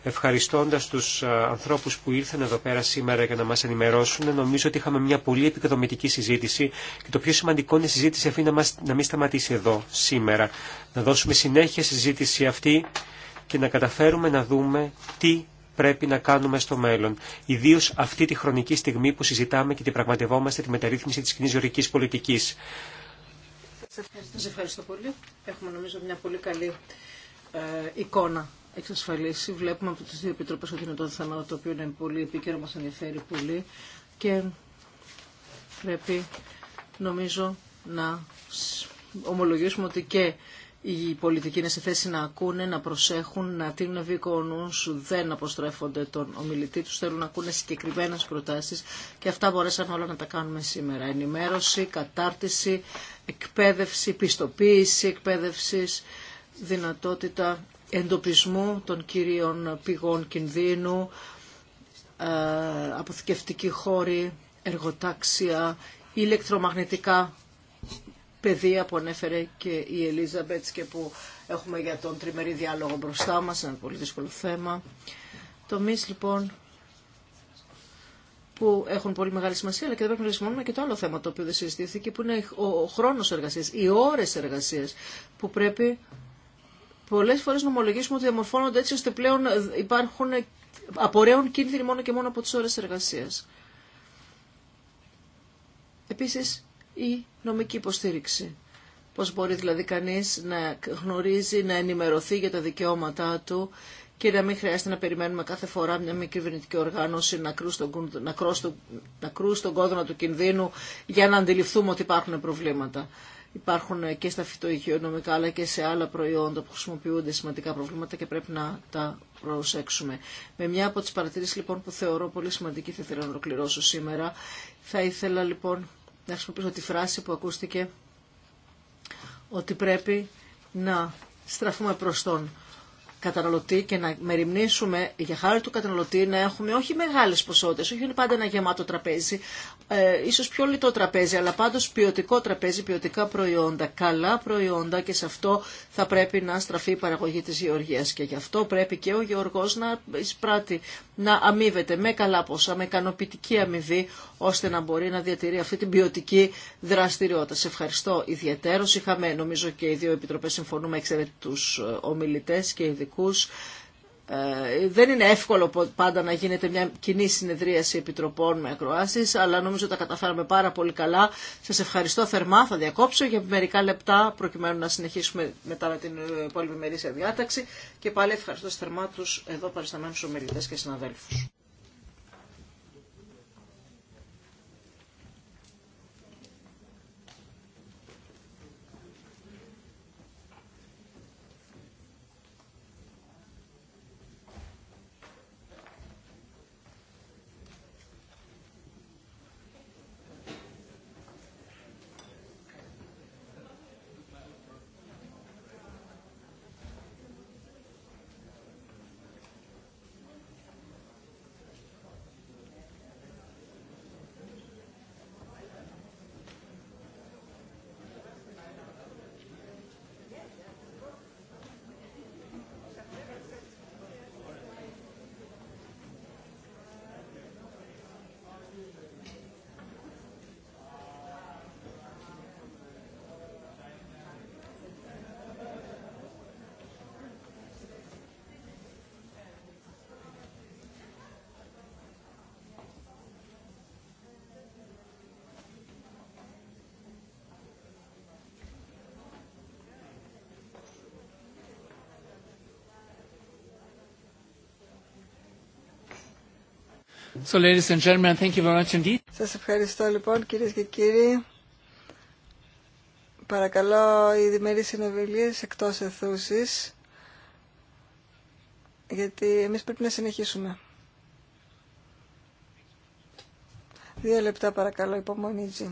B: ευχαριστώντας τους ε, ανθρώπους που ήρθαν εδώ πέρα σήμερα για να μας ενημερώσουν. Νομίζω ότι είχαμε μια πολύ επικοδομητική συζήτηση και το πιο σημαντικό είναι η συζήτηση αυτή να, μας, να μην σταματήσει εδώ σήμερα. Να δώσουμε συνέχεια στη συζήτηση αυτή και να καταφέρουμε να δούμε τι πρέπει να κάνουμε στο μέλλον. Ιδίω αυτή τη χρονική στιγμή που συζητάμε και την πραγματευόμαστε τη μεταρρύθμιση της κοινή γεωρικής πολιτική.
A: Σα ευχαριστώ πολύ. Έχουμε νομίζω μια πολύ καλή ε, εικόνα εξασφαλίσει. Βλέπουμε από τις δύο επιτροπές ότι είναι το θέμα το οποίο είναι πολύ επίκαιρο, μας ενδιαφέρει πολύ και πρέπει νομίζω να ομολογήσουμε ότι και οι πολιτικοί είναι σε θέση να ακούνε, να προσέχουν, να τίνουν νους δεν αποστρέφονται τον ομιλητή του. θέλουν να ακούνε συγκεκριμένε προτάσεις και αυτά μπορέσαμε όλα να τα κάνουμε σήμερα. Ενημέρωση, κατάρτιση, εκπαίδευση, πιστοποίηση εκπαίδευσης, δυνατότητα εντοπισμού των κυρίων πηγών κινδύνου, ε, αποθηκευτική χώρη, εργοτάξια, ηλεκτρομαγνητικά πεδία που ανέφερε και η Ελίζαμπετ και που έχουμε για τον τριμερή διάλογο μπροστά μας, ένα πολύ δύσκολο θέμα. Τομεί λοιπόν που έχουν πολύ μεγάλη σημασία, αλλά και δεν πρέπει να λησμονούμε και το άλλο θέμα το οποίο δεν συζητήθηκε, που είναι ο χρόνος εργασίας, οι ώρες εργασίας, που πρέπει Πολλέ φορές νομολογήσουμε ότι διαμορφώνονται έτσι ώστε πλέον υπάρχουν απορρέων κίνδυνοι μόνο και μόνο από τι ώρε εργασία. Επίσης, η νομική υποστήριξη. Πώ μπορεί δηλαδή κανεί να γνωρίζει, να ενημερωθεί για τα δικαιώματά του και να μην χρειάζεται να περιμένουμε κάθε φορά μια μη κυβερνητική οργάνωση να τον, να κρούσει τον κόδωνα του κινδύνου για να αντιληφθούμε ότι υπάρχουν προβλήματα υπάρχουν και στα φυτοϊγειονομικά αλλά και σε άλλα προϊόντα που χρησιμοποιούνται σημαντικά προβλήματα και πρέπει να τα προσέξουμε. Με μια από τις παρατηρήσεις λοιπόν που θεωρώ πολύ σημαντική θα ήθελα να ολοκληρώσω σήμερα. Θα ήθελα λοιπόν να χρησιμοποιήσω τη φράση που ακούστηκε ότι πρέπει να στραφούμε προς τον καταναλωτή και να μεριμνήσουμε για χάρη του καταναλωτή να έχουμε όχι μεγάλες ποσότητες, όχι πάντα ένα γεμάτο τραπέζι, ε, ίσως πιο λιτό τραπέζι, αλλά πάντως ποιοτικό τραπέζι, ποιοτικά προϊόντα, καλά προϊόντα και σε αυτό θα πρέπει να στραφεί η παραγωγή της γεωργίας. Και γι' αυτό πρέπει και ο γεωργός να εισπράττει, να αμείβεται με καλά ποσά, με ικανοποιητική αμοιβή, ώστε να μπορεί να διατηρεί αυτή την ποιοτική δραστηριότητα. Σε ευχαριστώ ιδιαίτερως. Είχαμε, νομίζω και οι δύο επιτροπές συμφωνούμε, εξαιρετικούς ε, ομιλητές και ειδικού ε, δεν είναι εύκολο πάντα να γίνεται μια κοινή συνεδρίαση επιτροπών με ακροάσει, αλλά νομίζω τα καταφέραμε πάρα πολύ καλά. Σας ευχαριστώ θερμά. Θα διακόψω για μερικά λεπτά προκειμένου να συνεχίσουμε μετά με την ε, υπόλοιπη μερίσια διάταξη και πάλι ευχαριστώ θερμά του εδώ παρισταμένους ομιλητέ και συναδέλφου.
C: Σας ευχαριστώ λοιπόν κυρίες και κύριοι. Παρακαλώ οι διμερείς συνομιλίες εκτός εθούσης, γιατί εμείς πρέπει να συνεχίσουμε. Δύο λεπτά παρακαλώ υπομονή Τζιν.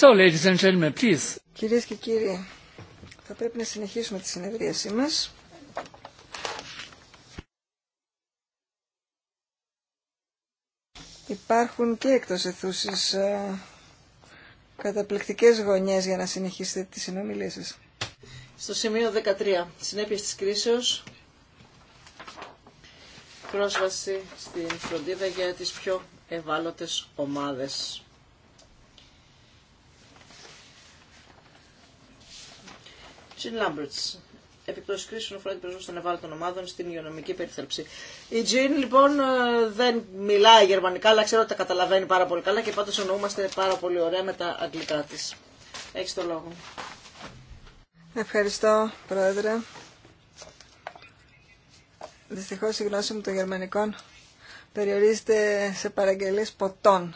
C: So, Κυρίες και κύριοι, θα πρέπει να συνεχίσουμε τη συνεδρίασή μας. Υπάρχουν και εκτός αιθούσης ε, καταπληκτικές γωνιές για να συνεχίσετε τις συνομιλίες σας.
A: Στο σημείο 13, συνέπειες της κρίσεως, πρόσβαση στην φροντίδα για τις πιο ευάλωτες ομάδες. Τζιν Λάμπερτ. Επιπτώσει κρίσεων αφορά την προσβάση των ευάλωτων ομάδων στην υγειονομική περίθαλψη. Η Τζιν λοιπόν ε, δεν μιλάει γερμανικά, αλλά ξέρω ότι τα καταλαβαίνει πάρα πολύ καλά και πάντω εννοούμαστε πάρα πολύ ωραία με τα αγγλικά τη. Έχει το λόγο.
C: Ευχαριστώ, Πρόεδρε. Δυστυχώ η γνώση μου των γερμανικών περιορίζεται σε παραγγελίε ποτών.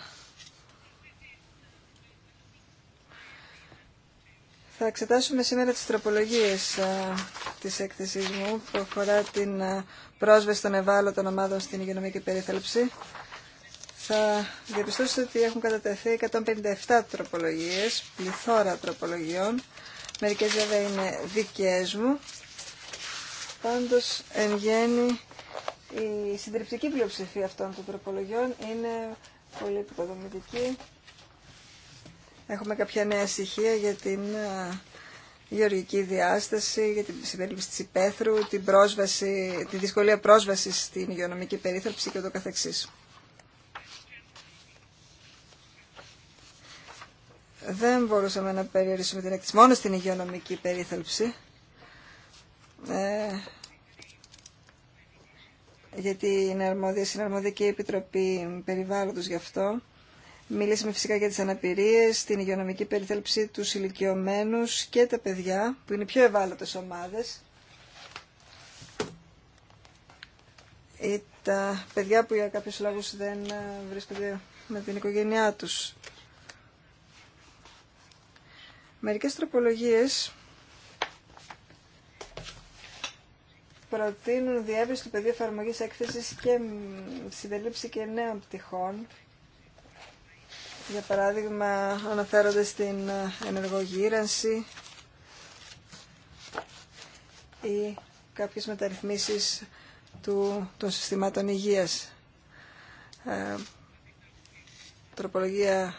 C: Θα εξετάσουμε σήμερα τις τροπολογίες της έκθεσης μου που αφορά την πρόσβεση των ευάλωτων ομάδων στην υγειονομική περίθαλψη. Θα διαπιστώσετε ότι έχουν κατατεθεί 157 τροπολογίες, πληθώρα τροπολογιών. Μερικές βέβαια είναι δικές μου. Πάντως, εν γέννη, η συντριπτική πλειοψηφία αυτών των τροπολογιών είναι πολύ επικοδομητική Έχουμε κάποια νέα στοιχεία για την ε, γεωργική διάσταση, για την συμπερίληψη της υπαίθρου, την πρόσβαση, τη δυσκολία πρόσβασης στην υγειονομική περίθαλψη και ούτω καθεξής. Δεν μπορούσαμε να περιορίσουμε την έκθεση μόνο στην υγειονομική περίθαλψη, ε, γιατί είναι αρμόδια, είναι αρμόδια και Επιτροπή Περιβάλλοντος γι' αυτό. Μιλήσαμε φυσικά για τις αναπηρίες, την υγειονομική περιθέλψη, τους ηλικιωμένου και τα παιδιά, που είναι οι πιο ευάλωτες ομάδες. Ή ε, τα παιδιά που για κάποιους λόγους δεν ε, βρίσκονται με την οικογένειά τους. Μερικές τροπολογίες προτείνουν διεύρυνση του πεδίου εφαρμογή έκθεση και συμπερίληψη και νέων πτυχών για παράδειγμα, αναφέρονται στην ενεργογύρανση ή κάποιες μεταρρυθμίσεις του, των συστημάτων υγείας. Ε, τροπολογία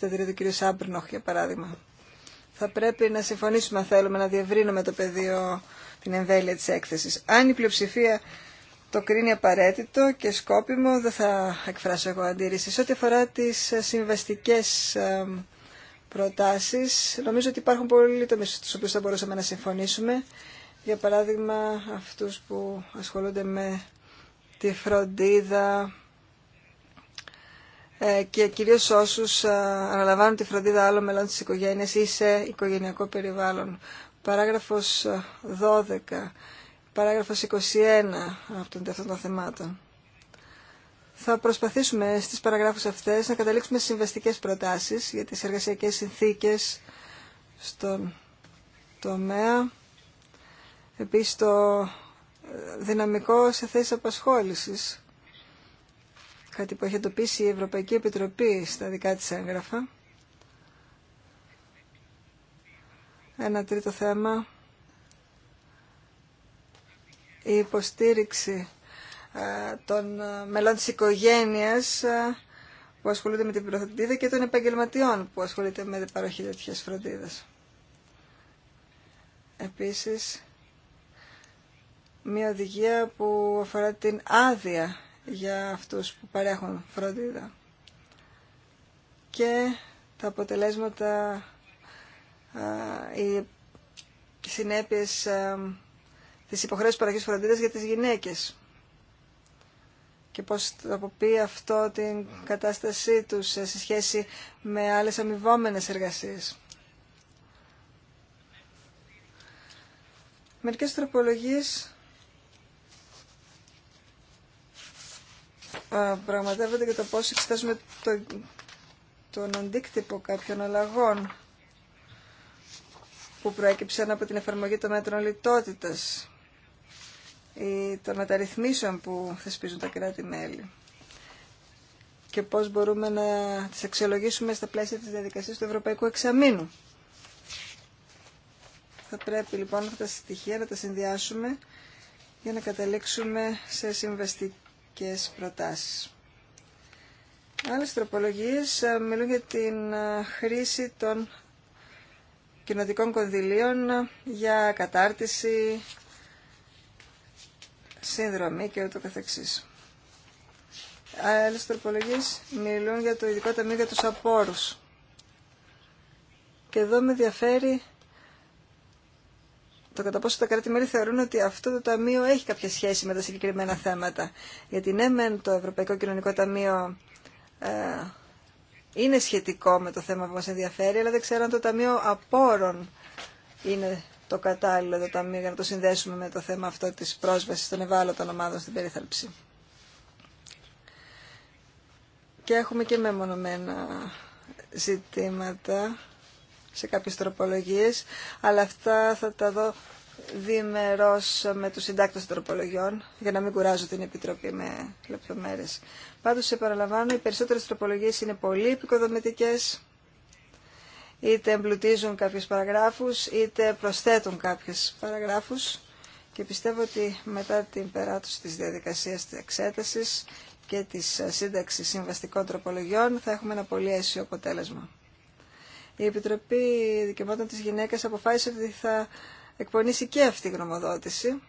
C: 63 του κ. Σάμπρνοχ, για παράδειγμα. Θα πρέπει να συμφωνήσουμε αν θέλουμε να διευρύνουμε το πεδίο την εμβέλεια της έκθεσης. Αν η πλειοψηφία το κρίνει απαραίτητο και σκόπιμο, δεν θα εκφράσω εγώ αντίρρηση. Σε ό,τι αφορά τις ε, συμβαστικές ε, προτάσεις, νομίζω ότι υπάρχουν πολλοί τομείς στους οποίους θα μπορούσαμε να συμφωνήσουμε. Για παράδειγμα, αυτούς που ασχολούνται με τη φροντίδα ε, και κυρίως όσους αναλαμβάνουν τη φροντίδα άλλων μελών της οικογένειας ή σε οικογενειακό περιβάλλον. Παράγραφος 12 παράγραφος 21 από αυτών των θεμάτων. Θα προσπαθήσουμε στις παραγράφους αυτές να καταλήξουμε συμβαστικές προτάσεις για τις εργασιακές συνθήκες στον τομέα. Επίσης το δυναμικό σε θέση απασχόλησης, κάτι που έχει εντοπίσει η Ευρωπαϊκή Επιτροπή στα δικά της έγγραφα. Ένα τρίτο θέμα η υποστήριξη ε, των ε, μελών της οικογένειας ε, που ασχολούνται με την φροντίδα και των επαγγελματιών που ασχολούνται με την παροχή τέτοια φροντίδας. Επίσης, μια οδηγία που αφορά την άδεια για αυτούς που παρέχουν φροντίδα. Και τα αποτελέσματα, οι συνέπειες τις υποχρέωσης παραγωγής φροντίδας για τις γυναίκες και πώς αποποιεί αυτό την κατάστασή τους σε σχέση με άλλες αμοιβόμενε εργασίες. Μερικές τροπολογίες πραγματεύονται για το πώς εξετάζουμε το, τον αντίκτυπο κάποιων αλλαγών που προέκυψαν από την εφαρμογή των μέτρων λιτότητας των μεταρρυθμίσεων που θεσπίζουν τα κράτη-μέλη και πώς μπορούμε να τις αξιολογήσουμε στα πλαίσια της διαδικασίας του Ευρωπαϊκού Εξαμήνου. Θα πρέπει λοιπόν αυτά τα στοιχεία να τα συνδυάσουμε για να καταλήξουμε σε συμβαστικές προτάσεις. Άλλες τροπολογίες ε, μιλούν για την ε, χρήση των κοινοτικών κονδυλίων ε, για κατάρτιση, σύνδρομη και ούτω καθεξής. Άλλες τροπολογίες μιλούν για το ειδικό ταμείο για του απόρου. Και εδώ με ενδιαφέρει το κατά πόσο τα κράτη-μέλη θεωρούν ότι αυτό το ταμείο έχει κάποια σχέση με τα συγκεκριμένα θέματα. Γιατί ναι, μεν το Ευρωπαϊκό Κοινωνικό Ταμείο ε, είναι σχετικό με το θέμα που μας ενδιαφέρει, αλλά δεν ξέρω αν το Ταμείο Απόρων είναι το κατάλληλο το ταμείο για να το συνδέσουμε με το θέμα αυτό της πρόσβασης των ευάλωτων ομάδων στην περίθαλψη. Και έχουμε και μεμονωμένα ζητήματα σε κάποιες τροπολογίες, αλλά αυτά θα τα δω διμερός με τους συντάκτες τροπολογιών, για να μην κουράζω την Επιτροπή με λεπτομέρειες. Πάντως, επαναλαμβάνω, οι περισσότερες τροπολογίες είναι πολύ επικοδομητικές είτε εμπλουτίζουν κάποιους παραγράφους, είτε προσθέτουν κάποιους παραγράφους και πιστεύω ότι μετά την περάτωση της διαδικασίας της εξέτασης και της ε, σύνταξης συμβαστικών τροπολογιών θα έχουμε ένα πολύ αίσιο αποτέλεσμα. Η Επιτροπή Δικαιωμάτων της Γυναίκας αποφάσισε ότι θα εκπονήσει και αυτή η γνωμοδότηση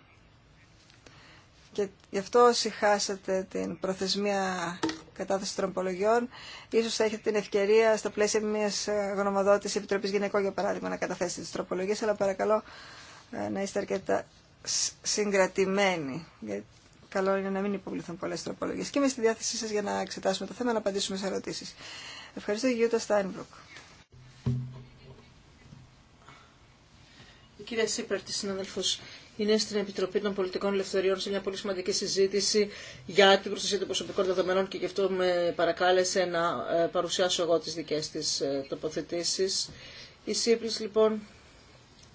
C: και γι' αυτό συχάσατε την προθεσμία κατάθεση τροπολογιών. Ίσως θα έχετε την ευκαιρία στα πλαίσιο μιας ε, γνωμοδότησης επιτροπή Γυναικών, για παράδειγμα, να καταθέσετε τι τροπολογίες, αλλά παρακαλώ ε, να είστε αρκετά συγκρατημένοι. καλό είναι να μην υποβληθούν πολλέ τροπολογίες. Και είμαι στη διάθεσή σας για να εξετάσουμε το θέμα, να απαντήσουμε σε ερωτήσεις. Ευχαριστώ, Γιούτα Στάινμπρουκ.
A: κυρία Σίπρα, τη είναι στην Επιτροπή των Πολιτικών Ελευθεριών σε μια πολύ σημαντική συζήτηση για την προστασία των προσωπικών δεδομένων και γι' αυτό με παρακάλεσε να ε, παρουσιάσω εγώ τις δικές της ε, τοποθετήσεις. Η ΣΥΠΛΙΣ λοιπόν,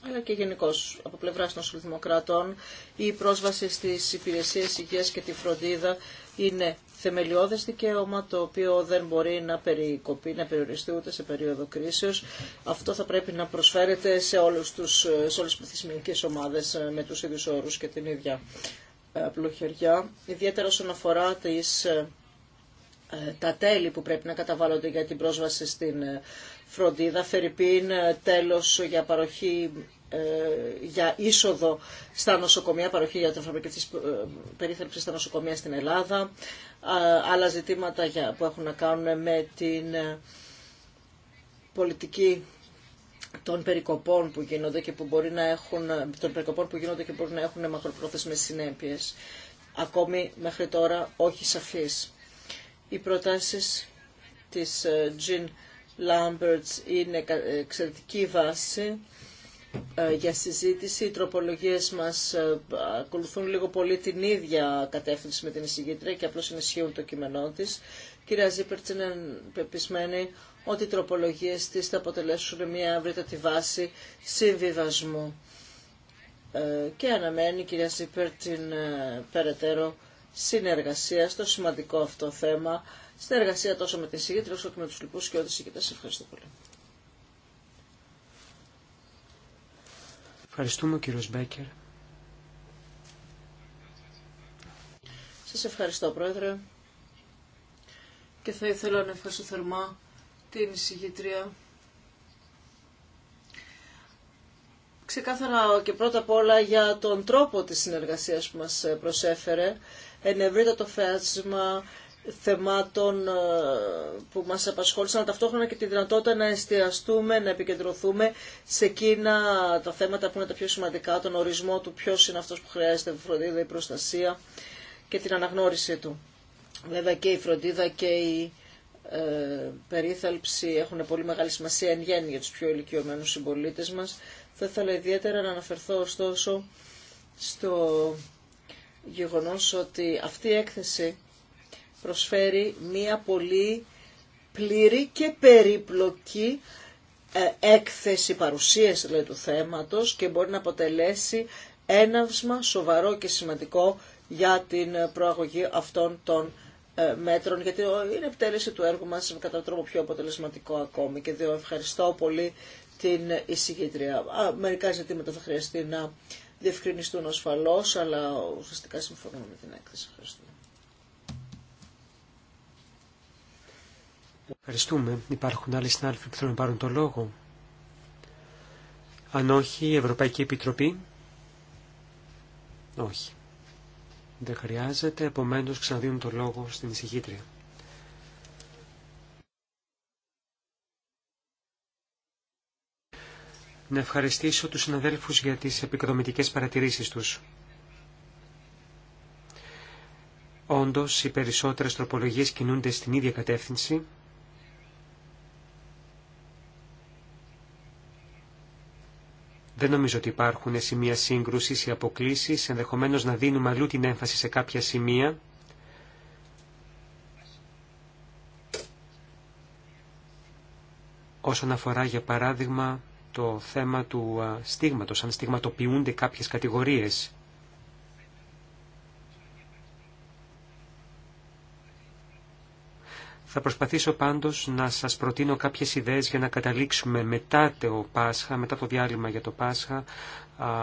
A: αλλά και γενικώ από πλευρά των Σοσιαλδημοκρατών, η πρόσβαση στις υπηρεσίες υγείας και τη φροντίδα είναι θεμελιώδες δικαίωμα το οποίο δεν μπορεί να περικοπεί, να περιοριστεί ούτε σε περίοδο κρίσεως. Αυτό θα πρέπει να προσφέρεται σε, όλους τους, σε όλες τις ομάδες ε, με τους ίδιους όρους και την ίδια ε, πλοχεριά. Ιδιαίτερα όσον αφορά τις, ε, τα τέλη που πρέπει να καταβάλλονται για την πρόσβαση στην φροντίδα, φερρυπίν, τέλος για παροχή ε, για είσοδο στα νοσοκομεία, παροχή για την φαρμακευτική ε, περίθαλψη στα νοσοκομεία στην Ελλάδα, άλλα ζητήματα που έχουν να κάνουν με την ε, πολιτική των περικοπών που γίνονται και που μπορεί να έχουν, των περικοπών που γίνονται και μπορεί να έχουν μακροπρόθεσμες συνέπειες. Ακόμη μέχρι τώρα όχι σαφείς. Οι προτάσεις της Jean Lambert είναι εξαιρετική βάση ε, για συζήτηση. Οι τροπολογίε μας ε, ακολουθούν λίγο πολύ την ίδια κατεύθυνση με την εισηγήτρια και απλώς ενισχύουν το κείμενό τη. κυρία Ζήπερτς είναι πεπισμένη ότι οι τροπολογίε της θα αποτελέσουν μια ευρύτατη βάση συμβιβασμού. Ε, και αναμένει κυρία Ζήπερτ την περαιτέρω συνεργασία στο σημαντικό αυτό θέμα, συνεργασία τόσο με την εισηγήτρια όσο και με τους λοιπούς και όλους τους Ευχαριστώ πολύ.
B: Ευχαριστούμε, κύριο Μπέκερ.
A: Σας ευχαριστώ, Πρόεδρε. Και θα ήθελα να ευχαριστώ θερμά την εισηγήτρια. Ξεκάθαρα και πρώτα απ' όλα για τον τρόπο της συνεργασίας που μας προσέφερε. το φάσμα θεμάτων ε, που μας απασχόλησαν, ταυτόχρονα και τη δυνατότητα να εστιαστούμε, να επικεντρωθούμε σε εκείνα τα θέματα που είναι τα πιο σημαντικά, τον ορισμό του ποιο είναι αυτός που χρειάζεται φροντίδα ή προστασία και την αναγνώρισή του. Βέβαια και η φροντίδα και η ε, περίθαλψη έχουν πολύ μεγάλη σημασία εν γέννη για τους πιο ηλικιωμένους συμπολίτε μας. Θα ήθελα ιδιαίτερα να αναφερθώ ωστόσο στο γεγονός ότι αυτή η έκθεση προσφέρει μία πολύ πλήρη και περίπλοκη ε, έκθεση παρουσίαση δηλαδή, του θέματος και μπορεί να αποτελέσει έναυσμα σοβαρό και σημαντικό για την προαγωγή αυτών των ε, μέτρων, γιατί είναι επιτέλεση του έργου μας κατά τρόπο πιο αποτελεσματικό ακόμη και δύο ευχαριστώ πολύ την εισηγήτρια. Μερικά ζητήματα θα χρειαστεί να διευκρινιστούν ασφαλώς, αλλά ουσιαστικά συμφωνούμε με την έκθεση. Ευχαριστώ.
B: Ευχαριστούμε. Υπάρχουν άλλοι συνάδελφοι που θέλουν να πάρουν το λόγο. Αν όχι, η Ευρωπαϊκή Επιτροπή. Όχι. Δεν χρειάζεται, επομένως ξαναδίνουν το λόγο στην εισηγήτρια. Να ευχαριστήσω τους συναδέλφους για τις επικοδομητικές παρατηρήσεις τους. Όντως, οι περισσότερες τροπολογίες κινούνται στην ίδια κατεύθυνση, Δεν νομίζω ότι υπάρχουν σημεία σύγκρουση ή αποκλήσει, ενδεχομένω να δίνουμε αλλού την έμφαση σε κάποια σημεία. Όσον αφορά, για παράδειγμα, το θέμα του στίγματος, αν στιγματοποιούνται κάποιες κατηγορίες. Θα προσπαθήσω πάντως να σας προτείνω κάποιες ιδέες για να καταλήξουμε μετά το Πάσχα, μετά το διάλειμμα για το Πάσχα,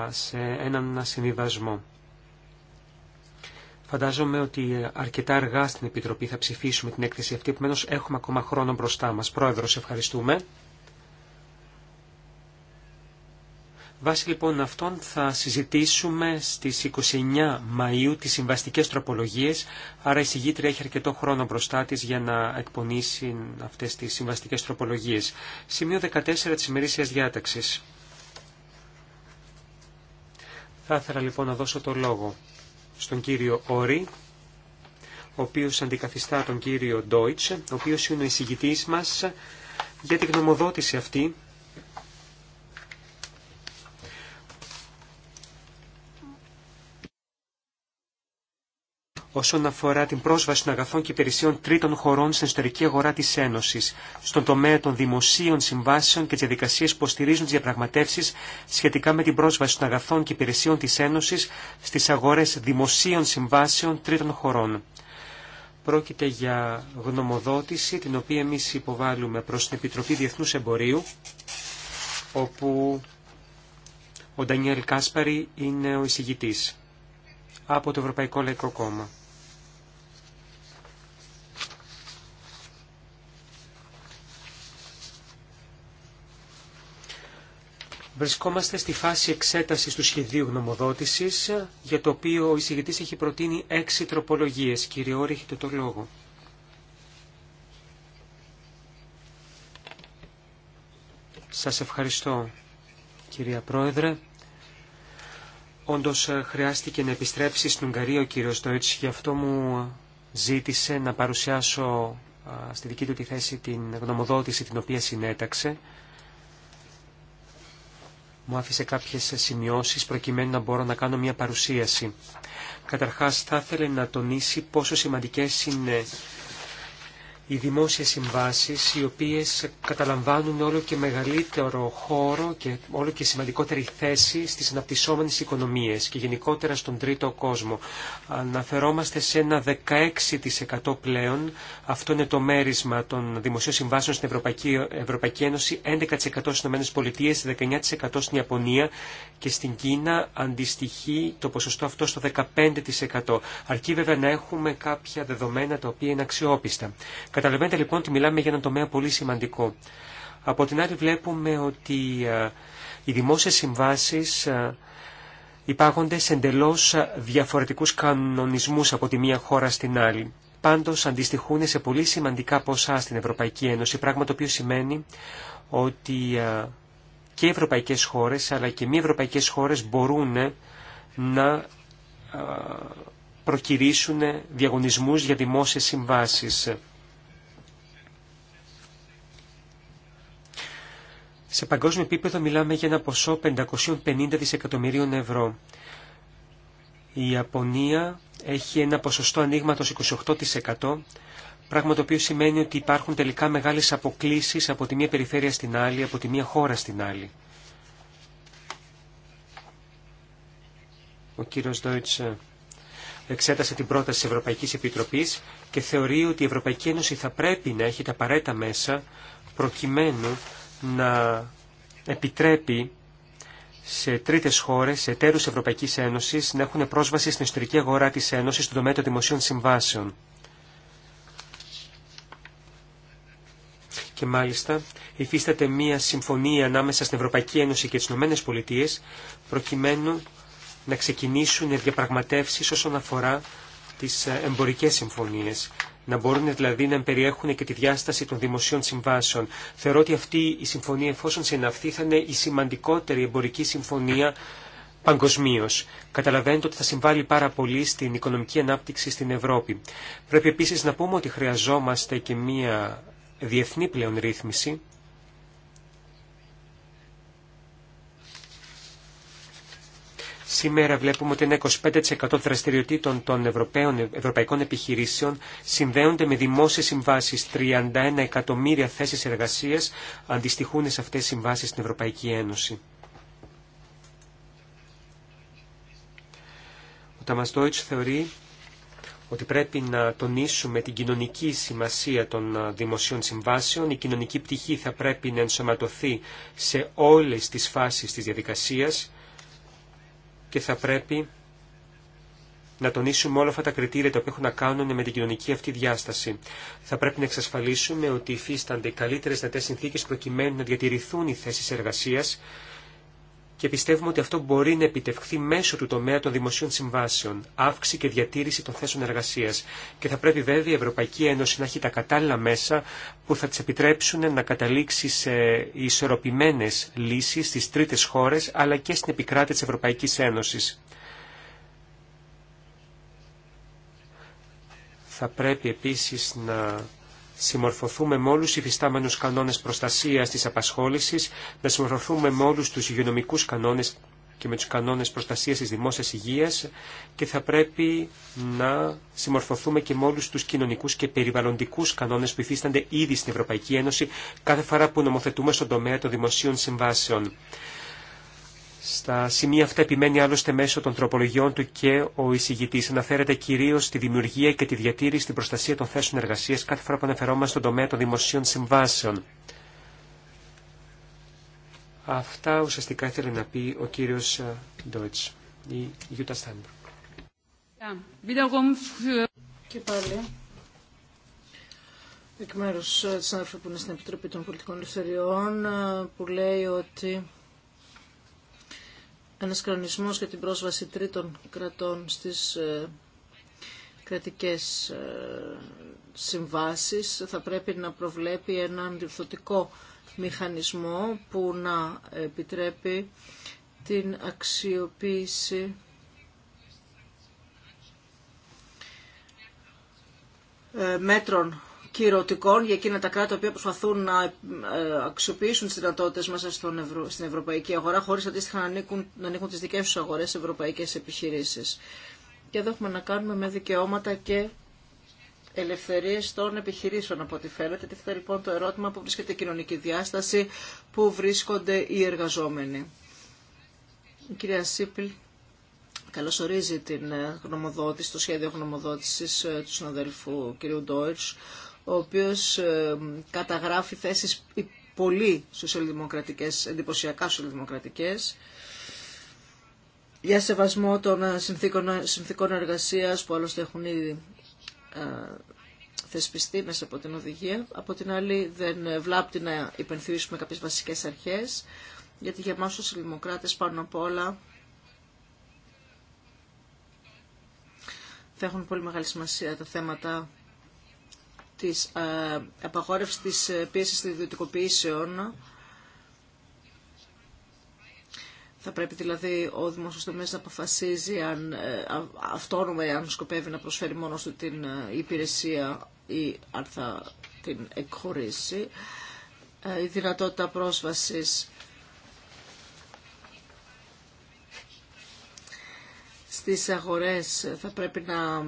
B: σε έναν συμβιβασμό. Φαντάζομαι ότι αρκετά αργά στην Επιτροπή θα ψηφίσουμε την έκθεση αυτή, επομένως έχουμε ακόμα χρόνο μπροστά μας. Πρόεδρος, ευχαριστούμε. Βάσει λοιπόν αυτών θα συζητήσουμε στις 29 Μαΐου τις συμβαστικές τροπολογίες, άρα η συγγήτρια έχει αρκετό χρόνο μπροστά της για να εκπονήσει αυτές τις συμβαστικές τροπολογίες. Σημείο 14 της ημερήσιας διάταξης. Θα ήθελα λοιπόν να δώσω το λόγο στον κύριο Όρη, ο οποίος αντικαθιστά τον κύριο Ντόιτς, ο οποίος είναι ο εισηγητής μας για την γνωμοδότηση αυτή όσον αφορά την πρόσβαση των αγαθών και υπηρεσιών τρίτων χωρών στην εσωτερική αγορά τη Ένωση, στον τομέα των δημοσίων συμβάσεων και τι διαδικασίε που στηρίζουν τι διαπραγματεύσει σχετικά με την πρόσβαση των αγαθών και υπηρεσιών τη Ένωση στι αγορέ δημοσίων συμβάσεων τρίτων χωρών. Πρόκειται για γνωμοδότηση την οποία εμεί υποβάλλουμε προ την Επιτροπή Διεθνού Εμπορίου, όπου ο Ντανιέλ Κάσπαρη είναι ο εισηγητή από το Ευρωπαϊκό Λαϊκό Κόμμα. Βρισκόμαστε στη φάση εξέτασης του σχεδίου γνωμοδότησης, για το οποίο ο εισηγητής έχει προτείνει έξι τροπολογίες. Κύριε Όρη, έχετε το λόγο. Σας ευχαριστώ, κυρία Πρόεδρε. Όντως χρειάστηκε να επιστρέψει στην Ουγγαρία ο κύριος Ντόιτς, γι' αυτό μου ζήτησε να παρουσιάσω στη δική του τη θέση την γνωμοδότηση την οποία συνέταξε μου άφησε κάποιες σημειώσεις προκειμένου να μπορώ να κάνω μια παρουσίαση. Καταρχάς θα ήθελε να τονίσει πόσο σημαντικές είναι οι δημόσιες συμβάσεις οι οποίες καταλαμβάνουν όλο και μεγαλύτερο χώρο και όλο και σημαντικότερη θέση στις αναπτυσσόμενες οικονομίες και γενικότερα στον τρίτο κόσμο. Αναφερόμαστε σε ένα 16% πλέον, αυτό είναι το μέρισμα των δημοσίων συμβάσεων στην Ευρωπαϊκή, Ευρωπαϊκή Ένωση, 11% στις ΗΠΑ, 19% στην Ιαπωνία και στην Κίνα αντιστοιχεί το ποσοστό αυτό στο 15%. Αρκεί βέβαια να έχουμε κάποια δεδομένα τα οποία είναι αξιόπιστα. Καταλαβαίνετε λοιπόν ότι μιλάμε για έναν τομέα πολύ σημαντικό. Από την άλλη βλέπουμε ότι ε, οι δημόσιες συμβάσεις ε, υπάρχονται σε εντελώ διαφορετικούς κανονισμούς από τη μία χώρα στην άλλη. Πάντως αντιστοιχούν σε πολύ σημαντικά ποσά στην Ευρωπαϊκή Ένωση, πράγμα το οποίο σημαίνει ότι ε, και ευρωπαϊκές χώρες αλλά και μη ευρωπαϊκές χώρες μπορούν να προκυρήσουν διαγωνισμούς για δημόσιες συμβάσεις. Σε παγκόσμιο επίπεδο μιλάμε για ένα ποσό 550 δισεκατομμυρίων ευρώ. Η Ιαπωνία έχει ένα ποσοστό ανοίγματο 28%, πράγμα το οποίο σημαίνει ότι υπάρχουν τελικά μεγάλες αποκλίσεις από τη μία περιφέρεια στην άλλη, από τη μία χώρα στην άλλη. Ο κύριος Ντόιτς εξέτασε την πρόταση της Ευρωπαϊκής Επιτροπής και θεωρεί ότι η Ευρωπαϊκή Ένωση θα πρέπει να έχει τα παρέτα μέσα προκειμένου να επιτρέπει σε τρίτε χώρε, σε εταίρου Ευρωπαϊκή Ένωση, να έχουν πρόσβαση στην ιστορική αγορά τη Ένωση στον τομέα των δημοσίων συμβάσεων. Και μάλιστα υφίσταται μία συμφωνία ανάμεσα στην Ευρωπαϊκή Ένωση και τις Ηνωμένε Πολιτείε, προκειμένου να ξεκινήσουν διαπραγματεύσει όσον αφορά τι ε, εμπορικέ συμφωνίε να μπορούν δηλαδή να περιέχουν και τη διάσταση των δημοσίων συμβάσεων. Θεωρώ ότι αυτή η συμφωνία, εφόσον συναυθεί, θα είναι η σημαντικότερη εμπορική συμφωνία παγκοσμίω. Καταλαβαίνετε ότι θα συμβάλλει πάρα πολύ στην οικονομική ανάπτυξη στην Ευρώπη. Πρέπει επίση να πούμε ότι χρειαζόμαστε και μία διεθνή πλέον ρύθμιση Σήμερα βλέπουμε ότι ένα 25% δραστηριοτήτων των Ευρωπαίων, ευρωπαϊκών επιχειρήσεων συνδέονται με δημόσιες συμβάσεις. 31 εκατομμύρια θέσεις εργασίας αντιστοιχούν σε αυτές τις συμβάσεις στην Ευρωπαϊκή Ένωση. Ο Ταμας θεωρεί ότι πρέπει να τονίσουμε την κοινωνική σημασία των δημοσίων συμβάσεων. Η κοινωνική πτυχή θα πρέπει να ενσωματωθεί σε όλες τις φάσεις της διαδικασίας και θα πρέπει να τονίσουμε όλα αυτά τα κριτήρια τα οποία έχουν να κάνουν με την κοινωνική αυτή διάσταση. Θα πρέπει να εξασφαλίσουμε ότι υφίστανται οι καλύτερε δυνατέ συνθήκε προκειμένου να διατηρηθούν οι θέσει εργασία και πιστεύουμε ότι αυτό μπορεί να επιτευχθεί μέσω του τομέα των δημοσίων συμβάσεων, αύξηση και διατήρηση των θέσεων εργασία. Και θα πρέπει βέβαια η Ευρωπαϊκή Ένωση να έχει τα κατάλληλα μέσα που θα τη επιτρέψουν να καταλήξει σε ισορροπημένε λύσει στι τρίτε χώρε αλλά και στην επικράτεια τη Ευρωπαϊκή Ένωση. Θα πρέπει επίσης να συμμορφωθούμε με όλου του υφιστάμενου κανόνε προστασία τη απασχόληση, να συμμορφωθούμε με όλου του υγειονομικού κανόνε και με τους κανόνες προστασίας της δημόσιας υγείας και θα πρέπει να συμμορφωθούμε και με όλου τους κοινωνικούς και περιβαλλοντικούς κανόνες που υφίστανται ήδη στην Ευρωπαϊκή Ένωση κάθε φορά που νομοθετούμε στον τομέα των δημοσίων συμβάσεων. Στα σημεία αυτά επιμένει άλλωστε μέσω των τροπολογιών του και ο εισηγητή. Αναφέρεται κυρίω στη δημιουργία και τη διατήρηση στην προστασία των θέσεων εργασία κάθε φορά που αναφερόμαστε στον τομέα των δημοσίων συμβάσεων. Αυτά ουσιαστικά ήθελε να πει ο κύριο ε, Ντόιτ ή Γιούτα Στάνμπρουκ.
A: Και πάλι εκ μέρου ε, τη που στην Επιτροπή των Πολιτικών Ελευθεριών ε, που λέει ότι ένας κρανισμός για την πρόσβαση τρίτων κρατών στις ε, κρατικές ε, συμβάσεις θα πρέπει να προβλέπει έναν διορθωτικό μηχανισμό που να επιτρέπει την αξιοποίηση ε, μέτρων κυρωτικών για εκείνα τα κράτη που προσπαθούν να ε, αξιοποιήσουν τι δυνατότητε μέσα στον στην ευρωπαϊκή αγορά, χωρί αντίστοιχα να ανοίγουν, να ανοίγουν τι δικέ του αγορέ σε ευρωπαϊκέ επιχειρήσει. Και εδώ έχουμε να κάνουμε με δικαιώματα και ελευθερίε των επιχειρήσεων, από ό,τι φαίνεται. Τίθεται λοιπόν το ερώτημα που βρίσκεται η κοινωνική διάσταση, που βρίσκονται οι εργαζόμενοι. Η κυρία Σίπλ καλωσορίζει την ε, γνωμοδότηση, το σχέδιο γνωμοδότηση ε, του συναδέλφου κ. Ντόιτ ο οποίος ε, καταγράφει θέσεις πολύ σοσιαλδημοκρατικές, εντυπωσιακά σοσιαλδημοκρατικές, για σεβασμό των ε, συνθήκων, ε, συνθήκων εργασίας που άλλωστε έχουν ήδη θεσπιστεί μέσα από την οδηγία. Από την άλλη δεν βλάπτει να υπενθυμίσουμε κάποιες βασικές αρχές, γιατί για εμάς τους πάνω απ' όλα θα έχουν πολύ μεγάλη σημασία τα θέματα της ε, απαγόρευσης της ε, πίεσης των ιδιωτικοποιήσεων. Θα πρέπει δηλαδή ο δημόσιος τομέας να αποφασίζει αν, ε, αυτόνομα αν σκοπεύει να προσφέρει μόνο του την υπηρεσία ή αν θα την εκχωρήσει. Η δυνατότητα πρόσβασης στις αγορές θα πρέπει να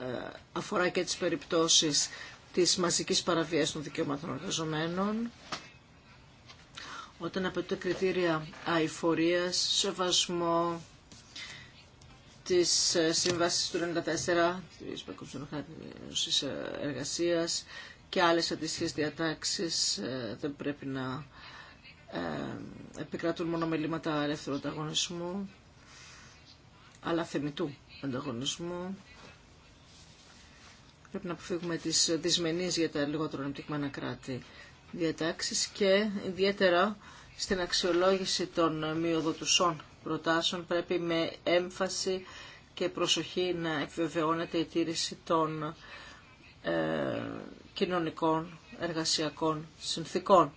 A: ε, αφορά και τις περιπτώσεις της μαζικής παραβίασης των δικαιωμάτων εργαζομένων, όταν απαιτούνται κριτήρια αηφορίας, σεβασμό της ε, Σύμβασης του 1994, της Παγκοσμιονοχάρτης ε, Εργασίας και άλλες αντίστοιχες διατάξεις δεν πρέπει να επικρατούν μόνο μελήματα ελεύθερου ανταγωνισμού, αλλά θεμητού ανταγωνισμού Πρέπει να αποφύγουμε τις δυσμενείς για τα λιγότερο ανεπτυγμένα κράτη διατάξεις και ιδιαίτερα στην αξιολόγηση των μειοδοτουσών προτάσεων πρέπει με έμφαση και προσοχή να επιβεβαιώνεται η τήρηση των ε, κοινωνικών εργασιακών συνθήκων.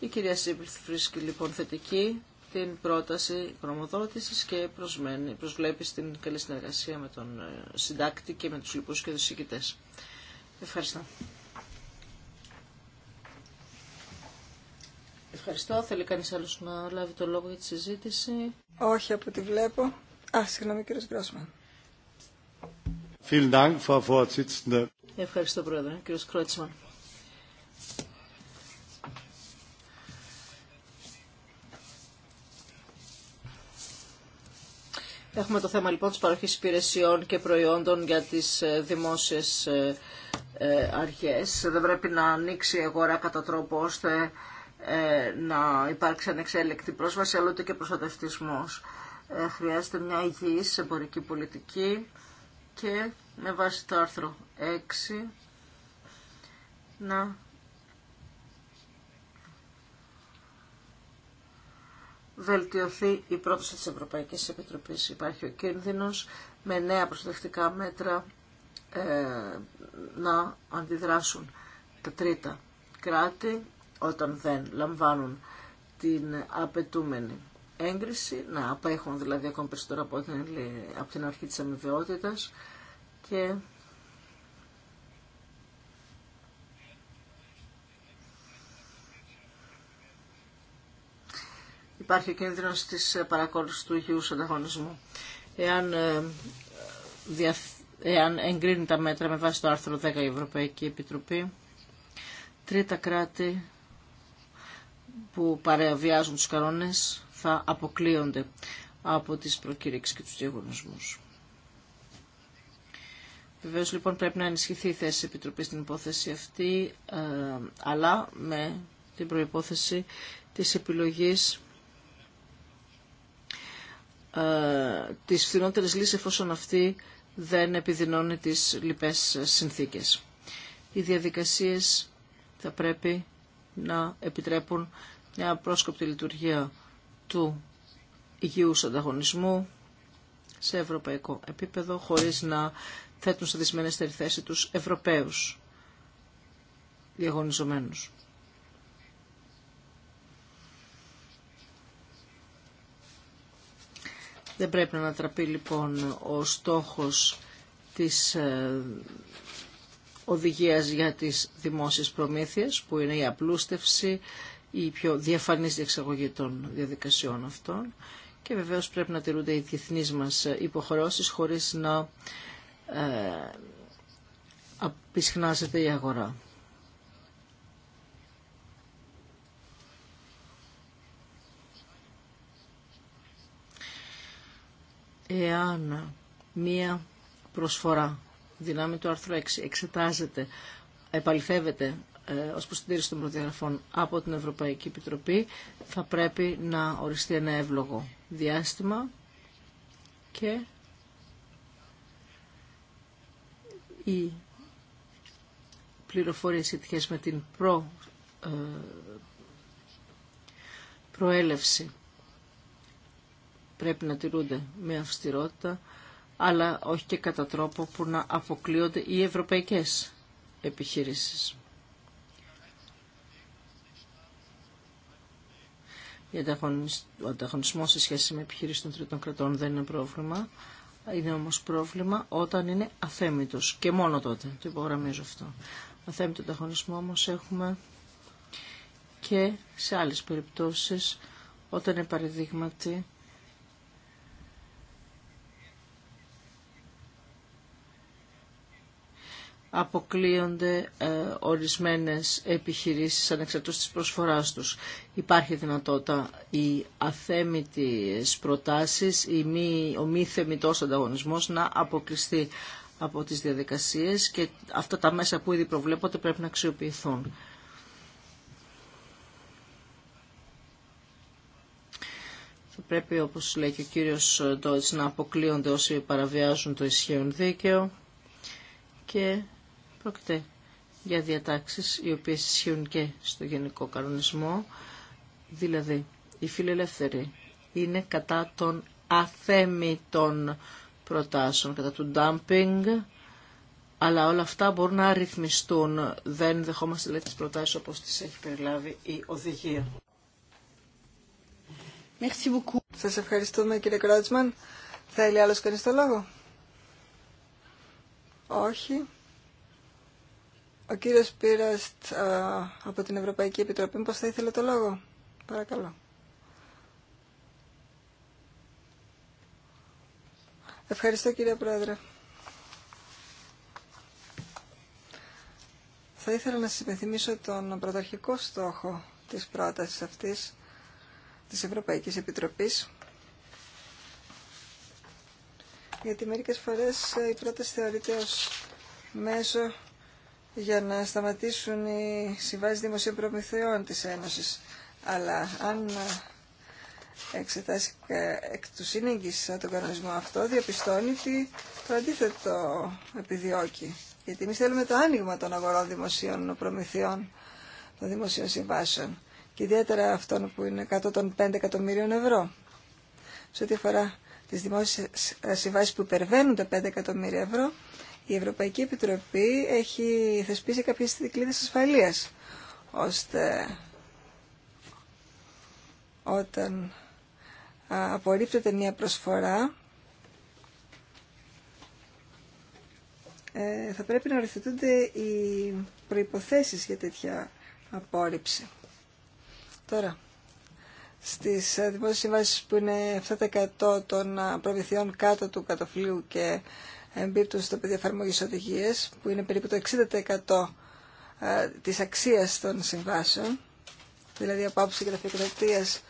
A: Η κυρία Σίπλη βρίσκει λοιπόν θετική την πρόταση γνωμοδότηση και προσβλέπει στην καλή συνεργασία με τον ε, συντάκτη και με τους λοιπούς και τους συγκητές. Ευχαριστώ. Ευχαριστώ. Θέλει κανείς άλλος να λάβει το λόγο για τη συζήτηση. Όχι, από ό,τι βλέπω. Α, συγγνώμη κύριος Γκρόσμαν. Ευχαριστώ, Πρόεδρε. Κύριος Κρότσμαν. Έχουμε το θέμα λοιπόν της παροχής υπηρεσιών και προϊόντων για τις ε, δημόσιες ε, ε, αρχές. Δεν πρέπει να ανοίξει η αγορά κατά τρόπο ώστε να υπάρξει ανεξέλεκτη πρόσβαση, αλλά ούτε και προστατευτισμός. Χρειάζεται μια υγιής εμπορική πολιτική και με βάση το άρθρο 6 να βελτιωθεί η πρόταση της Ευρωπαϊκής Επιτροπής. Υπάρχει ο κίνδυνος με νέα προστατευτικά μέτρα ε, να αντιδράσουν τα τρίτα κράτη όταν δεν λαμβάνουν την απαιτούμενη έγκριση, να απέχουν δηλαδή ακόμη περισσότερο από την, αρχή της αμοιβαιότητας και υπάρχει κίνδυνο κίνδυνος της ε, του υγιούς ανταγωνισμού. Εάν, ε, εάν εγκρίνει τα μέτρα με βάση το άρθρο 10 η Ευρωπαϊκή Επιτροπή, τρίτα κράτη που παρεαβιάζουν τους κανόνες θα αποκλείονται από τις προκήρυξεις και τους διαγωνισμούς. Βεβαίως λοιπόν πρέπει να ενισχυθεί η θέση Επιτροπής στην υπόθεση αυτή, ε, αλλά με την προϋπόθεση της επιλογής ε, τις φθηνότερες λύσεις εφόσον αυτή δεν επιδεινώνει τις λοιπές συνθήκες. Οι διαδικασίες θα πρέπει να επιτρέπουν μια πρόσκοπτη λειτουργία του υγιούς ανταγωνισμού σε ευρωπαϊκό επίπεδο χωρίς να θέτουν σε δυσμένες θέση τους Ευρωπαίους διαγωνιζομένους. Δεν πρέπει να ανατραπεί λοιπόν ο στόχος της ε, οδηγίας για τις δημόσιες προμήθειες που είναι η απλούστευση, η πιο διαφανής διεξαγωγή των διαδικασιών αυτών και βεβαίως πρέπει να τηρούνται οι διεθνείς μας υποχρεώσεις χωρίς να ε, η αγορά. εάν μία προσφορά δυνάμει του άρθρου 6 εξετάζεται, επαληθεύεται ε, ως προς την των προδιαγραφών από την Ευρωπαϊκή Επιτροπή, θα πρέπει να οριστεί ένα εύλογο διάστημα και οι πληροφορίες σχετικές με την προ, ε, προέλευση πρέπει να τηρούνται με αυστηρότητα, αλλά όχι και κατά τρόπο που να αποκλείονται οι ευρωπαϊκές επιχειρήσεις. Ο ανταγωνισμό σε σχέση με επιχειρήσεις των τρίτων κρατών δεν είναι πρόβλημα. Είναι όμως πρόβλημα όταν είναι αθέμητος και μόνο τότε. Το υπογραμμίζω αυτό. Αθέμητο ανταγωνισμό όμως έχουμε και σε άλλες περιπτώσεις όταν είναι παραδείγματι αποκλείονται ε, ορισμένες επιχειρήσεις ανεξαρτούς της προσφοράς τους. Υπάρχει δυνατότητα οι αθέμητες προτάσεις, η μη, ο μη θεμητός ανταγωνισμός να αποκλειστεί από τις διαδικασίες και αυτά τα μέσα που ήδη προβλέπονται πρέπει να αξιοποιηθούν. Θα πρέπει, όπως λέει και ο κύριος Ντότς, να αποκλείονται όσοι παραβιάζουν το ισχύον δίκαιο και Πρόκειται για διατάξεις οι οποίες ισχύουν και στο γενικό κανονισμό, δηλαδή οι φιλελεύθεροι είναι κατά των αθέμητων προτάσεων, κατά του dumping, αλλά όλα αυτά μπορούν να αριθμιστούν. Δεν δεχόμαστε λέει, τις προτάσεις όπως τις έχει περιλάβει η οδηγία. Σας ευχαριστούμε κύριε Κρότσμαν. Θέλει
C: άλλος κανείς το λόγο. Όχι. Ο κύριος Πίραστ από την Ευρωπαϊκή Επιτροπή, Πώς θα ήθελε το λόγο. Παρακαλώ. Ευχαριστώ κύριε Πρόεδρε. Θα ήθελα να σας υπενθυμίσω τον πρωταρχικό στόχο της πρότασης αυτής της Ευρωπαϊκής Επιτροπής γιατί μερικές φορές ε, η πρόταση θεωρείται ως μέσο για να σταματήσουν οι συμβάσεις δημοσίων προμηθειών της Ένωσης. Αλλά αν εξετάσει εκ του σύνεγγυς τον κανονισμό αυτό, διαπιστώνει ότι το αντίθετο επιδιώκει. Γιατί εμεί θέλουμε το άνοιγμα των αγορών δημοσίων προμηθειών, των δημοσίων συμβάσεων. Και ιδιαίτερα αυτών που είναι κάτω των 5 εκατομμύριων ευρώ. Σε ό,τι αφορά τι δημόσιε συμβάσει που υπερβαίνουν τα 5 εκατομμύρια ευρώ, η Ευρωπαϊκή Επιτροπή έχει θεσπίσει κάποιες δικλείδες ασφαλείας, ώστε όταν απορρίπτεται μια προσφορά ε, θα πρέπει να οριθετούνται οι προϋποθέσεις για τέτοια απόρριψη. Τώρα, στις ε, δημόσιες συμβάσεις που είναι 7% των προμηθειών κάτω του κατοφλίου και εμπίπτωση στο πεδίο εφαρμογή οδηγίε, που είναι περίπου το 60% ε, της αξίας των συμβάσεων, δηλαδή από άποψη γραφειοκρατίας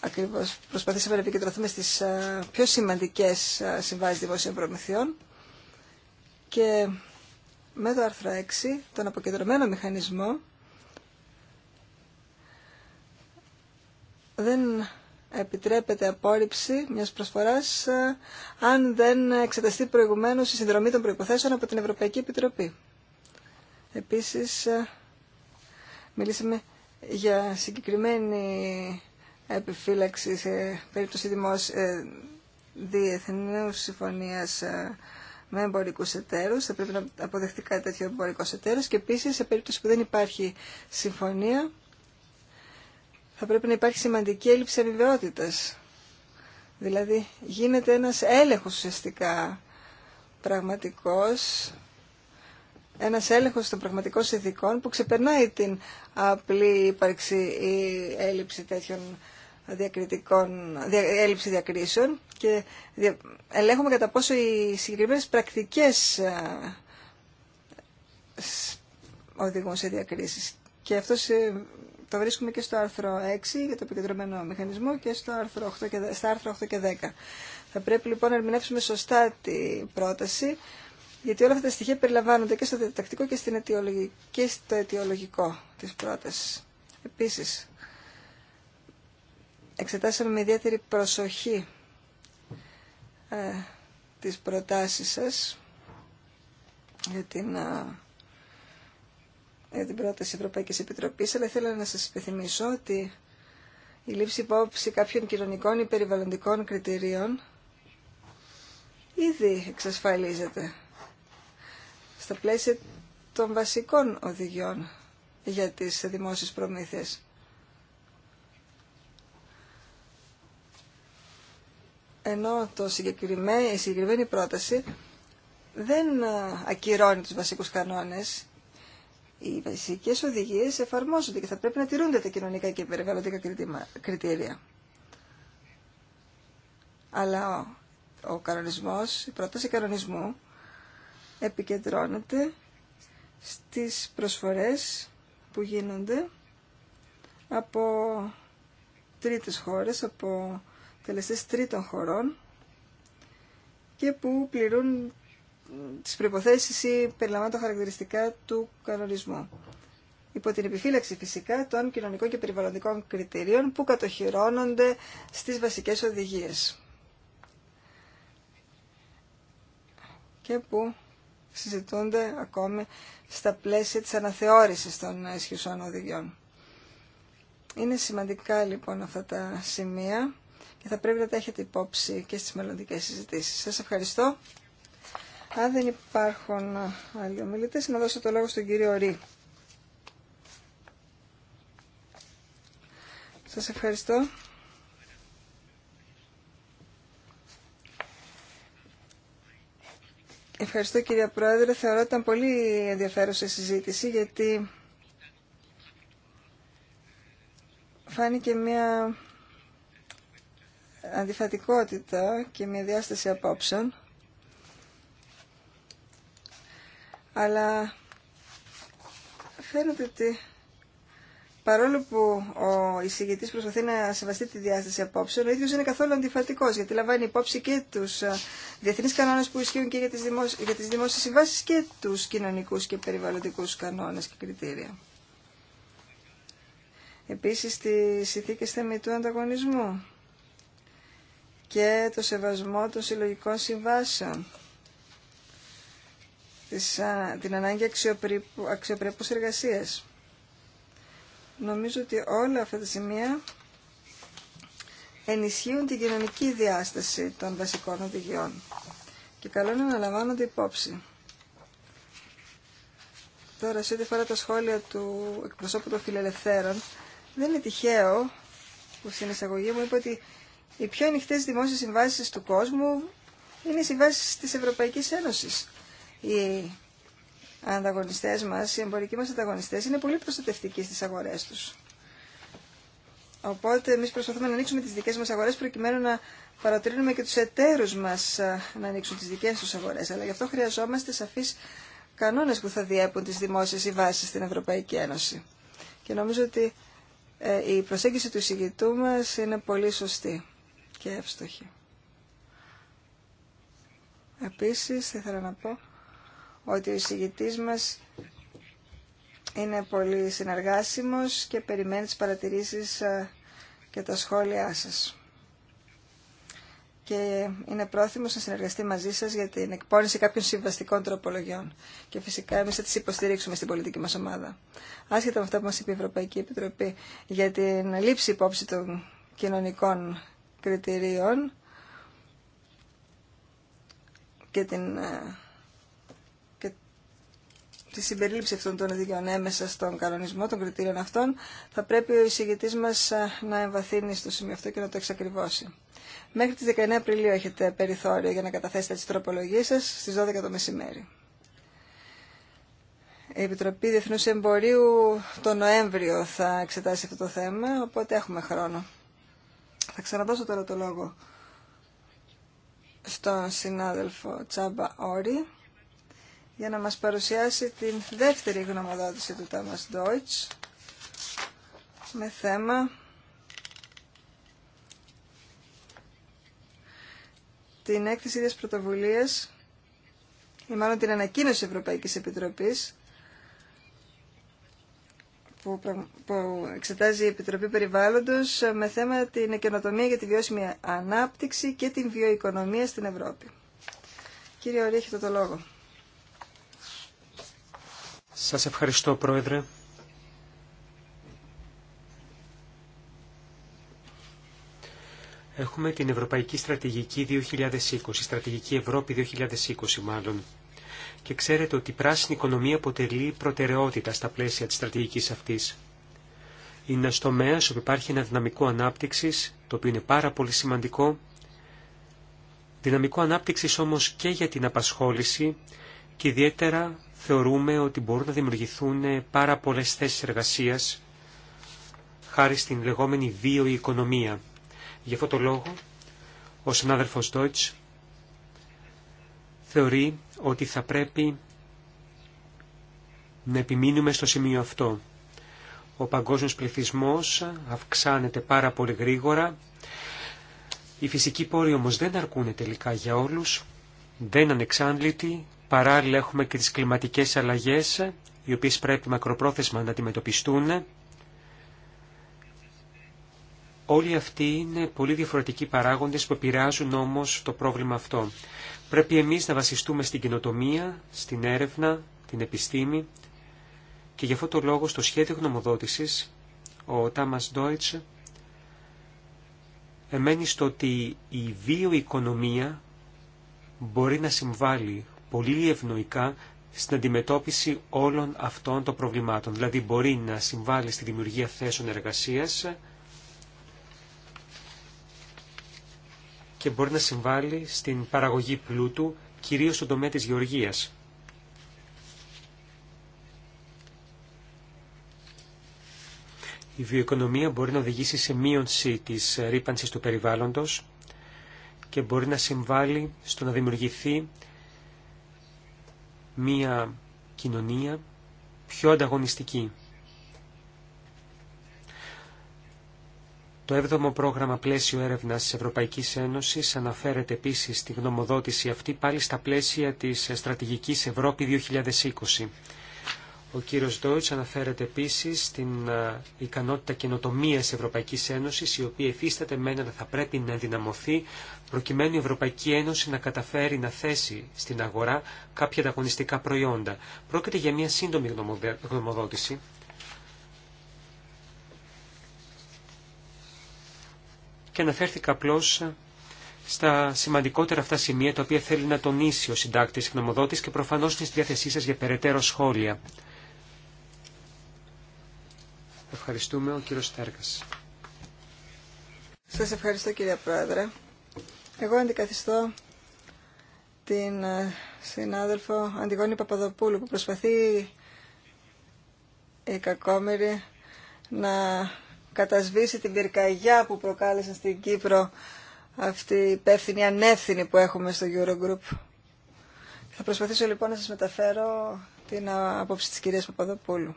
C: ακριβώς προσπαθήσαμε να επικεντρωθούμε στις ε, πιο σημαντικές ε, συμβάσεις δημοσίων προμηθειών και με το άρθρο 6, τον αποκεντρωμένο μηχανισμό, δεν επιτρέπεται απόρριψη μιας προσφοράς ε, αν δεν εξεταστεί προηγουμένως η συνδρομή των προϋποθέσεων από την Ευρωπαϊκή Επιτροπή. Επίσης, ε, μιλήσαμε για συγκεκριμένη επιφύλαξη σε περίπτωση δημόσ... Ε, διεθνούς συμφωνίας με εμπορικού εταίρου. Θα πρέπει να αποδεχτεί κάτι τέτοιο εμπορικό εταίρο. Και επίση, σε περίπτωση που δεν υπάρχει συμφωνία, θα πρέπει να υπάρχει σημαντική έλλειψη αμοιβαιότητας. Δηλαδή γίνεται ένας έλεγχος ουσιαστικά πραγματικός, ένας έλεγχος των πραγματικών συνθηκών που ξεπερνάει την απλή ύπαρξη ή έλλειψη τέτοιων διακριτικών, έλλειψη διακρίσεων και ελέγχουμε κατά πόσο οι συγκεκριμένες πρακτικές ε, οδηγούν σε διακρίσεις. Και αυτό το βρίσκουμε και στο άρθρο 6 για το επικεντρωμένο μηχανισμό και στο άρθρο 8 και, στα αρθρο 8 και 10. Θα πρέπει λοιπόν να ερμηνεύσουμε σωστά την πρόταση, γιατί όλα αυτά τα στοιχεία περιλαμβάνονται και στο διατακτικό και, στην και στο αιτιολογικό της πρότασης. Επίσης, εξετάσαμε με ιδιαίτερη προσοχή ε, τις προτάσεις σας για την ε, για ε, την πρόταση Ευρωπαϊκής Επιτροπής, αλλά ήθελα να σας υπενθυμίσω ότι η λήψη υπόψη κάποιων κοινωνικών ή περιβαλλοντικών κριτηρίων ήδη εξασφαλίζεται στα πλαίσια των βασικών οδηγιών για τις δημόσιες προμήθειες. Ενώ το συγκεκριμένη, η συγκεκριμένη πρόταση δεν ε, ακυρώνει τους βασικούς κανόνες οι βασικές οδηγίες εφαρμόζονται και θα πρέπει να τηρούνται τα κοινωνικά και περιβαλλοντικά κριτήρια. Αλλά ο, ο κανονισμός, η πρόταση κανονισμού επικεντρώνεται στις προσφορές που γίνονται από τρίτες χώρες, από τελεστές τρίτων χωρών και που πληρούν τις προϋποθέσεις ή περιλαμβάνουν χαρακτηριστικά του κανονισμού. Υπό την επιφύλαξη φυσικά των κοινωνικών και περιβαλλοντικών κριτηρίων που κατοχυρώνονται στις βασικές οδηγίες. Και που συζητούνται ακόμη στα πλαίσια της αναθεώρησης των ισχυσών οδηγιών. Είναι σημαντικά λοιπόν αυτά τα σημεία και θα πρέπει να τα έχετε υπόψη και στις μελλοντικές συζητήσεις. Σας ευχαριστώ. Αν δεν υπάρχουν άλλοι ομιλητέ, να δώσω το λόγο στον κύριο Ρή. Σας ευχαριστώ. Ευχαριστώ κυρία Πρόεδρε. Θεωρώ ότι ήταν πολύ ενδιαφέρουσα η συζήτηση γιατί φάνηκε μια αντιφατικότητα και μια διάσταση απόψεων. αλλά φαίνεται ότι παρόλο που ο εισηγητής προσπαθεί να σεβαστεί τη διάσταση απόψεων, ο ίδιος είναι καθόλου αντιφατικός, γιατί λαμβάνει υπόψη και τους ε, διεθνείς κανόνες που ισχύουν και για τις, δημόσι... για τις δημόσιες συμβάσεις και τους κοινωνικούς και περιβαλλοντικούς κανόνες και κριτήρια. Επίσης, τις συνθήκες θεμητού ανταγωνισμού και το σεβασμό των συλλογικών συμβάσεων την ανάγκη αξιοπρεπούς εργασίες. Νομίζω ότι όλα αυτά τα σημεία ενισχύουν την κοινωνική διάσταση των βασικών οδηγιών και καλό είναι να λαμβάνονται υπόψη. Τώρα, σε ό,τι αφορά τα σχόλια του εκπροσώπου των φιλελευθέρων, δεν είναι τυχαίο που στην εισαγωγή μου είπε ότι οι πιο ανοιχτέ δημόσιε συμβάσει του κόσμου είναι οι συμβάσει τη Ευρωπαϊκή Ένωση οι ανταγωνιστές μας, οι εμπορικοί μας ανταγωνιστές είναι πολύ προστατευτικοί στις αγορές τους. Οπότε εμείς προσπαθούμε να ανοίξουμε τις δικές μας αγορές προκειμένου να παρατηρούμε και τους εταίρους μας ε, να ανοίξουν τις δικές τους αγορές. Αλλά γι' αυτό χρειαζόμαστε σαφείς κανόνες που θα διέπουν τις δημόσιες συμβάσεις στην Ευρωπαϊκή Ένωση. Και νομίζω ότι ε, η προσέγγιση του εισηγητού μας είναι πολύ σωστή και εύστοχη. Επίσης, θα ήθελα να πω ότι ο εισηγητής μας είναι πολύ συνεργάσιμος και περιμένει τις παρατηρήσεις ε, και τα σχόλιά σας. Και είναι πρόθυμος να συνεργαστεί μαζί σας για την εκπόνηση κάποιων συμβαστικών τροπολογιών. Και φυσικά εμείς θα τις υποστηρίξουμε στην πολιτική μας ομάδα. Άσχετα με αυτά που μας είπε η Ευρωπαϊκή Επιτροπή για την λήψη υπόψη των κοινωνικών κριτηρίων και την ε, τη συμπερίληψη αυτών των δικαιών έμεσα στον κανονισμό των κριτήριων αυτών, θα πρέπει ο εισηγητή μα να εμβαθύνει στο σημείο αυτό και να το εξακριβώσει. Μέχρι τι 19 Απριλίου έχετε περιθώριο για να καταθέσετε τι τροπολογίε σα στι 12 το μεσημέρι. Η Επιτροπή Διεθνού Εμπορίου το Νοέμβριο θα εξετάσει αυτό το θέμα, οπότε έχουμε χρόνο. Θα ξαναδώσω τώρα το λόγο στον συνάδελφο Τσάμπα Όρη για να μας παρουσιάσει την δεύτερη γνωμοδότηση του Thomas Deutsch με θέμα την έκθεση ίδιας πρωτοβουλίας ή μάλλον την ανακοίνωση Ευρωπαϊκής Επιτροπής που, εξετάζει η Επιτροπή Περιβάλλοντος με θέμα την καινοτομία για τη βιώσιμη ανάπτυξη και την βιοοικονομία στην Ευρώπη. Κύριε Ορίχη, το λόγο.
B: Σας ευχαριστώ, Πρόεδρε. Έχουμε την Ευρωπαϊκή Στρατηγική 2020, Στρατηγική Ευρώπη 2020 μάλλον. Και ξέρετε ότι η πράσινη οικονομία αποτελεί προτεραιότητα στα πλαίσια της στρατηγικής αυτής. Είναι ένας τομέας όπου υπάρχει ένα δυναμικό ανάπτυξης, το οποίο είναι πάρα πολύ σημαντικό. Δυναμικό ανάπτυξης όμως και για την απασχόληση και ιδιαίτερα θεωρούμε ότι μπορούν να δημιουργηθούν πάρα πολλές θέσεις εργασίας χάρη στην λεγόμενη βίωη οικονομία. Γι' αυτό το λόγο ο συνάδελφος Deutsch θεωρεί ότι θα πρέπει να επιμείνουμε στο σημείο αυτό. Ο παγκόσμιος πληθυσμός αυξάνεται πάρα πολύ γρήγορα. Οι φυσικοί πόροι όμως δεν αρκούν τελικά για όλους, δεν ανεξάντλητοι, Παράλληλα έχουμε και τις κλιματικές αλλαγές, οι οποίες πρέπει μακροπρόθεσμα να αντιμετωπιστούν. Όλοι αυτοί είναι πολύ διαφορετικοί παράγοντες που επηρεάζουν όμως το πρόβλημα αυτό. Πρέπει εμείς να βασιστούμε στην κοινοτομία, στην έρευνα, την επιστήμη και γι' αυτό το λόγο στο σχέδιο γνωμοδότησης ο Τάμας Ντόιτς εμένει στο ότι η βιοοικονομία μπορεί να συμβάλλει πολύ ευνοϊκά στην αντιμετώπιση όλων αυτών των προβλημάτων. Δηλαδή μπορεί να συμβάλλει στη δημιουργία θέσεων εργασίας και μπορεί να συμβάλλει στην παραγωγή πλούτου, κυρίως στον τομέα της γεωργίας. Η βιοοικονομία μπορεί να οδηγήσει σε μείωση της ρήπανσης του περιβάλλοντος και μπορεί να συμβάλλει στο να δημιουργηθεί μία κοινωνία πιο ανταγωνιστική. Το 7ο πρόγραμμα πλαίσιο έρευνας της Ευρωπαϊκής Ένωσης αναφέρεται επίσης στη γνωμοδότηση αυτή πάλι στα πλαίσια της στρατηγικής Ευρώπη 2020. Ο κύριος Ντόιτς αναφέρεται επίσης στην ε, ικανότητα καινοτομία Ευρωπαϊκής Ένωσης, η οποία υφίσταται μένα να θα πρέπει να ενδυναμωθεί, προκειμένου η Ευρωπαϊκή Ένωση να καταφέρει να θέσει στην αγορά κάποια ανταγωνιστικά προϊόντα. Πρόκειται για μια σύντομη γνωμοδότηση. Και αναφέρθηκα απλώς στα σημαντικότερα αυτά σημεία τα οποία θέλει να τονίσει ο συντάκτη γνωμοδότη και προφανώ στη διάθεσή σα για περαιτέρω σχόλια. Ευχαριστούμε ο κύριος Στέρκας.
C: Σας ευχαριστώ κύριε Πρόεδρε. Εγώ αντικαθιστώ την ε, συνάδελφο Αντιγόνη Παπαδοπούλου που προσπαθεί η κακόμερη να κατασβήσει την πυρκαγιά που προκάλεσε στην Κύπρο αυτή η υπεύθυνη ανεύθυνη που έχουμε στο Eurogroup. Θα προσπαθήσω λοιπόν να σας μεταφέρω την απόψη ε, της κυρίας Παπαδοπούλου.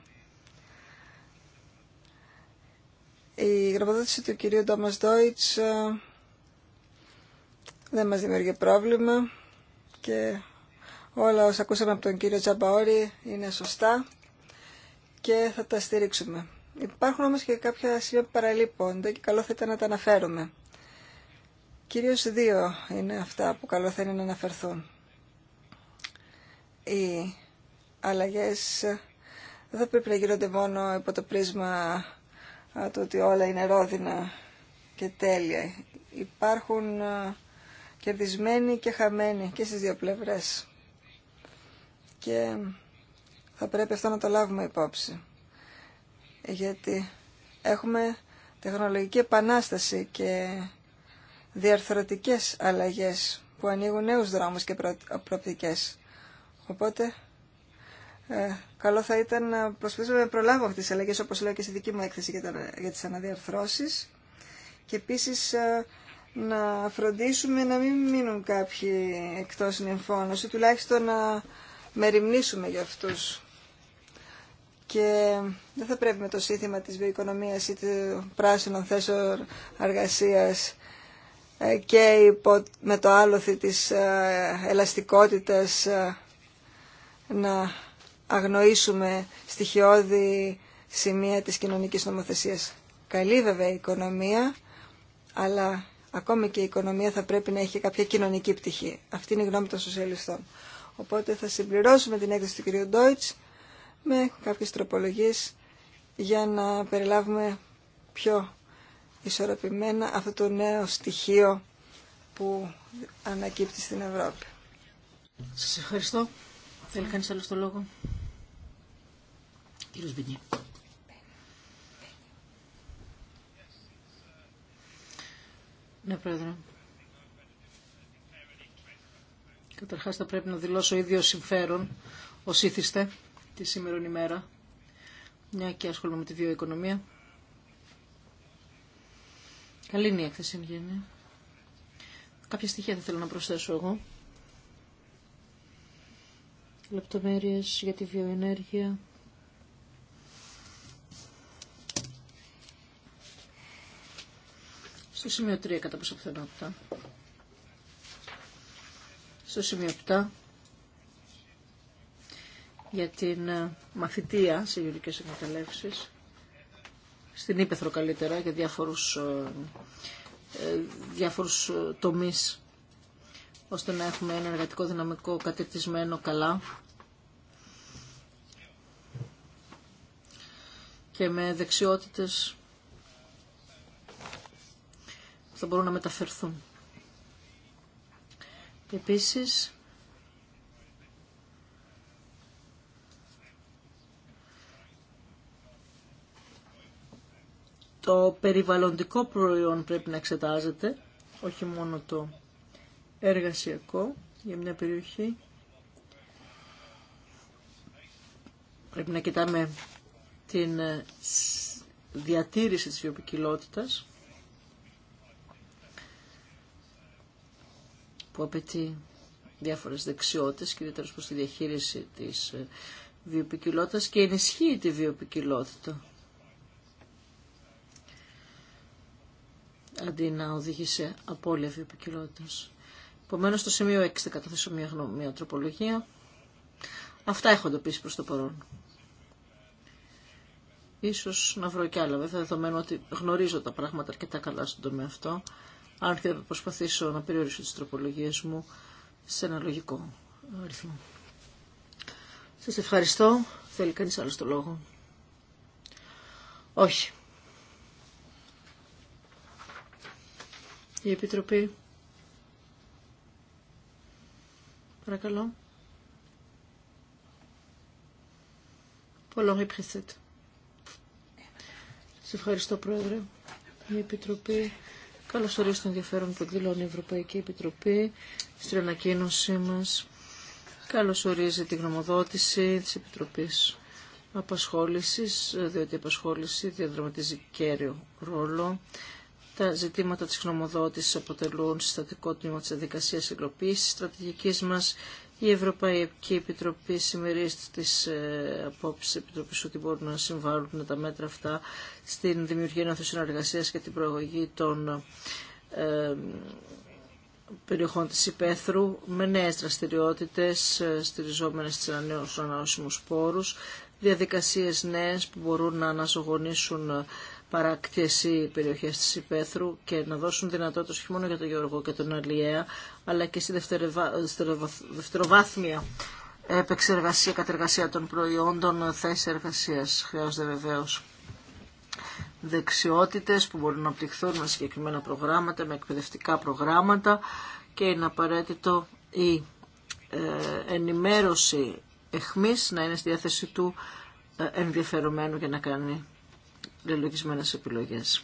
C: γνωμοδότηση του κυρίου Ντόμας Ντόιτς ε, δεν μας δημιουργεί πρόβλημα και όλα όσα ακούσαμε από τον κύριο Τζαμπαόρη είναι σωστά και θα τα στηρίξουμε. Υπάρχουν όμως και κάποια σημεία που παραλείπονται και καλό θα ήταν να τα αναφέρουμε. Κυρίως δύο είναι αυτά που καλό θα είναι να αναφερθούν. Οι αλλαγές δεν θα πρέπει να γίνονται μόνο υπό το πρίσμα το ότι όλα είναι ρόδινα και τέλεια. Υπάρχουν κερδισμένοι και χαμένοι και στις δύο πλευρές. Και θα πρέπει αυτό να το λάβουμε υπόψη. Γιατί έχουμε τεχνολογική επανάσταση και διαρθρωτικές αλλαγές που ανοίγουν νέους δρόμους και προοπτικές. Οπότε ε, καλό θα ήταν να προσπαθήσουμε να προλάβουμε αυτές τις αλλαγές, όπως λέω και στη δική μου έκθεση για, για τις αναδιαρθρώσεις. Και επίσης ε, να φροντίσουμε να μην μείνουν κάποιοι εκτός νυμφών ή τουλάχιστον να μεριμνήσουμε για αυτούς. Και δεν θα πρέπει με το σύνθημα της βιοοικονομίας ή του πράσινων θέσεων εργασίας ε, και υπό, με το άλοθη της ε, ελαστικότητας να αγνοήσουμε στοιχειώδη σημεία της κοινωνικής νομοθεσίας. Καλή βέβαια η οικονομία, αλλά ακόμη και η οικονομία θα πρέπει να έχει κάποια κοινωνική πτυχή. Αυτή είναι η γνώμη των σοσιαλιστών. Οπότε θα συμπληρώσουμε την έκθεση του κ. Ντόιτς με κάποιες τροπολογίες για να περιλάβουμε πιο ισορροπημένα αυτό το νέο στοιχείο που ανακύπτει στην Ευρώπη.
A: Σας ευχαριστώ. Θέλει κανείς άλλο το λόγο. Κύριος Βινιέ. Ναι, Πρόεδρε. Καταρχάς θα πρέπει να δηλώσω ίδιο συμφέρον ω ήθιστε τη σήμερα ημέρα, μια και ασχολούμαι με τη βιοοικονομία. Καλή είναι η έκθεση, γέννη. Κάποια στοιχεία θα θέλω να προσθέσω εγώ. Λεπτομέρειες για τη βιοενέργεια Στο σημείο 3 κατά πόσο πιθανότητα. Στο σημείο 7 για την ε, μαθητεία σε γενικέ εκμεταλλεύσει. Στην ύπεθρο καλύτερα για διάφορους, ε, ε, διάφορους τομείς ώστε να έχουμε ένα εργατικό δυναμικό κατερτισμένο καλά και με δεξιότητες που θα μπορούν να μεταφερθούν. Επίσης, το περιβαλλοντικό προϊόν πρέπει να εξετάζεται, όχι μόνο το εργασιακό για μια περιοχή. Πρέπει να κοιτάμε την ε, διατήρηση της βιοποικιλότητας που απαιτεί διάφορες δεξιότητες και ιδιαίτερα προς τη διαχείριση της ε, βιοπικιλότητας και ενισχύει τη βιοπικιλότητα. Αντί να οδηγεί σε απώλεια βιοπικιλότητας. Επομένως, στο σημείο 6 θα καταθέσω μια, μια τροπολογία. Αυτά έχω εντοπίσει προς το παρόν. Ίσως να βρω κι άλλα, βέβαια, δεδομένου ότι γνωρίζω τα πράγματα αρκετά καλά στον τομέα αυτό αν και θα προσπαθήσω να περιορίσω τις τροπολογίες μου σε ένα λογικό αριθμό. Σας ευχαριστώ. Θέλει κανείς άλλο το λόγο. Όχι. Η Επιτροπή. Παρακαλώ. Πολλό Σας ευχαριστώ Πρόεδρε. Η Επιτροπή Καλωσορίζω το ενδιαφέρον που εκδηλώνει η Ευρωπαϊκή Επιτροπή στην ανακοίνωσή μας. Καλώς ορίζει τη γνωμοδότηση της Επιτροπής Απασχόλησης, διότι η απασχόληση διαδραματίζει κέριο ρόλο. Τα ζητήματα της γνωμοδότησης αποτελούν συστατικό τμήμα της διαδικασίας υλοποίησης στρατηγικής μας η Ευρωπαϊκή Επιτροπή συμμερίζεται τις ε, απόψεις Επιτροπής ότι μπορούν να συμβάλλουν τα μέτρα αυτά στην δημιουργία ενώθου συνεργασία και την προαγωγή των ε, περιοχών της υπαίθρου με νέες δραστηριότητες ε, στηριζόμενες στις ανανεώσιμους πόρους, διαδικασίες νέες που μπορούν να αναζωογονήσουν ε, παράκτηση περιοχές της Υπέθρου και να δώσουν δυνατότητες όχι μόνο για τον Γιώργο και τον Αλιέα, αλλά και στη δευτεροβάθμια επεξεργασία, κατεργασία των προϊόντων, θέση εργασίας. Χρειάζονται βεβαίως δεξιότητες που μπορούν να απτυχθούν με συγκεκριμένα προγράμματα, με εκπαιδευτικά προγράμματα και είναι απαραίτητο η ε, ενημέρωση εχμής να είναι στη διάθεση του ε, ενδιαφερομένου για να κάνει λελογισμένες επιλογές.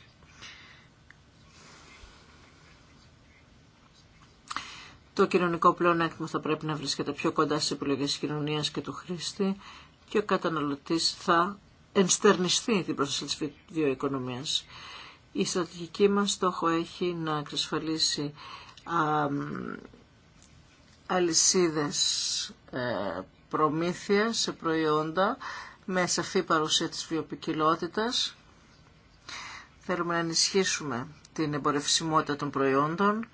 A: Το κοινωνικό πλεονέκτημα θα πρέπει να βρίσκεται πιο κοντά στις επιλογές της κοινωνίας και του χρήστη και ο καταναλωτής θα ενστερνιστεί την προστασία της βιοοικονομίας. Η στρατηγική μας στόχο έχει να εξασφαλίσει α, αλυσίδες ε, προμήθειας σε προϊόντα με σαφή παρουσία της βιοποικιλότητας Θέλουμε να ενισχύσουμε την εμπορευσιμότητα των προϊόντων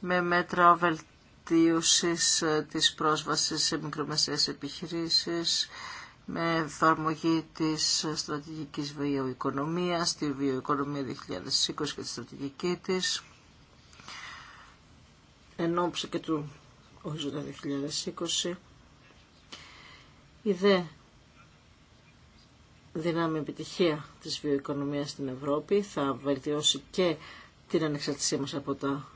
A: με μέτρα βελτίωσης ε, της πρόσβασης σε μικρομεσαίες επιχειρήσεις, με εφαρμογή της στρατηγικής βιοοικονομίας, τη βιοοικονομία 2020 και τη στρατηγική της, εν και του ορίζοντα 2020. Η δε δυνάμει επιτυχία της βιοοικονομίας στην Ευρώπη, θα βελτιώσει και την ανεξαρτησία μας από τα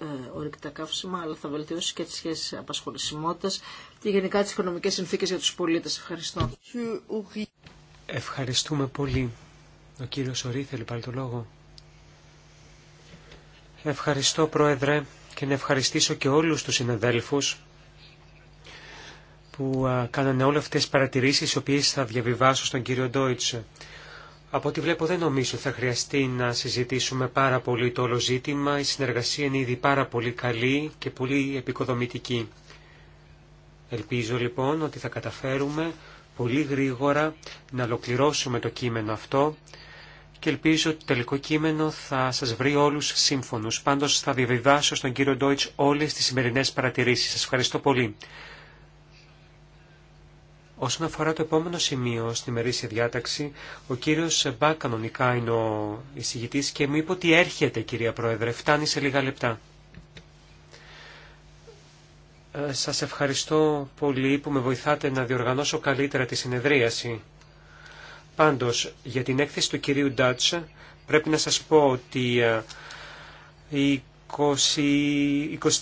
A: ε, ορυκτά καύσιμα, αλλά θα βελτιώσει και τις σχέσεις απασχολησιμότητας και γενικά τις οικονομικές συνθήκες για τους πολίτες. Ευχαριστώ.
B: Ευχαριστούμε πολύ. Ο κύριος Ορή θέλει πάλι το λόγο. Ευχαριστώ Πρόεδρε και να ευχαριστήσω και όλους τους συναδέλφους που κάνανε όλες αυτές τις παρατηρήσεις οι οποίες θα διαβιβάσω στον κύριο Ντόιτσε. Από ό,τι βλέπω δεν νομίζω θα χρειαστεί να συζητήσουμε πάρα πολύ το όλο ζήτημα. Η συνεργασία είναι ήδη πάρα πολύ καλή και πολύ επικοδομητική. Ελπίζω λοιπόν ότι θα καταφέρουμε πολύ γρήγορα να ολοκληρώσουμε το κείμενο αυτό και ελπίζω ότι το τελικό κείμενο θα σας βρει όλους σύμφωνους. Πάντως θα διαβιβάσω στον κύριο Ντόιτς όλες τις σημερινές παρατηρήσεις. Σας ευχαριστώ πολύ. Όσον αφορά το επόμενο σημείο στη μερίσια διάταξη, ο κύριος Μπά κανονικά είναι ο εισηγητής και μου είπε ότι έρχεται κυρία Πρόεδρε, φτάνει σε λίγα λεπτά. Ε, σας ευχαριστώ πολύ που με βοηθάτε να διοργανώσω καλύτερα τη συνεδρίαση. Πάντως, για την έκθεση του κυρίου Ντάτσε πρέπει να σας πω ότι ε, η το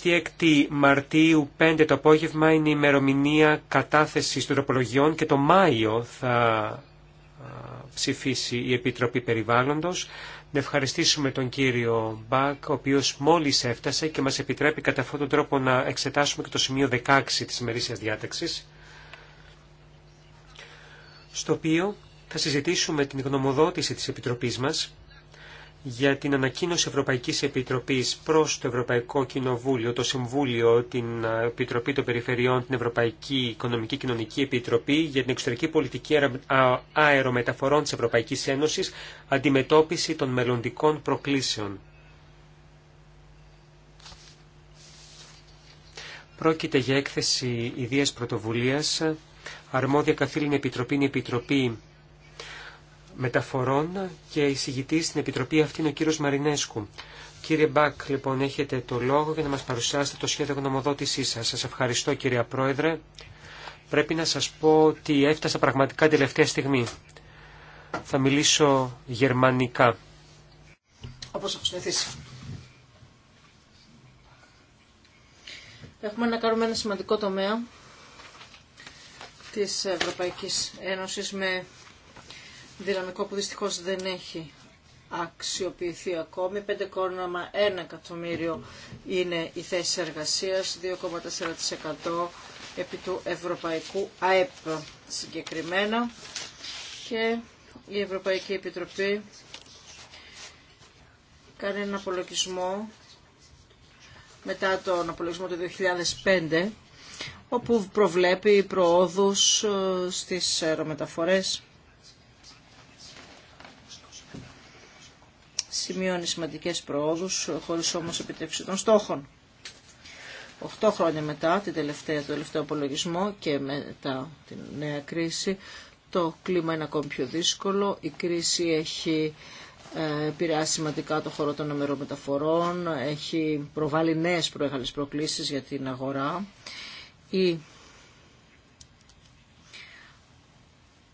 B: 26 Μαρτίου 5 το απόγευμα είναι η ημερομηνία κατάθεσης των τροπολογιών και το Μάιο θα ψηφίσει η Επιτροπή Περιβάλλοντος. Να ευχαριστήσουμε τον κύριο Μπακ, ο οποίος μόλις έφτασε και μας επιτρέπει κατά αυτόν τον τρόπο να εξετάσουμε και το σημείο 16 της ημερήσιας διάταξης, στο οποίο θα συζητήσουμε την γνωμοδότηση της Επιτροπής μας για την ανακοίνωση Ευρωπαϊκής Επιτροπής προς το Ευρωπαϊκό Κοινοβούλιο, το Συμβούλιο, την Επιτροπή των Περιφερειών, την Ευρωπαϊκή Οικονομική Κοινωνική Επιτροπή για την εξωτερική πολιτική αερομεταφορών της Ευρωπαϊκής Ένωσης, αντιμετώπιση των μελλοντικών προκλήσεων. Πρόκειται για έκθεση ιδίας πρωτοβουλίας. Αρμόδια καθήλυνη επιτροπή είναι η Επιτροπή Μεταφορών και εισηγητή στην Επιτροπή αυτή είναι ο κύριος Μαρινέσκου. Κύριε Μπακ, λοιπόν, έχετε το λόγο για να μας παρουσιάσετε το σχέδιο γνωμοδότησής σας. Σας ευχαριστώ, κύριε Πρόεδρε. Πρέπει να σας πω ότι έφτασα πραγματικά τελευταία στιγμή. Θα μιλήσω γερμανικά.
A: Όπως έχω συνηθίσει. Έχουμε να κάνουμε ένα σημαντικό τομέα της Ευρωπαϊκής Ένωσης με δυναμικό που δυστυχώς δεν έχει αξιοποιηθεί ακόμη. 5,1 εκατομμύριο είναι η θέση εργασίας, 2,4% επί του Ευρωπαϊκού ΑΕΠ συγκεκριμένα και η Ευρωπαϊκή Επιτροπή κάνει ένα απολογισμό μετά τον απολογισμό του 2005 όπου προβλέπει προόδους ε, στις αερομεταφορές σημειώνει σημαντικές προόδους χωρίς όμως επιτρέψη των στόχων. Οχτώ χρόνια μετά την το τελευταίο απολογισμό και μετά την νέα κρίση, το κλίμα είναι ακόμη πιο δύσκολο. Η κρίση έχει ε, επηρεάσει σημαντικά το χώρο των αμερομεταφορών, έχει προβάλλει νέες προέγαλες προκλήσεις για την αγορά. Η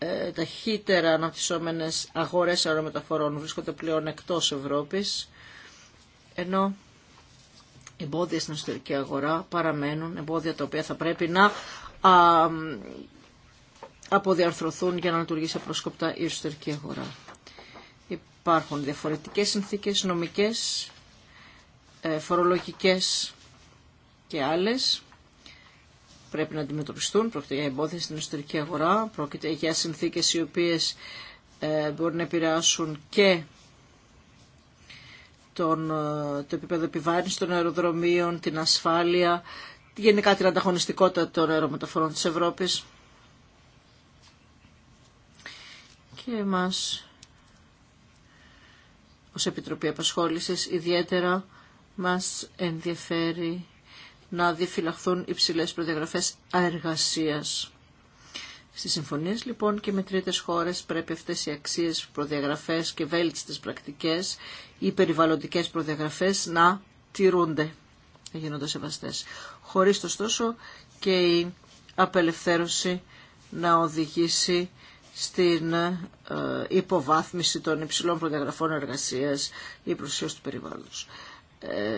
A: Ε, ταχύτερα αναπτυσσόμενες αγορές αερομεταφορών βρίσκονται πλέον εκτός Ευρώπης, ενώ εμπόδια στην εσωτερική αγορά παραμένουν, εμπόδια τα οποία θα πρέπει να αποδιαρθρωθούν για να λειτουργήσει απροσκοπτά η εσωτερική αγορά. Υπάρχουν διαφορετικές συνθήκες νομικές, ε, φορολογικές και άλλες πρέπει να αντιμετωπιστούν. Πρόκειται για εμπόδια στην εσωτερική αγορά, πρόκειται για συνθήκες οι οποίες ε, μπορούν να επηρεάσουν και τον, ε, το επίπεδο επιβάρυνση των αεροδρομίων, την ασφάλεια, γενικά την ανταγωνιστικότητα των αερομεταφορών της Ευρώπης. Και μας ως Επιτροπή Απασχόλησης ιδιαίτερα μας ενδιαφέρει να διαφυλαχθούν υψηλέ προδιαγραφές εργασία. Στι συμφωνίε, λοιπόν και με τρίτες χώρες πρέπει αυτέ οι αξίε προδιαγραφές και βέλτιστες πρακτικές ή περιβαλλοντικέ προδιαγραφές να τηρούνται, να γίνονται Χωρίς τόσο και η απελευθέρωση να οδηγήσει στην ε, υποβάθμιση των υψηλών προδιαγραφών εργασίας ή προσχέσεις του περιβάλλοντος.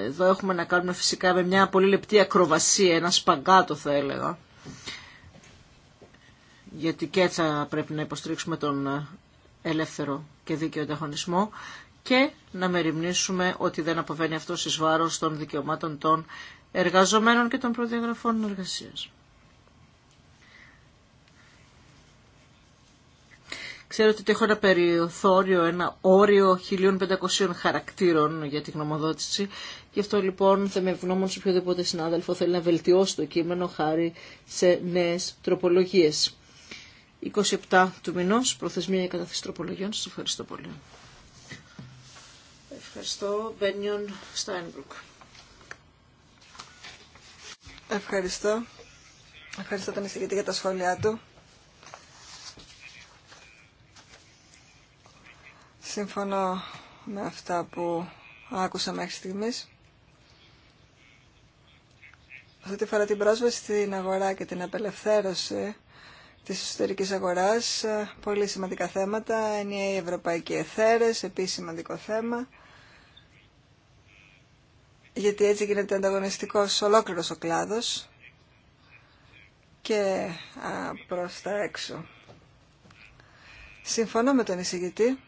A: Εδώ έχουμε να κάνουμε φυσικά με μια πολύ λεπτή ακροβασία, ένα σπαγκάτο θα έλεγα. Γιατί και έτσι πρέπει να υποστηρίξουμε τον ε, ελεύθερο και δίκαιο ανταγωνισμό και να μεριμνήσουμε ότι δεν αποβαίνει αυτό εις βάρος των δικαιωμάτων των εργαζομένων και των προδιαγραφών εργασίας. Ξέρετε ότι έχω ένα περιθώριο, ένα όριο 1500 χαρακτήρων για τη γνωμοδότηση. Γι' αυτό λοιπόν θα με ευγνώμων σε οποιοδήποτε συνάδελφο θέλει να βελτιώσει το κείμενο χάρη σε νέε τροπολογίε. 27 του μηνό, προθεσμία για τροπολογιών. Σα ευχαριστώ πολύ. Ευχαριστώ, Μπένιον Στάινμπρουκ. Ευχαριστώ.
C: Ευχαριστώ τον εισηγητή για τα σχόλιά του. Συμφωνώ με αυτά που άκουσα μέχρι στιγμής. Αυτή τη φορά την πρόσβαση στην αγορά και την απελευθέρωση της εσωτερικής αγοράς, πολύ σημαντικά θέματα, ενιαίοι ευρωπαϊκοί εθέρες, επίσης σημαντικό θέμα, γιατί έτσι γίνεται ανταγωνιστικός ολόκληρος ο κλάδος και προς τα έξω. Συμφωνώ με τον εισηγητή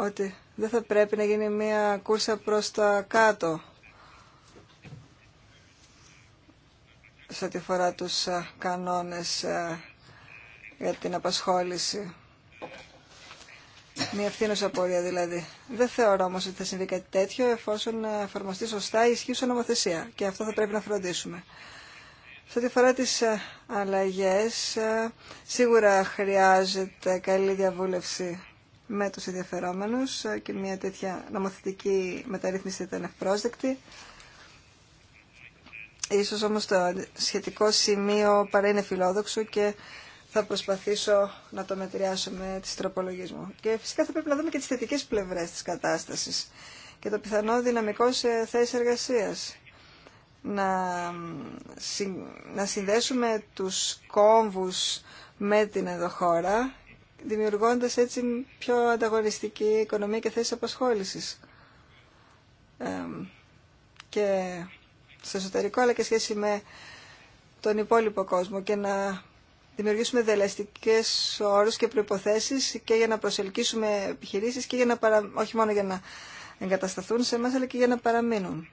C: ότι δεν θα πρέπει να γίνει μία κούρσα προς τα κάτω σε ό,τι αφορά τους ε, κανόνες ε, για την απασχόληση. Μια ευθύνωσα πορεία δηλαδή. Δεν θεωρώ όμως ότι θα συμβεί κάτι τέτοιο εφόσον ε, εφαρμοστεί σωστά η ισχύουσα νομοθεσία και αυτό θα πρέπει να φροντίσουμε. Σε ό,τι αφορά τις αλλαγές, σίγουρα χρειάζεται καλή διαβούλευση με τους ενδιαφερόμενους και μια τέτοια νομοθετική μεταρρύθμιση ήταν ευπρόσδεκτη. Ίσως όμως το σχετικό σημείο παρά είναι φιλόδοξο και θα προσπαθήσω να το μετριάσω με τις τροπολογίες μου. Και φυσικά θα πρέπει να δούμε και τις θετικές πλευρές της κατάστασης και το πιθανό δυναμικό σε θέσεις εργασίας. Να, να συνδέσουμε τους κόμβους με την χώρα δημιουργώντας έτσι πιο ανταγωνιστική οικονομία και θέσεις απασχόλησης. και στο εσωτερικό αλλά και σχέση με τον υπόλοιπο κόσμο και να δημιουργήσουμε δελεστικές όρους και προϋποθέσεις και για να προσελκύσουμε επιχειρήσεις και για να όχι μόνο για να εγκατασταθούν σε εμάς αλλά και για να παραμείνουν.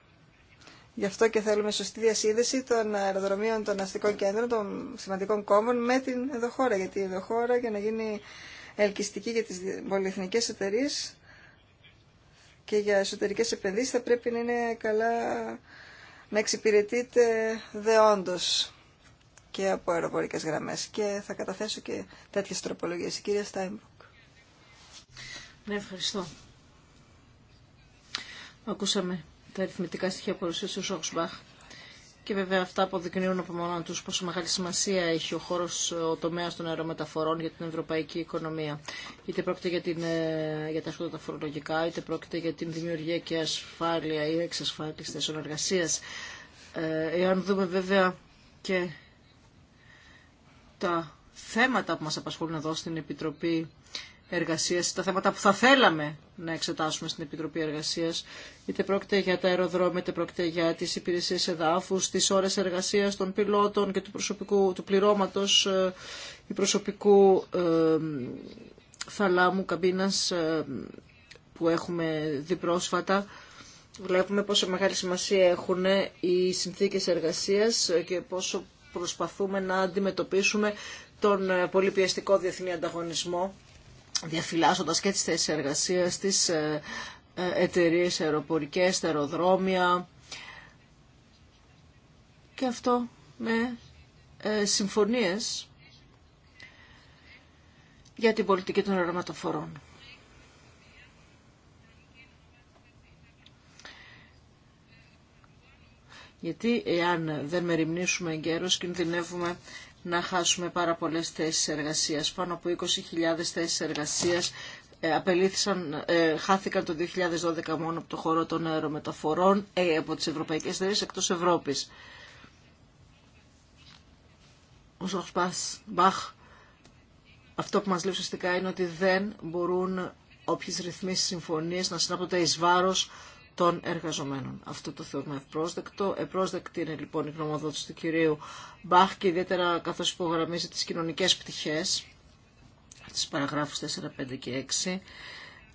C: Γι' αυτό και θέλουμε σωστή διασύνδεση των αεροδρομίων των αστικών κέντρων, των σημαντικών κόμμων με την Εδοχώρα. Γιατί η Εδοχώρα για να γίνει ελκυστική για τις πολυεθνικές εταιρείε και για εσωτερικές επενδύσεις θα πρέπει να είναι καλά να εξυπηρετείται δεόντως και από αεροπορικές γραμμές. Και θα καταθέσω και
A: τέτοιες τροπολογίες. Η κυρία Στάιμπουκ. Ναι, ευχαριστώ. Ακούσαμε τα αριθμητικά στοιχεία που παρουσίασε ο Σόξμπαχ. Και βέβαια αυτά αποδεικνύουν από μόνο του πόσο μεγάλη σημασία έχει ο χώρο, ο τομέα των αερομεταφορών για την ευρωπαϊκή οικονομία. Είτε πρόκειται για, την, ε, για τα σχόλια τα φορολογικά, είτε πρόκειται για την δημιουργία και ασφάλεια ή εξασφάλιση τη εργασία. Ε, εάν δούμε βέβαια και τα θέματα που μας απασχολούν εδώ στην Επιτροπή τα θέματα που θα θέλαμε να εξετάσουμε στην Επιτροπή εργασία, είτε πρόκειται για τα αεροδρόμια, είτε πρόκειται για τι Υπηρεσίε Εδάφου, τι ώρε εργασίας των πιλότων και του, προσωπικού, του πληρώματος ε, του προσωπικού ε, θαλάμου Καμπίνα ε, που έχουμε δει πρόσφατα. Βλέπουμε πόσο μεγάλη σημασία έχουν οι συνθήκες εργασίας και πόσο προσπαθούμε να αντιμετωπίσουμε τον ε, πολύ διεθνή ανταγωνισμό διαφυλάσσοντας και τις θέσεις εργασίας, τις ε, ε, εταιρείε αεροπορικές, τα αεροδρόμια και αυτό με ε, συμφωνίες για την πολιτική των αεροματοφορών. Γιατί εάν δεν μεριμνήσουμε εγκαίρως κινδυνεύουμε να χάσουμε πάρα πολλές θέσεις εργασίας. Πάνω από 20.000 θέσεις εργασίας ε, απελήθησαν, ε, χάθηκαν το 2012 μόνο από το χώρο των αερομεταφορών ε, από τις ευρωπαϊκές εταιρείες εκτός Ευρώπης. Ο αυτό που μας λέει ουσιαστικά είναι ότι δεν μπορούν όποιες ρυθμίσεις συμφωνίες να συνάπτονται εις βάρος των εργαζομένων. Αυτό το θεωρούμε ευπρόσδεκτο. Επρόσδεκτη είναι λοιπόν η γνωμοδότηση του κυρίου Μπαχ και ιδιαίτερα καθώς υπογραμμίζει τι κοινωνικές πτυχέ, τι παραγράφου 4, 5 και 6,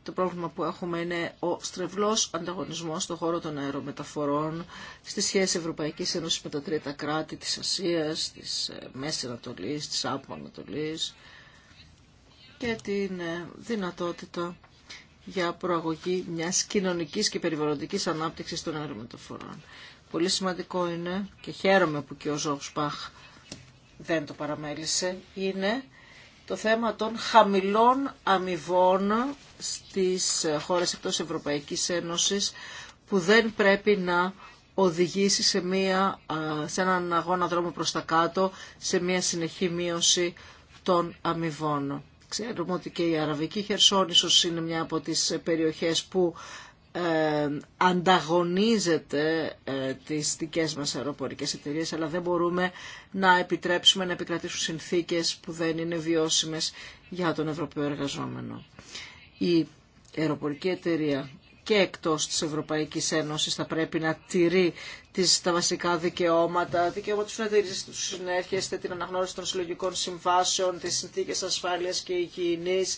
A: το πρόβλημα που έχουμε είναι ο στρεβλός ανταγωνισμός στον χώρο των αερομεταφορών, στη σχέση ευρωπαϊκή Ένωση με τα τρίτα κράτη τη Ασία, τη ε, Μέση Ανατολή, τη Άπου Ανατολή και την ε, δυνατότητα για προαγωγή μιας κοινωνικής και περιβαλλοντικής ανάπτυξης των αερομεταφορών. Πολύ σημαντικό είναι, και χαίρομαι που και ο Παχ δεν το παραμέλησε, είναι το θέμα των χαμηλών αμοιβών στις χώρες εκτός Ευρωπαϊκής Ένωσης που δεν πρέπει να οδηγήσει σε, μια, σε έναν αγώνα δρόμο προς τα κάτω, σε μια συνεχή μείωση των αμοιβών. Ξέρουμε ότι και η Αραβική Χερσόνησος είναι μια από τις περιοχές που ε, ανταγωνίζεται ε, τις δικές μας αεροπορικές εταιρείες αλλά δεν μπορούμε να επιτρέψουμε να επικρατήσουν συνθήκες που δεν είναι βιώσιμες για τον Ευρωπαίο εργαζόμενο. Η αεροπορική εταιρεία και εκτός της Ευρωπαϊκής Ένωσης θα πρέπει να τηρεί τις, τα βασικά δικαιώματα, δικαιώματα του συνεταιρίζεις, του συνέρχεστε, την αναγνώριση των συλλογικών συμβάσεων, τις συνθήκες ασφάλειας και υγιεινής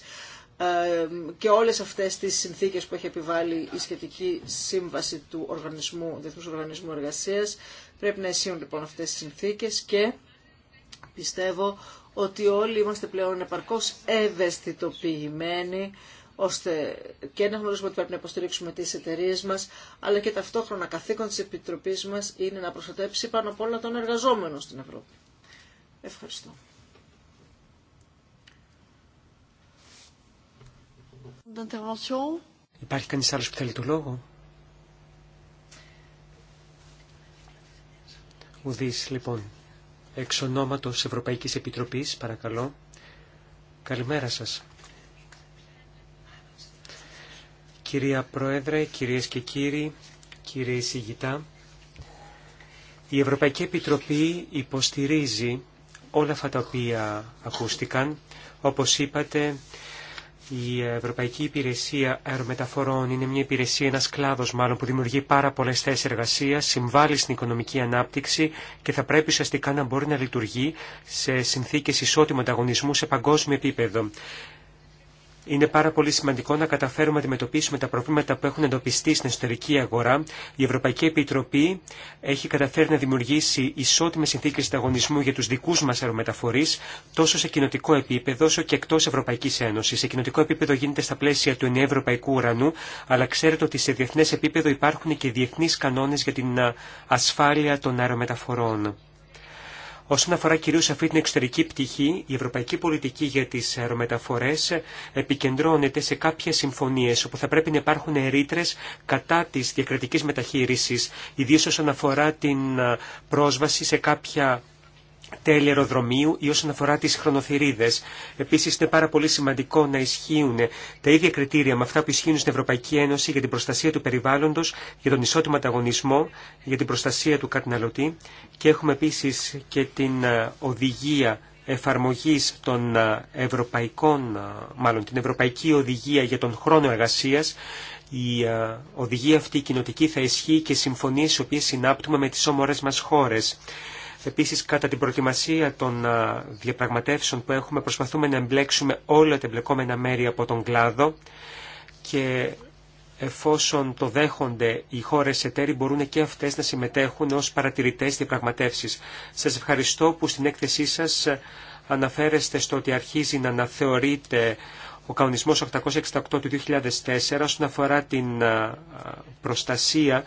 A: ε, και όλες αυτές τις συνθήκες που έχει επιβάλει η σχετική σύμβαση του οργανισμού, Διεθνούς Οργανισμού Εργασίας. Πρέπει να ισχύουν λοιπόν αυτές τις συνθήκες και πιστεύω ότι όλοι είμαστε πλέον επαρκώς ευαισθητοποιημένοι ώστε και να γνωρίζουμε ότι πρέπει να υποστηρίξουμε τις εταιρείε μας, αλλά και ταυτόχρονα καθήκον της Επιτροπής μας είναι να προστατέψει πάνω απ' όλα τον εργαζόμενο στην Ευρώπη. Ευχαριστώ.
B: Υπάρχει κανείς άλλος που θέλει το λόγο. Ουδής, λοιπόν, εξ ονόματος Ευρωπαϊκής Επιτροπής, παρακαλώ. Καλημέρα σας. Κυρία Πρόεδρε, κυρίες και κύριοι, κύριε ηγητά, η Ευρωπαϊκή Επιτροπή υποστηρίζει όλα αυτά τα οποία ακούστηκαν. Όπως είπατε, η Ευρωπαϊκή Υπηρεσία Αερομεταφορών είναι μια υπηρεσία, ένας κλάδος μάλλον που δημιουργεί πάρα πολλές θέσεις εργασίας, συμβάλλει στην οικονομική ανάπτυξη και θα πρέπει ουσιαστικά να μπορεί να λειτουργεί σε συνθήκες ισότιμου ανταγωνισμού σε παγκόσμιο επίπεδο είναι πάρα πολύ σημαντικό να καταφέρουμε να αντιμετωπίσουμε τα προβλήματα που έχουν εντοπιστεί στην εσωτερική αγορά. Η Ευρωπαϊκή Επιτροπή έχει καταφέρει να δημιουργήσει ισότιμες συνθήκες ανταγωνισμού για τους δικούς μας αερομεταφορείς, τόσο σε κοινοτικό επίπεδο όσο και εκτός Ευρωπαϊκής Ένωσης. Σε κοινοτικό επίπεδο γίνεται στα πλαίσια του ενιαίου ουρανού, αλλά ξέρετε ότι σε διεθνές επίπεδο υπάρχουν και διεθνείς κανόνες για την ασφάλεια των αερομεταφορών. Όσον αφορά κυρίως αυτή την εξωτερική πτυχή, η ευρωπαϊκή πολιτική για τις αερομεταφορές επικεντρώνεται σε κάποιες συμφωνίες όπου θα πρέπει να υπάρχουν ρήτρες κατά της διακρατικής μεταχείρισης, ιδίως όσον αφορά την ε, πρόσβαση σε κάποια τέλη αεροδρομίου ή όσον αφορά τις χρονοθυρίδες. Επίσης είναι πάρα πολύ σημαντικό να ισχύουν τα ίδια κριτήρια με αυτά που ισχύουν στην Ευρωπαϊκή Ένωση για την προστασία του περιβάλλοντος, για τον ισότιμο ανταγωνισμό, για την προστασία του καταναλωτή και έχουμε επίσης και την ε, οδηγία εφαρμογής των ε, ευρωπαϊκών, ε, μάλλον την Ευρωπαϊκή Οδηγία για τον χρόνο εργασία. η οδηγία αυτή η κοινοτική θα ισχύει και συμφωνίε οι οποίε συνάπτουμε με τι όμορφε μα χώρε. Επίσης, κατά την προετοιμασία των διαπραγματεύσεων που έχουμε, προσπαθούμε να εμπλέξουμε όλα τα εμπλεκόμενα μέρη από τον κλάδο και εφόσον το δέχονται οι χώρες εταίροι μπορούν και αυτές να συμμετέχουν ως παρατηρητές διαπραγματεύσεις. Σας ευχαριστώ που στην έκθεσή σας ε, αναφέρεστε στο ότι αρχίζει να αναθεωρείται ο κανονισμός 868 του 2004 όσον αφορά την προστασία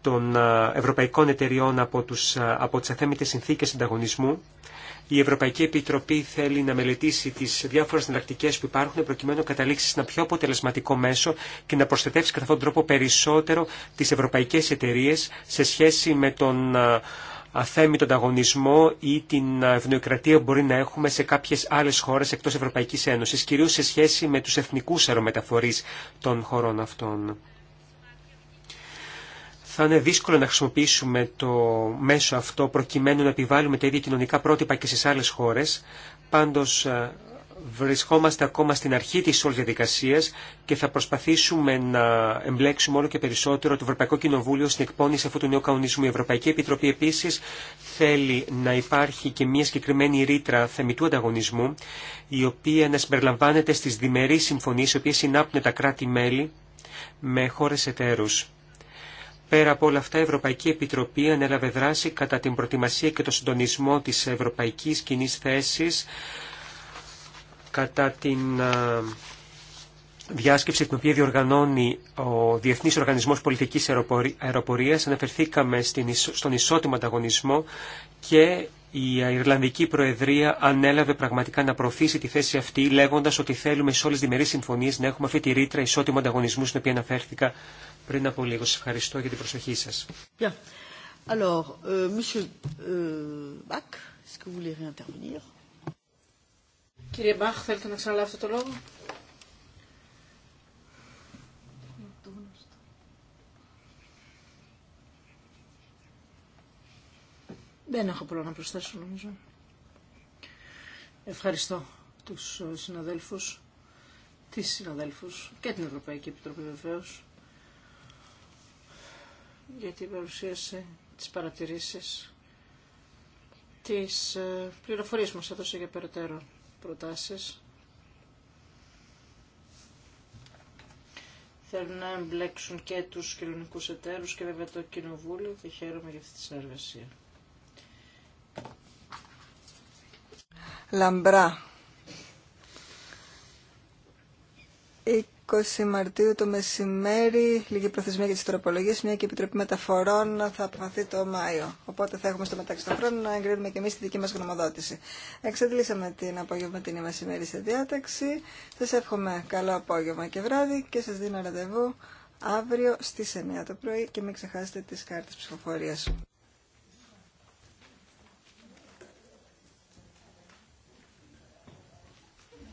B: των ευρωπαϊκών εταιριών από, τους, από τις αθέμητες συνθήκες ανταγωνισμού. Η Ευρωπαϊκή Επιτροπή θέλει να μελετήσει τις διάφορες εναλλακτικέ που υπάρχουν προκειμένου να καταλήξει σε ένα πιο αποτελεσματικό μέσο και να προστατεύσει κατά αυτόν τον τρόπο περισσότερο τις ευρωπαϊκές εταιρείε σε σχέση με τον αθέμητο ανταγωνισμό ή την ευνοϊκρατία που μπορεί να έχουμε σε κάποιες άλλες χώρες εκτός Ευρωπαϊκής Ένωσης, κυρίως σε σχέση με του εθνικού αερομεταφορεί των χωρών αυτών θα είναι δύσκολο να χρησιμοποιήσουμε το μέσο αυτό προκειμένου να επιβάλλουμε τα ίδια κοινωνικά πρότυπα και στις άλλες χώρες. Πάντως ε, βρισκόμαστε ακόμα στην αρχή της όλης διαδικασίας και θα προσπαθήσουμε να εμπλέξουμε όλο και περισσότερο το Ευρωπαϊκό Κοινοβούλιο στην εκπόνηση αυτού του νέου κανονισμού. Η Ευρωπαϊκή Επιτροπή επίσης θέλει να υπάρχει και μια συγκεκριμένη ρήτρα θεμητού ανταγωνισμού η οποία να συμπεριλαμβάνεται στις διμερείς συμφωνίες οι οποίες συνάπτουν τα κράτη-μέλη με χώρες εταίρους. Πέρα από όλα αυτά, η Ευρωπαϊκή Επιτροπή ανέλαβε δράση κατά την προετοιμασία και το συντονισμό της ευρωπαϊκής κοινή θέσης κατά την διάσκεψη την οποία διοργανώνει ο Διεθνής Οργανισμός Πολιτικής Αεροπορίας αναφερθήκαμε στον ισότιμο ανταγωνισμό και η Ιρλανδική Προεδρία ανέλαβε πραγματικά να προωθήσει τη θέση αυτή, λέγοντα ότι θέλουμε σε όλε τι διμερεί συμφωνίε να έχουμε αυτή τη ρήτρα ισότιμου ανταγωνισμού, στην οποία αναφέρθηκα πριν από λίγο. Σα ευχαριστώ για την προσοχή σα.
A: Euh, euh, Κύριε Μπαχ, θέλετε να ξαναλάβετε το λόγο. Δεν έχω πολλά να προσθέσω νομίζω. Ευχαριστώ τους ε, συναδέλφους, τις συναδέλφους και την Ευρωπαϊκή Επιτροπή βεβαίως για την παρουσίαση τις παρατηρήσεις, τις ε, πληροφορίες μας έδωσε για περαιτέρω προτάσεις. Θέλουν να εμπλέξουν και τους κοινωνικούς εταίρους και βέβαια το κοινοβούλιο και χαίρομαι για αυτή τη συνεργασία.
C: λαμπρά. 20 Μαρτίου το μεσημέρι, λίγη προθεσμία για τις τροπολογίες, μια και η Επιτροπή Μεταφορών θα αποφαθεί το Μάιο. Οπότε θα έχουμε στο μεταξύ των χρόνων να εγκρίνουμε και εμείς τη δική μας γνωμοδότηση. Εξαντλήσαμε την απόγευμα την ημασημέρι σε διάταξη. Σας εύχομαι καλό απόγευμα και βράδυ και σας δίνω ραντεβού αύριο στις 9 το πρωί και μην ξεχάσετε τις κάρτες ψηφοφορίας.